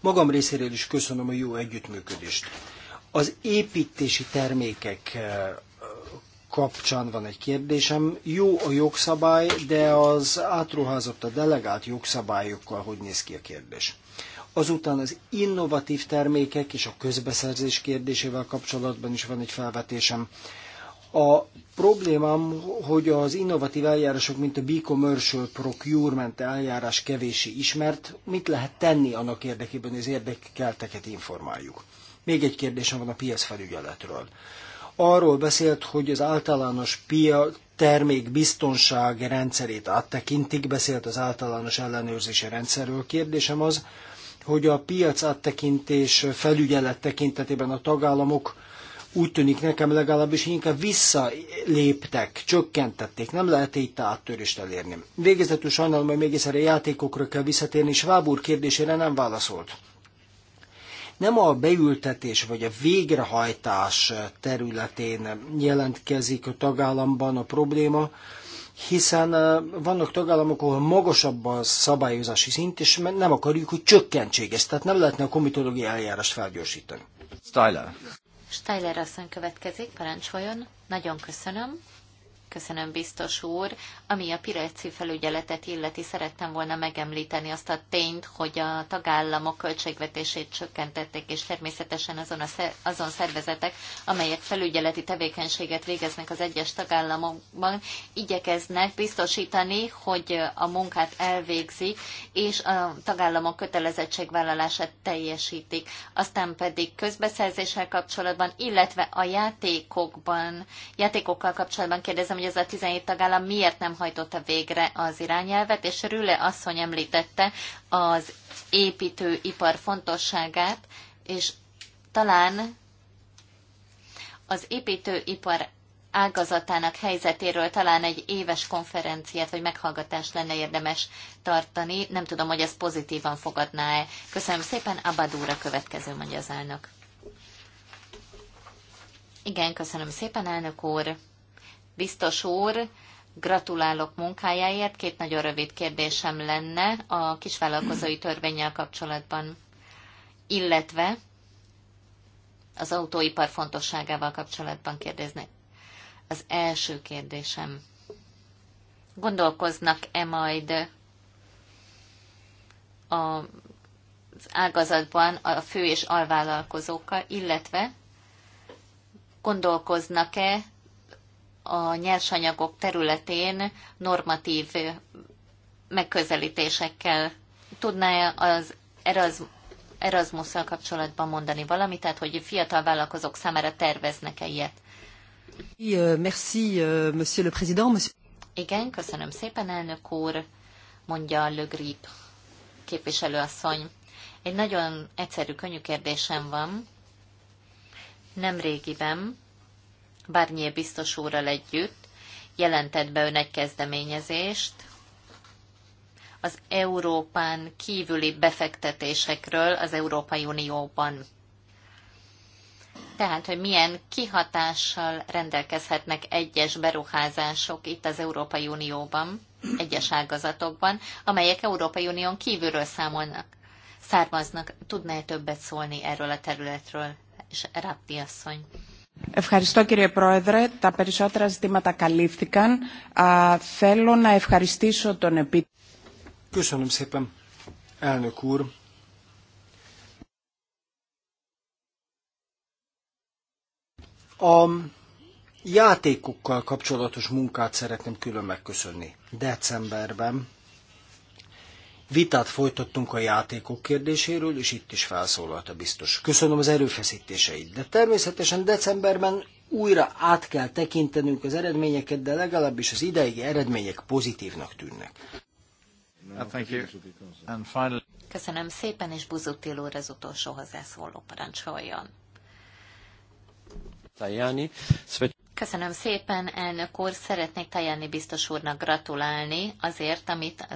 Magam részéről is köszönöm a jó együttműködést. Az építési termékek kapcsán van egy kérdésem. Jó a jogszabály, de az átruházott a delegált jogszabályokkal hogy néz ki a kérdés? Azután az innovatív termékek és a közbeszerzés kérdésével kapcsolatban is van egy felvetésem. A problémám, hogy az innovatív eljárások, mint a B-commercial procurement eljárás kevési ismert, mit lehet tenni annak érdekében, hogy az érdekelteket informáljuk? Még egy kérdésem van a felügyeletről arról beszélt, hogy az általános piac biztonsági rendszerét áttekintik, beszélt az általános ellenőrzési rendszerről. Kérdésem az, hogy a piac áttekintés felügyelet tekintetében a tagállamok úgy tűnik nekem legalábbis, hogy inkább visszaléptek, csökkentették. Nem lehet itt áttörést elérni. Végezetül sajnálom, hogy még egyszer a játékokra kell visszatérni, és Vábúr kérdésére nem válaszolt nem a beültetés vagy a végrehajtás területén jelentkezik a tagállamban a probléma, hiszen vannak tagállamok, ahol magasabb a szabályozási szint, és nem akarjuk, hogy csökkentség ezt, tehát nem lehetne a komitológiai eljárást felgyorsítani. Styler. Styler asszony következik, parancsoljon. Nagyon köszönöm. Köszönöm, biztos úr. Ami a piraci felügyeletet illeti, szerettem volna megemlíteni azt a tényt, hogy a tagállamok költségvetését csökkentették, és természetesen azon, a szer- azon szervezetek, amelyek felügyeleti tevékenységet végeznek az egyes tagállamokban, igyekeznek biztosítani, hogy a munkát elvégzik, és a tagállamok kötelezettségvállalását teljesítik. Aztán pedig közbeszerzéssel kapcsolatban, illetve a játékokban, játékokkal kapcsolatban kérdezem, hogy ez a 17 tagállam miért nem hajtotta végre az irányelvet, és Rüle asszony említette az építőipar fontosságát, és talán az építőipar ágazatának helyzetéről talán egy éves konferenciát vagy meghallgatást lenne érdemes tartani. Nem tudom, hogy ez pozitívan fogadná-e. Köszönöm szépen, Abadúra következő, mondja az elnök. Igen, köszönöm szépen, elnök úr. Biztos úr, gratulálok munkájáért. Két nagyon rövid kérdésem lenne a kisvállalkozói törvényel kapcsolatban, illetve az autóipar fontosságával kapcsolatban kérdeznek. Az első kérdésem. Gondolkoznak-e majd az ágazatban a fő és alvállalkozókkal, illetve gondolkoznak-e a nyersanyagok területén normatív megközelítésekkel tudná az Erasmus kapcsolatban mondani valamit, tehát hogy fiatal vállalkozók számára terveznek-e ilyet? Euh, merci, euh, monsieur le président. Igen, köszönöm szépen, elnök úr, mondja Le Grip képviselőasszony. Egy nagyon egyszerű, könnyű kérdésem van. Nemrégiben Barnier biztos úrral együtt jelentett be ön egy kezdeményezést az Európán kívüli befektetésekről az Európai Unióban. Tehát, hogy milyen kihatással rendelkezhetnek egyes beruházások itt az Európai Unióban, egyes ágazatokban, amelyek Európai Unión kívülről számolnak, származnak. Tudná-e többet szólni erről a területről? És Rápti asszony. Ευχαριστώ κύριε Πρόεδρε. Τα περισσότερα ζητήματα καλύφθηκαν. Α, θέλω να ευχαριστήσω τον επίτροπο. A játékokkal kapcsolatos munkát szeretném külön megköszönni. Decemberben Vitát folytattunk a játékok kérdéséről, és itt is felszólalt a biztos. Köszönöm az erőfeszítéseit, de természetesen decemberben újra át kell tekintenünk az eredményeket, de legalábbis az ideigi eredmények pozitívnak tűnnek. Uh, Köszönöm szépen, és Buzutil úr az utolsó hozzászóló parancsoljon. Tajani. Köszönöm szépen, elnök úr. Szeretnék Tajani biztos úrnak gratulálni azért, amit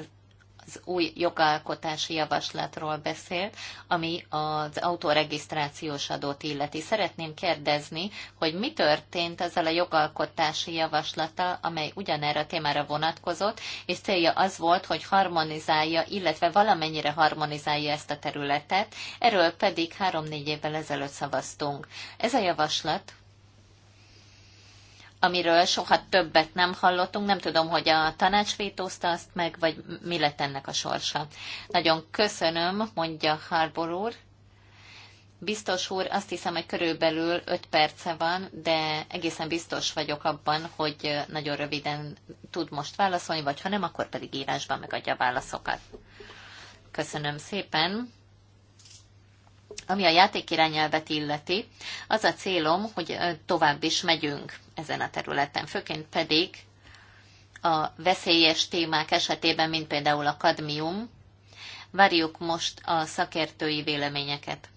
az új jogalkotási javaslatról beszélt, ami az autoregisztrációs adót illeti. Szeretném kérdezni, hogy mi történt ezzel a jogalkotási javaslata, amely ugyanerre a témára vonatkozott, és célja az volt, hogy harmonizálja, illetve valamennyire harmonizálja ezt a területet, erről pedig három-négy évvel ezelőtt szavaztunk. Ez a javaslat amiről soha többet nem hallottunk. Nem tudom, hogy a tanács vétózta azt meg, vagy mi lett ennek a sorsa. Nagyon köszönöm, mondja Harbor úr. Biztos úr, azt hiszem, hogy körülbelül 5 perce van, de egészen biztos vagyok abban, hogy nagyon röviden tud most válaszolni, vagy ha nem, akkor pedig írásban megadja a válaszokat. Köszönöm szépen. Ami a játék irányelvet illeti, az a célom, hogy tovább is megyünk ezen a területen, főként pedig a veszélyes témák esetében, mint például a kadmium, várjuk most a szakértői véleményeket.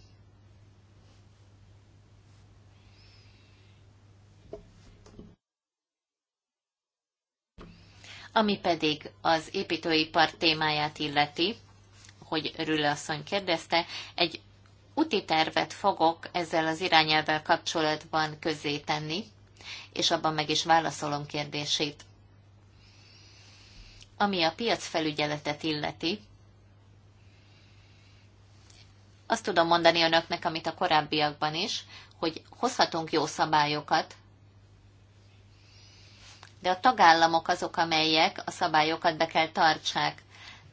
Ami pedig az építőipar témáját illeti, hogy Rüle asszony kérdezte, egy úti tervet fogok ezzel az irányelvel kapcsolatban közzétenni, és abban meg is válaszolom kérdését. Ami a piacfelügyeletet illeti, azt tudom mondani önöknek, amit a korábbiakban is, hogy hozhatunk jó szabályokat, de a tagállamok azok, amelyek a szabályokat be kell tartsák.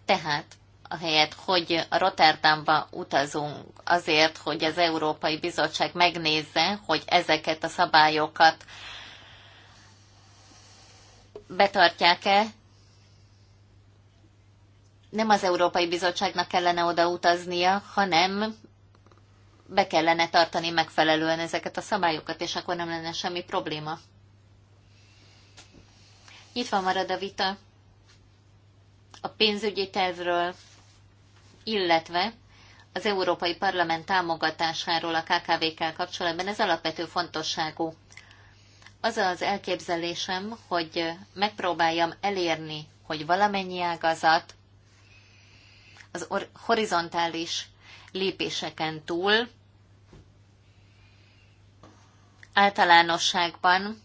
Tehát helyet, hogy Rotterdamba utazunk azért, hogy az Európai Bizottság megnézze, hogy ezeket a szabályokat betartják-e, nem az Európai Bizottságnak kellene oda utaznia, hanem be kellene tartani megfelelően ezeket a szabályokat, és akkor nem lenne semmi probléma. Nyitva marad a vita a pénzügyi tervről, illetve az Európai Parlament támogatásáról a KKV-kkel kapcsolatban, ez alapvető fontosságú. Az az elképzelésem, hogy megpróbáljam elérni, hogy valamennyi ágazat az horizontális lépéseken túl általánosságban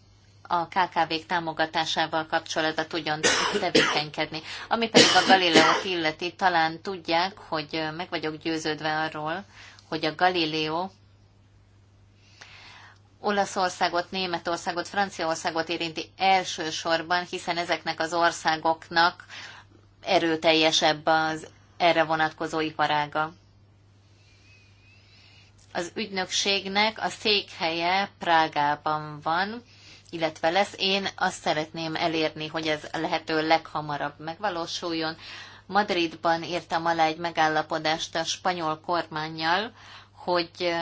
a KKV-k támogatásával kapcsolatban tudjon tevékenykedni. Ami pedig a Galileót illeti, talán tudják, hogy meg vagyok győződve arról, hogy a Galileo Olaszországot, Németországot, Franciaországot érinti elsősorban, hiszen ezeknek az országoknak erőteljesebb az erre vonatkozó iparága. Az ügynökségnek a székhelye Prágában van, illetve lesz. Én azt szeretném elérni, hogy ez lehető leghamarabb megvalósuljon. Madridban írtam alá egy megállapodást a spanyol kormányjal, hogy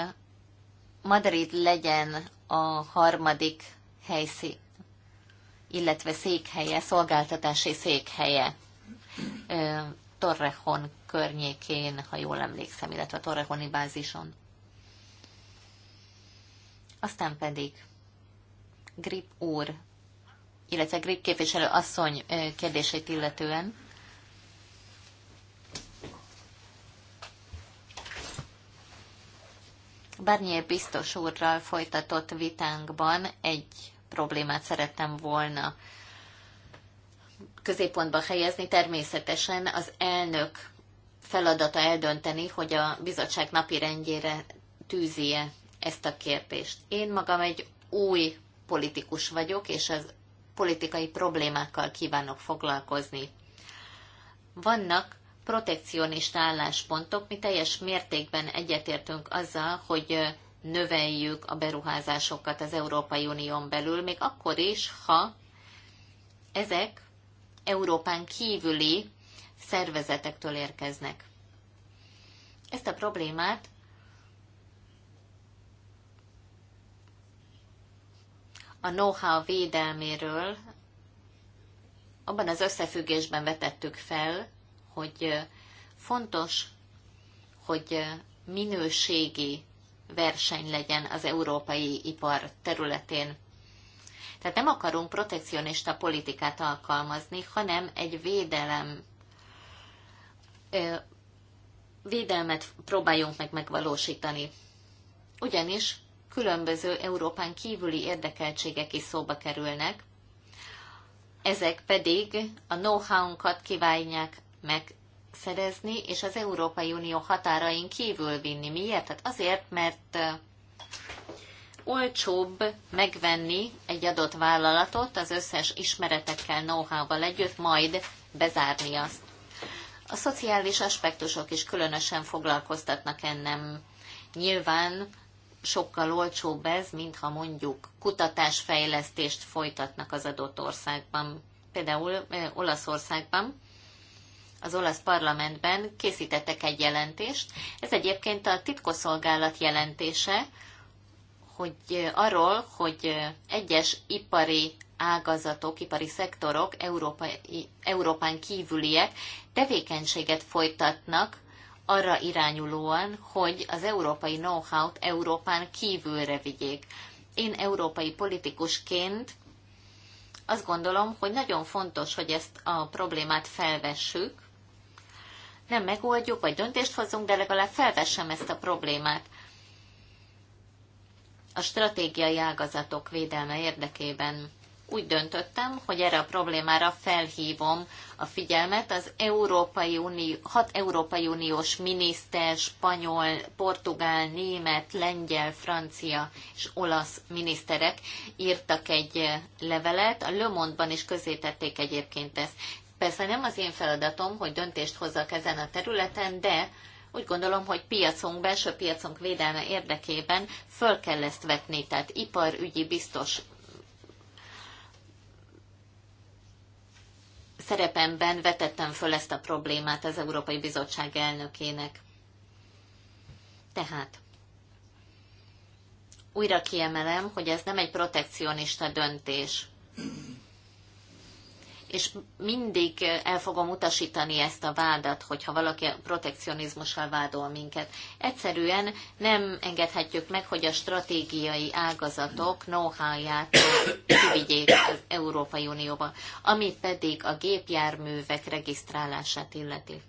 Madrid legyen a harmadik helyszín, illetve székhelye, szolgáltatási székhelye Torrejon környékén, ha jól emlékszem, illetve a Torrejoni bázison. Aztán pedig Grip úr, illetve Grip képviselő asszony kérdését illetően. Barnier biztos úrral folytatott vitánkban egy problémát szerettem volna középpontba helyezni. Természetesen az elnök feladata eldönteni, hogy a bizottság napi rendjére tűzi-e ezt a kérdést. Én magam egy új politikus vagyok, és az politikai problémákkal kívánok foglalkozni. Vannak protekcionista álláspontok, mi teljes mértékben egyetértünk azzal, hogy növeljük a beruházásokat az Európai Unión belül, még akkor is, ha ezek Európán kívüli szervezetektől érkeznek. Ezt a problémát a know-how védelméről abban az összefüggésben vetettük fel, hogy fontos, hogy minőségi verseny legyen az európai ipar területén. Tehát nem akarunk protekcionista politikát alkalmazni, hanem egy védelem, védelmet próbáljunk meg megvalósítani. Ugyanis különböző Európán kívüli érdekeltségek is szóba kerülnek, ezek pedig a know-how-unkat kívánják megszerezni, és az Európai Unió határain kívül vinni. Miért? Tehát azért, mert olcsóbb megvenni egy adott vállalatot az összes ismeretekkel, know-how-val együtt, majd bezárni azt. A szociális aspektusok is különösen foglalkoztatnak ennem. Nyilván sokkal olcsóbb ez, mintha mondjuk kutatásfejlesztést folytatnak az adott országban. Például Olaszországban az olasz parlamentben készítettek egy jelentést. Ez egyébként a titkosszolgálat jelentése, hogy arról, hogy egyes ipari ágazatok, ipari szektorok európai, Európán kívüliek tevékenységet folytatnak arra irányulóan, hogy az európai know-how-t Európán kívülre vigyék. Én európai politikusként azt gondolom, hogy nagyon fontos, hogy ezt a problémát felvessük. Nem megoldjuk, vagy döntést hozunk, de legalább felvessem ezt a problémát. A stratégiai ágazatok védelme érdekében úgy döntöttem, hogy erre a problémára felhívom a figyelmet. Az Európai Unió, hat Európai Uniós miniszter, spanyol, portugál, német, lengyel, francia és olasz miniszterek írtak egy levelet. A Le Monde-ban is közzétették egyébként ezt. Persze nem az én feladatom, hogy döntést hozzak ezen a területen, de úgy gondolom, hogy piacunk, belső piacunk védelme érdekében föl kell ezt vetni, tehát iparügyi biztos szerepemben vetettem föl ezt a problémát az Európai Bizottság elnökének. Tehát újra kiemelem, hogy ez nem egy protekcionista döntés és mindig el fogom utasítani ezt a vádat, hogyha valaki protekcionizmussal vádol minket. Egyszerűen nem engedhetjük meg, hogy a stratégiai ágazatok know-how-ját kivigyék az Európai Unióba, ami pedig a gépjárművek regisztrálását illeti.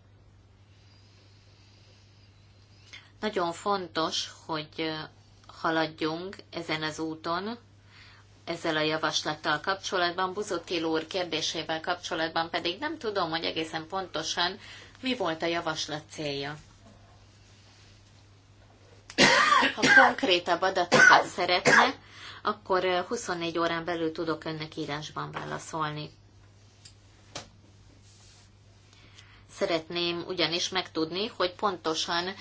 Nagyon fontos, hogy haladjunk ezen az úton, ezzel a javaslattal kapcsolatban, Buzotil úr kérdésével kapcsolatban pedig nem tudom, hogy egészen pontosan mi volt a javaslat célja. Ha konkrétabb adatokat szeretne, akkor 24 eh, órán belül tudok önnek írásban válaszolni. Szeretném ugyanis megtudni, hogy pontosan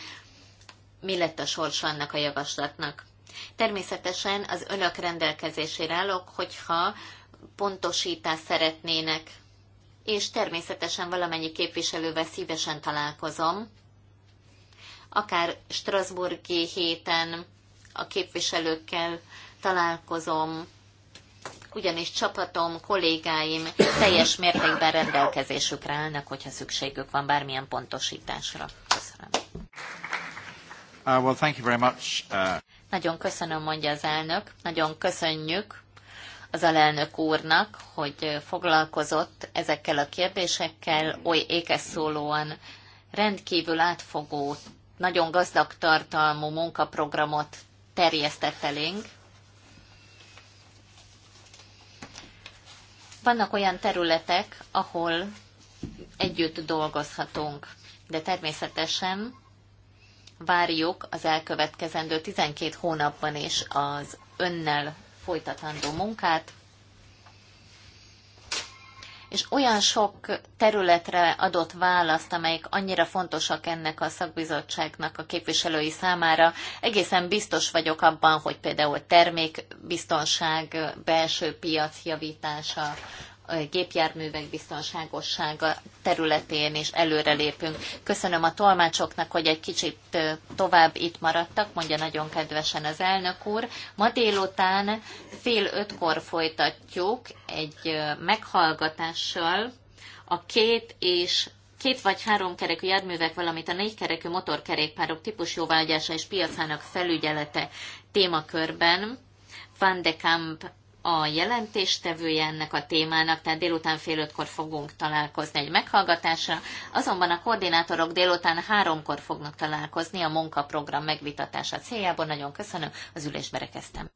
mi lett a sorsa annak a javaslatnak. Természetesen az önök rendelkezésére állok, hogyha pontosítást szeretnének, és természetesen valamennyi képviselővel szívesen találkozom, akár Strasburgi héten a képviselőkkel találkozom, ugyanis csapatom, kollégáim teljes mértékben rendelkezésükre állnak, hogyha szükségük van bármilyen pontosításra. Köszönöm. Uh, well, thank you very much. Uh... Nagyon köszönöm, mondja az elnök. Nagyon köszönjük az alelnök úrnak, hogy foglalkozott ezekkel a kérdésekkel, oly ékes szólóan rendkívül átfogó, nagyon gazdag tartalmú munkaprogramot terjesztett elénk. Vannak olyan területek, ahol együtt dolgozhatunk, de természetesen várjuk az elkövetkezendő 12 hónapban is az önnel folytatandó munkát, és olyan sok területre adott választ, amelyek annyira fontosak ennek a szakbizottságnak a képviselői számára. Egészen biztos vagyok abban, hogy például termékbiztonság, belső piac javítása, gépjárművek biztonságossága területén is előrelépünk. Köszönöm a tolmácsoknak, hogy egy kicsit tovább itt maradtak, mondja nagyon kedvesen az elnök úr. Ma délután fél ötkor folytatjuk egy meghallgatással a két és két vagy három kerekű járművek, valamint a négy kerekű motorkerékpárok típus jóvágyása és piacának felügyelete témakörben. Van de Kamp a jelentéstevője ennek a témának, tehát délután fél ötkor fogunk találkozni egy meghallgatásra, azonban a koordinátorok délután háromkor fognak találkozni a munkaprogram megvitatása céljából. Nagyon köszönöm, az ülésbe rekeztem.